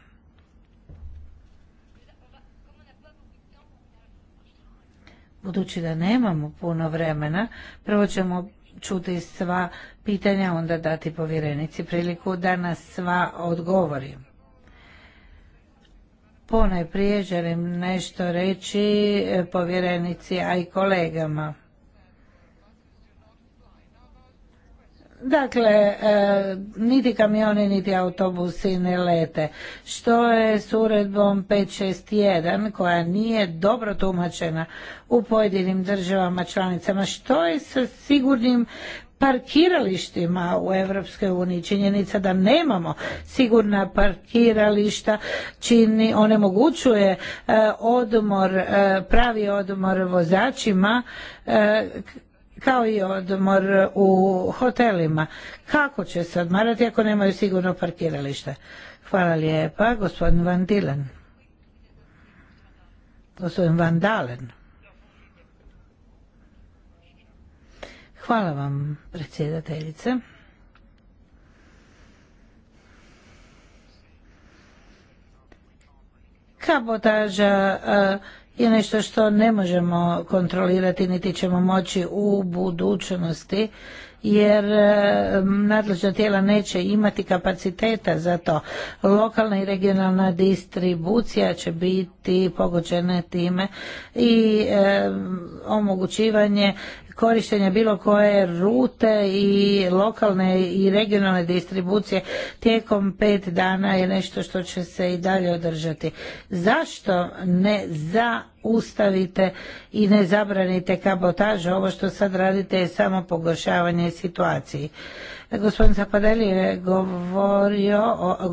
Budući da nemamo puno vremena, prvo ćemo čuti sva pitanja onda dati povjerenici priliku da nas sva odgovori. prije želim nešto reći e, povjerenici, a i kolegama. Dakle, e, niti kamioni, niti autobusi ne lete. Što je s uredbom 561 koja nije dobro tumačena u pojedinim državama članicama? Što je sa sigurnim parkiralištima u EU uniji. Činjenica da nemamo sigurna parkirališta čini, onemogućuje e, odmor, e, pravi odmor vozačima e, kao i odmor u hotelima. Kako će se odmarati ako nemaju sigurno parkirališta? Hvala lijepa, gospodin Van Dilen. Gospodin Van Dalen. Hvala vam, predsjedateljice. Kabotaža eh, je nešto što ne možemo kontrolirati niti ćemo moći u budućnosti jer eh, nadležna tijela neće imati kapaciteta za to. Lokalna i regionalna distribucija će biti pogođena time i eh, omogućivanje korištenja bilo koje rute i lokalne i regionalne distribucije tijekom pet dana je nešto što će se i dalje održati. Zašto ne zaustavite i ne zabranite kabotažu? Ovo što sad radite je samo pogoršavanje situaciji. Gospodin Zapadeli je govorio, e,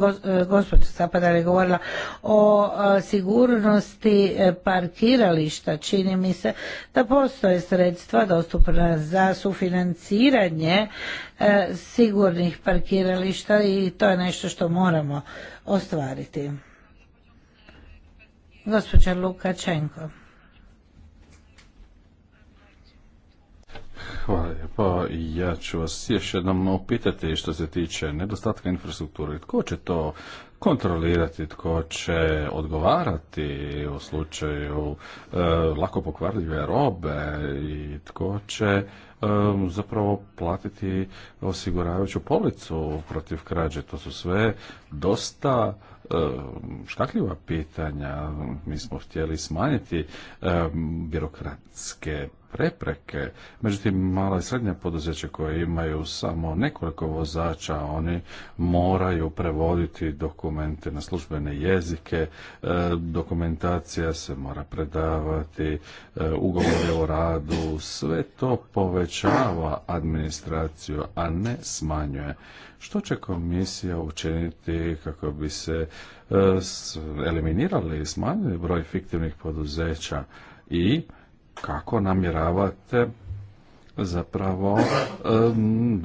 je govorila o e, sigurnosti e, parkirališta. Čini mi se da postoje sredstva dostupna za sufinanciranje sigurnih parkirališta i to je nešto što moramo ostvariti. Gospođa Lukačenko. Hvala lijepo. Ja ću vas još jednom upitati što se tiče nedostatka infrastrukture. Tko će to kontrolirati, tko će odgovarati u slučaju e, lako pokvarljive robe i tko će e, zapravo platiti osiguravajuću policu protiv krađe. To su sve dosta e, škakljiva pitanja. Mi smo htjeli smanjiti birokratske prepreke. Međutim, mala i srednja poduzeća koje imaju samo nekoliko vozača, oni moraju prevoditi dokumente na službene jezike, e, dokumentacija se mora predavati, e, ugovore o radu, sve to povećava administraciju, a ne smanjuje. Što će komisija učiniti kako bi se e, eliminirali i smanjili broj fiktivnih poduzeća i kako namjeravate zapravo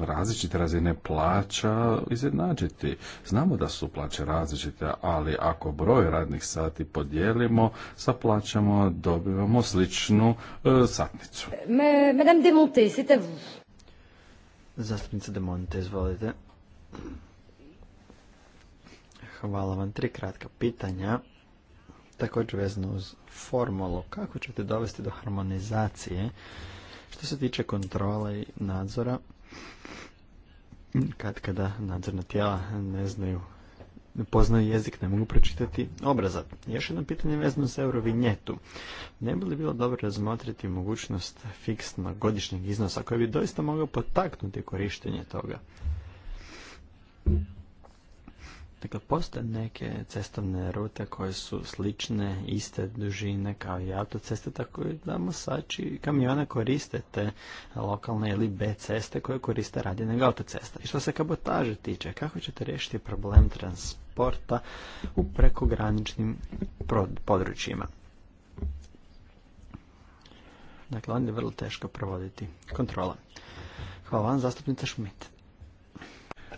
različite razine plaća izjednačiti. Znamo da su plaće različite, ali ako broj radnih sati podijelimo sa plaćama, dobivamo sličnu e, satnicu. Madame Monte, vous. Zastupnica izvolite. Hvala vam. Tri kratka pitanja također vezano uz formulu kako ćete dovesti do harmonizacije što se tiče kontrole i nadzora kad kada nadzorna tijela ne znaju ne poznaju jezik, ne mogu pročitati obrazat. Još jedno pitanje vezano s eurovinjetu. Ne bi li bilo dobro razmotriti mogućnost fiksnog godišnjeg iznosa koji bi doista mogao potaknuti korištenje toga? Dakle, postoje neke cestovne rute koje su slične, iste dužine kao i autoceste, tako da mosači kamiona koriste te lokalne ili B ceste koje koriste radi nego autocesta. I što se kabotaže tiče, kako ćete riješiti problem transporta u prekograničnim područjima? Dakle, onda je vrlo teško provoditi kontrola. Hvala vam, zastupnica Šmit.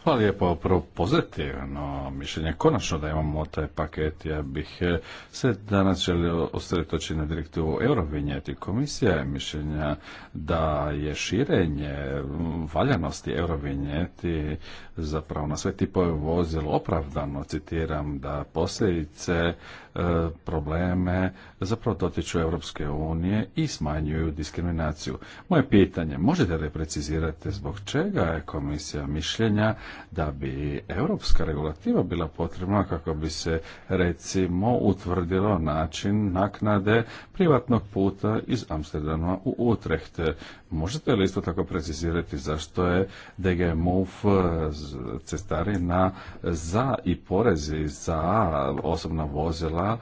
Hvala lijepo, prvo pozitivno mišljenje. Konačno da imamo taj paket, ja bih eh, se danas želio ostaviti na direktivu Eurovinjeti. Komisija mišljenja da je širenje valjanosti Eurovinjeti zapravo na sve tipove vozila opravdano, citiram, da posljedice E, probleme zapravo dotiču Europske unije i smanjuju diskriminaciju. Moje pitanje, možete li precizirati zbog čega je komisija mišljenja da bi europska regulativa bila potrebna kako bi se recimo utvrdilo način naknade privatnog puta iz Amsterdama u Utrecht. Možete li isto tako precizirati zašto je DG eh, cestarina za i porezi za osobna vozila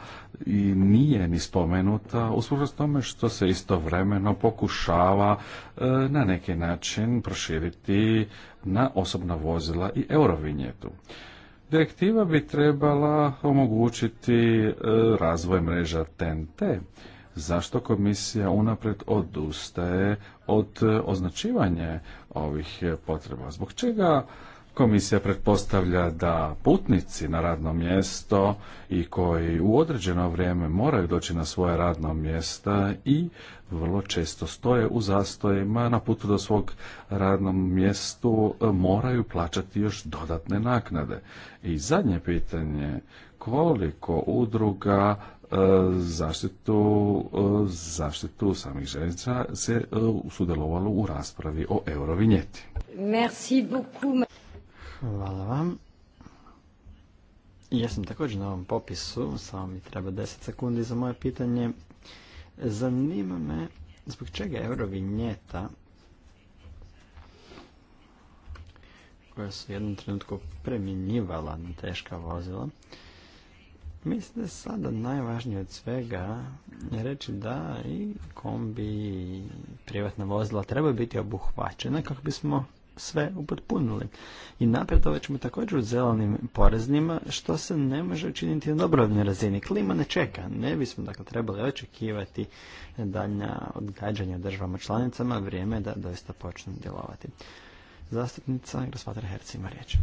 i nije ni spomenuta usprkos tome što se istovremeno pokušava eh, na neki način proširiti na osobna vozila i eurovinjetu. Direktiva bi trebala omogućiti eh, razvoj mreža TNT zašto komisija unapred odustaje od e, označivanje ovih e, potreba? Zbog čega Komisija pretpostavlja da putnici na radno mjesto i koji u određeno vrijeme moraju doći na svoje radno mjesta i vrlo često stoje u zastojima na putu do svog radnom mjestu e, moraju plaćati još dodatne naknade. I zadnje pitanje, koliko udruga E, zaštitu, e, zaštitu samih željeznica se e, sudjelovalo u raspravi o eurovinjeti. Merci beaucoup. Hvala vam. Ja sam također na ovom popisu, samo mi treba 10 sekundi za moje pitanje. Zanima me zbog čega eurovinjeta koja se u jednom trenutku premjenjivala na teška vozila, Mislim da je sada najvažnije od svega reći da i kombi i privatna vozila treba biti obuhvaćena kako bismo sve upotpunili. I napredovat ćemo također u zelenim poreznima, što se ne može učiniti na dobrovnoj razini. Klima ne čeka. Ne bismo dakle, trebali očekivati daljnja odgađanja državama članicama. Vrijeme je da doista počnu djelovati. Zastupnica Grosvatra Herci ima riječ.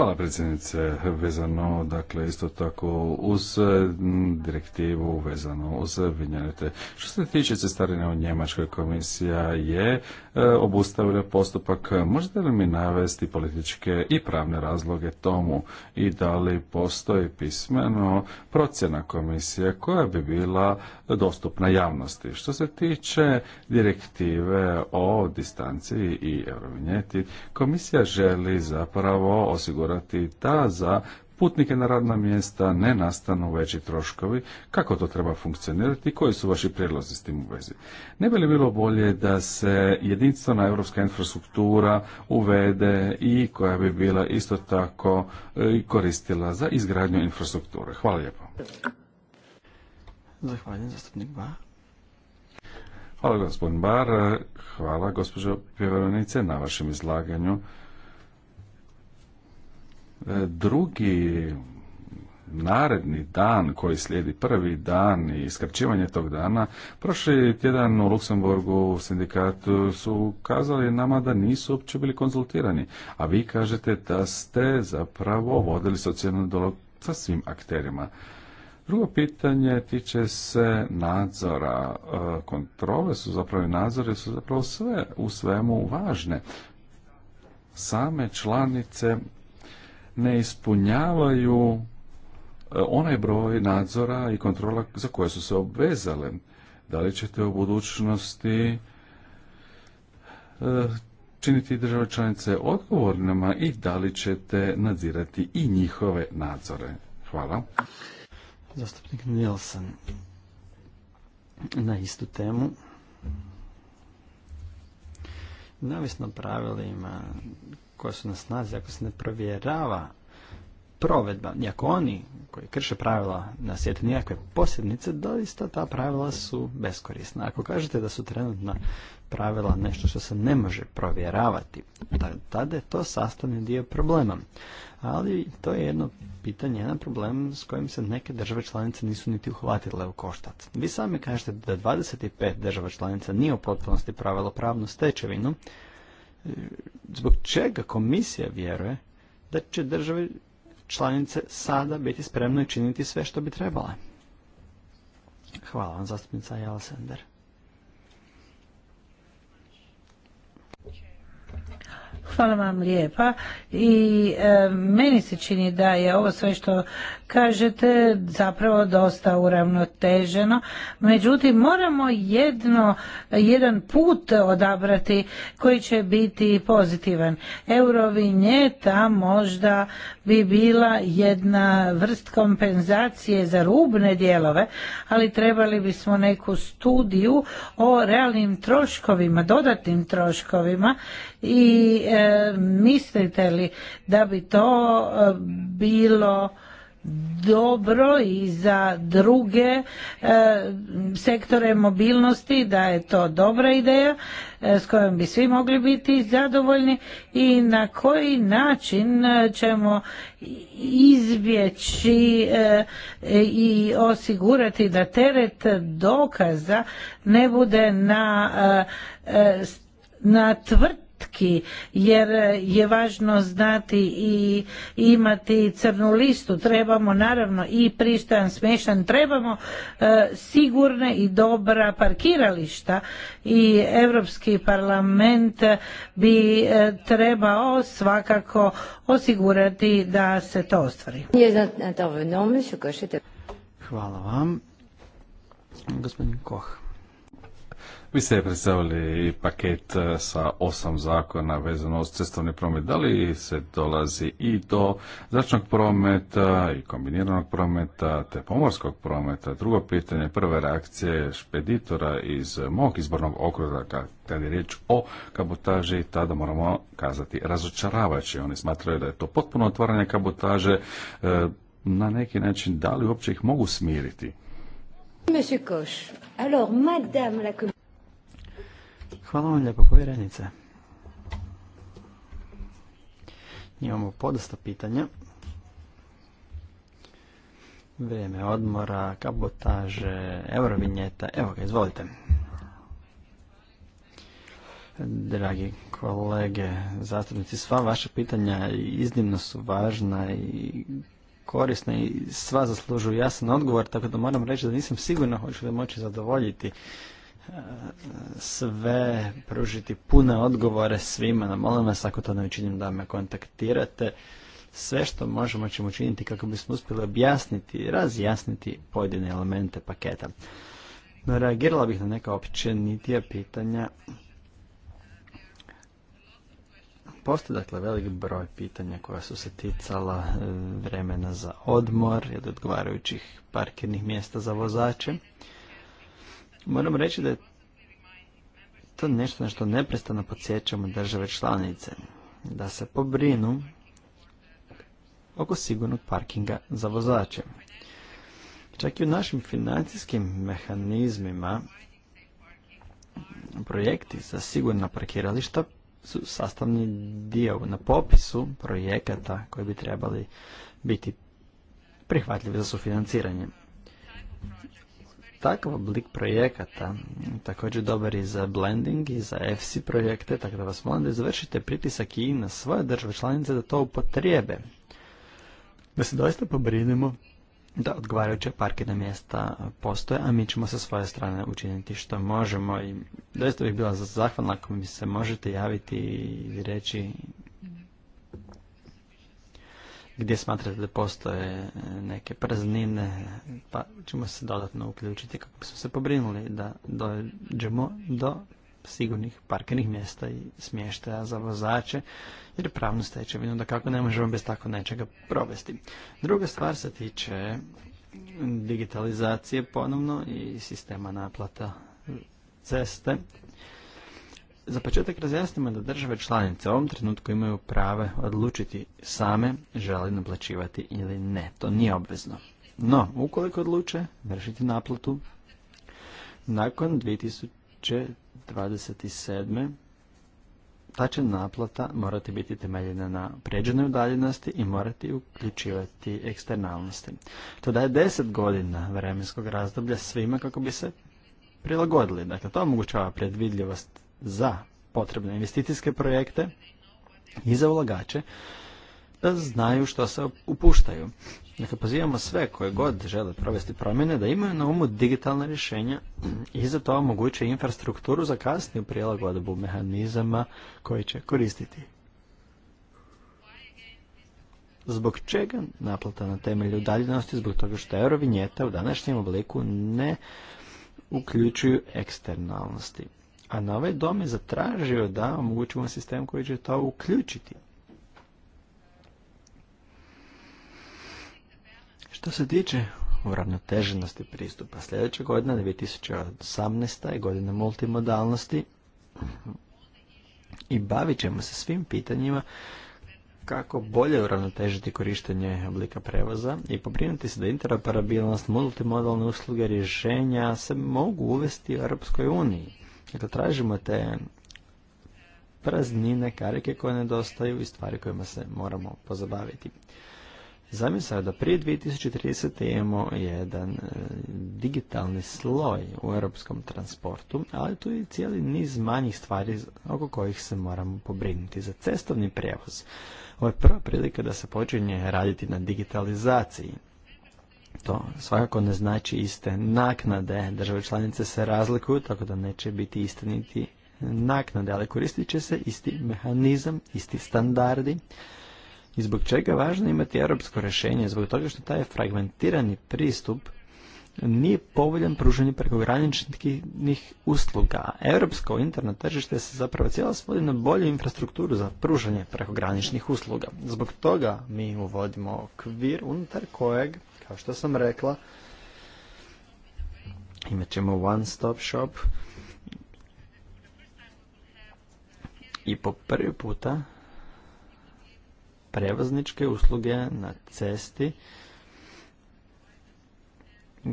Hvala predsjednice. Vezano, dakle, isto tako uz e, direktivu, vezano uz vinjete. Što se tiče cestarine u Njemačkoj, komisija je e, obustavila postupak. Možete li mi navesti političke i pravne razloge tomu i da li postoji pismeno procjena komisije koja bi bila dostupna javnosti? Što se tiče direktive o distanciji i eurovinjeti, komisija želi zapravo osigurati osigurati da za putnike na radna mjesta ne nastanu veći troškovi, kako to treba funkcionirati i koji su vaši prijedlozi s tim u vezi. Ne bi li bilo bolje da se jedinstvena europska infrastruktura uvede i koja bi bila isto tako e, koristila za izgradnju infrastrukture? Hvala lijepo. Zahvaljujem, zastupnik Ba. Hvala gospodin Bar, hvala gospođo Pjeveronice na vašem izlaganju. E, drugi naredni dan koji slijedi prvi dan i iskraćivanje tog dana, prošli tjedan u Luksemburgu sindikatu su kazali nama da nisu uopće bili konzultirani, a vi kažete da ste zapravo vodili socijalnu dolog sa svim akterima. Drugo pitanje tiče se nadzora. E, kontrole su zapravo i nadzori su zapravo sve u svemu važne. Same članice ne ispunjavaju e, onaj broj nadzora i kontrola za koje su se obvezale. Da li ćete u budućnosti e, činiti države članice odgovornima i da li ćete nadzirati i njihove nadzore? Hvala. Zastupnik nielsen na istu temu. Navisno pravilima koja su na snazi, ako se ne provjerava provedba, i oni koji krše pravila na svijetu nijakve posjednice, doista ta pravila su beskorisna. Ako kažete da su trenutna pravila nešto što se ne može provjeravati, tada je to sastavni dio problema. Ali to je jedno pitanje, jedan problem s kojim se neke države članice nisu niti uhvatile u koštac. Vi sami kažete da 25 država članica nije u potpunosti pravilo pravnu stečevinu, zbog čega komisija vjeruje da će države članice sada biti spremne činiti sve što bi trebale. Hvala vam, zastupnica Jala Hvala vam lijepa i e, meni se čini da je ovo sve što kažete zapravo dosta uravnoteženo. Međutim, moramo jedno, jedan put odabrati koji će biti pozitivan. Eurovinjeta možda bi bila jedna vrst kompenzacije za rubne dijelove, ali trebali bismo neku studiju o realnim troškovima, dodatnim troškovima i e, mislite li da bi to e, bilo dobro i za druge e, sektore mobilnosti da je to dobra ideja s kojom bi svi mogli biti zadovoljni i na koji način ćemo izbjeći i osigurati da teret dokaza ne bude na na tvrtki jer je važno znati i imati crnu listu trebamo naravno i pristojan smješan trebamo e, sigurne i dobra parkirališta i europski parlament bi e, trebao svakako osigurati da se to ostvari hvala vam gospodin Koch. Vi ste predstavili paket e, sa osam zakona vezano uz cestovni promet. Da li se dolazi i do zračnog prometa e, i kombiniranog prometa te pomorskog prometa? Drugo pitanje, prve reakcije špeditora iz mog izbornog okruga kad je riječ o kabotaži, tada moramo kazati razočaravajući. Oni smatraju da je to potpuno otvaranje kabotaže. E, na neki način, da li uopće ih mogu smiriti? Monsieur alors madame la Hvala vam lijepo, povjerenice. Imamo podosta pitanja. Vrijeme odmora, kabotaže, eurovinjeta. Evo ga, izvolite. Dragi kolege, zastupnici, sva vaša pitanja iznimno su važna i korisna i sva zaslužuju jasan odgovor, tako da moram reći da nisam sigurno hoću li moći zadovoljiti sve pružiti pune odgovore svima. na molim vas ako to ne učinim da me kontaktirate. Sve što možemo ćemo učiniti kako bismo uspjeli objasniti, i razjasniti pojedine elemente paketa. No, reagirala bih na neka općenitija pitanja. postoje dakle velik broj pitanja koja su se ticala e, vremena za odmor ili odgovarajućih parkirnih mjesta za vozače. Moram reći da je to nešto na što neprestano podsjećamo države članice, da se pobrinu oko sigurnog parkinga za vozače. Čak i u našim financijskim mehanizmima projekti za sigurna parkirališta su sastavni dio na popisu projekata koji bi trebali biti prihvatljivi za sufinanciranje takav oblik projekata također dobar i za blending i za FC projekte, tako da vas molim da izvršite pritisak i na svoje države članice da to upotrijebe. Da se doista pobrinemo da odgovarajuće na mjesta postoje, a mi ćemo sa svoje strane učiniti što možemo i doista bih bila zahvalna ako mi se možete javiti i reći gdje smatrate da postoje e, neke praznine, pa ćemo se dodatno uključiti kako bismo se pobrinuli da dođemo do sigurnih parkirnih mjesta i smještaja za vozače, jer je pravno da kako ne možemo bez tako nečega provesti. Druga stvar se tiče digitalizacije ponovno i sistema naplata ceste. Za početak razjasnimo da države članice u ovom trenutku imaju prave odlučiti same želi naplaćivati ili ne. To nije obvezno. No, ukoliko odluče vršiti naplatu, nakon 2027. ta će naplata morati biti temeljena na pređenoj udaljenosti i morati uključivati eksternalnosti. To daje 10 godina vremenskog razdoblja svima kako bi se prilagodili. Dakle, to omogućava predvidljivost za potrebne investicijske projekte i za ulagače da znaju što se upuštaju. Dakle, pozivamo sve koje god žele provesti promjene da imaju na umu digitalne rješenja i za to omogućuje infrastrukturu za kasniju prilagodbu mehanizama koji će koristiti. Zbog čega naplata na temelju udaljenosti? Zbog toga što eurovinjeta u današnjem obliku ne uključuju eksternalnosti. A na ovaj dom je zatražio da omogućimo sistem koji će to uključiti. Što se tiče uravnoteženosti pristupa, sljedeća godina 2018. je godina multimodalnosti i bavit ćemo se svim pitanjima kako bolje uravnotežiti korištenje oblika prevoza i pobrinuti se da interoperabilnost multimodalne usluge rješenja se mogu uvesti u Europskoj uniji. Dakle, tražimo te praznine, karike koje nedostaju i stvari kojima se moramo pozabaviti. je da prije 2030. imamo jedan e, digitalni sloj u europskom transportu, ali tu je cijeli niz manjih stvari oko kojih se moramo pobrinuti za cestovni prijevoz. Ovo je prva prilika da se počinje raditi na digitalizaciji. To svakako ne znači iste naknade. Države članice se razlikuju, tako da neće biti iste niti naknade, ali koristit će se isti mehanizam, isti standardi. I zbog čega je važno imati europsko rješenje? Zbog toga što taj fragmentirani pristup nije povoljan pružanju prekograničnih usluga. Europsko internet tržište se zapravo cijelo svodi na bolju infrastrukturu za pružanje prekograničnih usluga. Zbog toga mi uvodimo okvir unutar kojeg kao što sam rekla, imat ćemo one stop shop i po prvi puta prevozničke usluge na cesti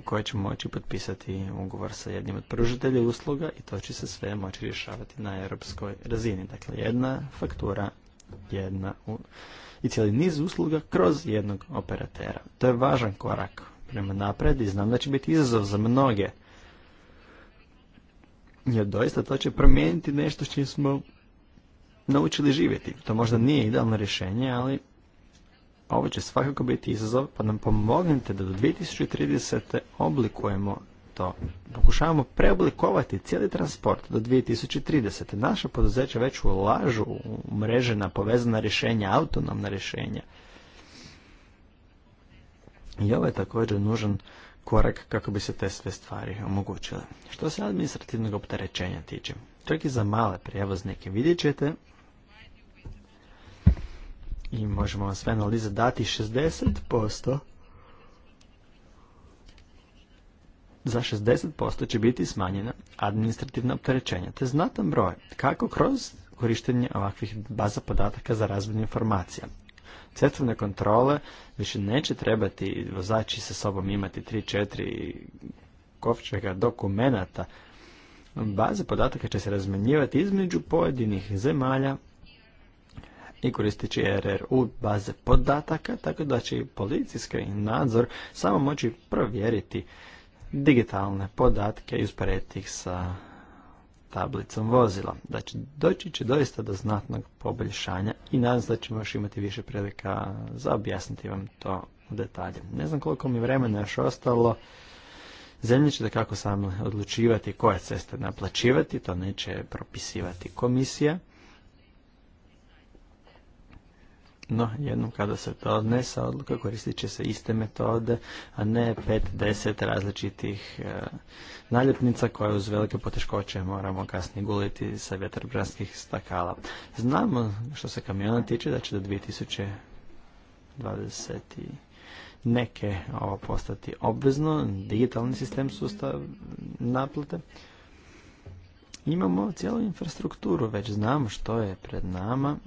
koje će moći potpisati ugovor sa jednim od pružitelja usluga i to će se sve moći rješavati na europskoj razini. Dakle, jedna faktura jedna i cijeli niz usluga kroz jednog operatera. To je važan korak prema napred i znam da će biti izazov za mnoge. Jer doista to će promijeniti nešto s čim smo naučili živjeti. To možda nije idealno rješenje, ali ovo će svakako biti izazov, pa nam pomognite da do 2030. oblikujemo to. Pokušavamo preoblikovati cijeli transport do 2030. Naša poduzeća već ulažu u mrežena povezana rješenja, autonomna rješenja. I ovo je također nužan korak kako bi se te sve stvari omogućile. Što se administrativnog opterećenja tiče, čak i za male prijevoznike vidjet ćete i možemo vam sve analize dati 60% za 60% će biti smanjena administrativna opterećenja, te znatan broj, kako kroz korištenje ovakvih baza podataka za razmjenu informacija. Cestovne kontrole više neće trebati vozači sa sobom imati 3-4 kovčega dokumenata. Baze podataka će se razmenjivati između pojedinih zemalja i koristit će RRU baze podataka, tako da će i policijski nadzor samo moći provjeriti digitalne podatke i usporediti ih sa tablicom vozila. doći će doista do znatnog poboljšanja i nadam se da ćemo još imati više prilika za objasniti vam to u detalje. Ne znam koliko mi vremena još ostalo. Zemlje će da kako sam odlučivati koje ceste naplaćivati, to neće propisivati komisija. No, jednom kada se to odnese odluka, koristit će se iste metode, a ne pet, deset različitih e, naljepnica koje uz velike poteškoće moramo kasnije guliti sa vjetrobranskih stakala. Znamo što se kamiona tiče da će do 2020 neke ovo postati obvezno, digitalni sistem sustav naplate. Imamo cijelu infrastrukturu, već znamo što je pred nama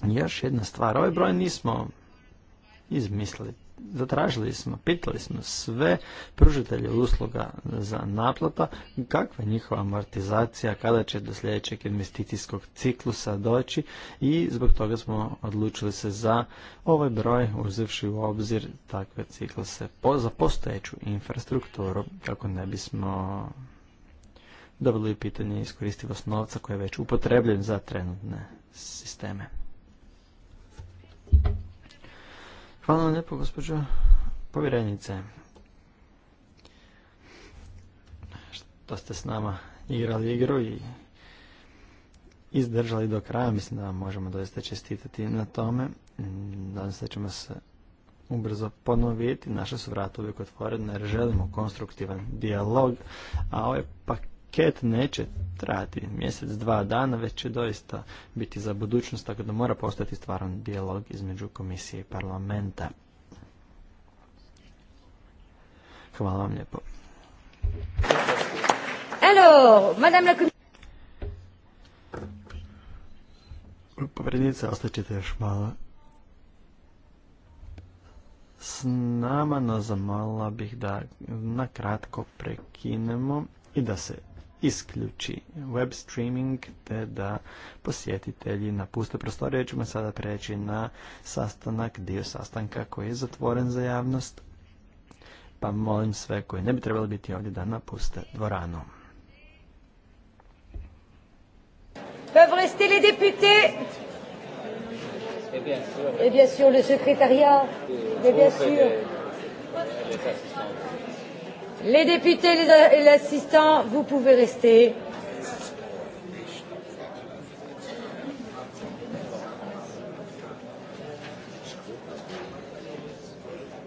Dakle, još jedna stvar, ovaj broj nismo izmislili. Zatražili smo, pitali smo sve pružitelje usluga za naplata kakva je njihova amortizacija, kada će do sljedećeg investicijskog ciklusa doći i zbog toga smo odlučili se za ovaj broj uzivši u obzir takve cikluse po, za postojeću infrastrukturu kako ne bismo dobili pitanje iskoristivost novca koji je već upotrebljen za trenutne sisteme. Hvala vam lijepo, gospođo povjerenice. Što ste s nama igrali igru i izdržali do kraja. Mislim da vam možemo doista čestitati na tome. Nadam se da ćemo se ubrzo ponoviti. Naša su vrata uvijek otvorena jer želimo konstruktivan dijalog, a ovaj pak paket neće trajati mjesec, dva dana, već će doista biti za budućnost, tako da mora postati stvaran dijalog između komisije i parlamenta. Hvala vam lijepo. Alors, madame la još malo s nama, no bih da na kratko prekinemo i da se isključi web streaming te da posjetitelji napuste prostorije. Ćemo sada preći na sastanak, dio sastanka koji je zatvoren za javnost. Pa molim sve koji ne bi trebali biti ovdje da napuste dvoranu. Peuvent rester les députés Et eh bien sûr, Et eh bien sûr le secrétariat, Et eh bien sûr. Les députés et les assistants, vous pouvez rester.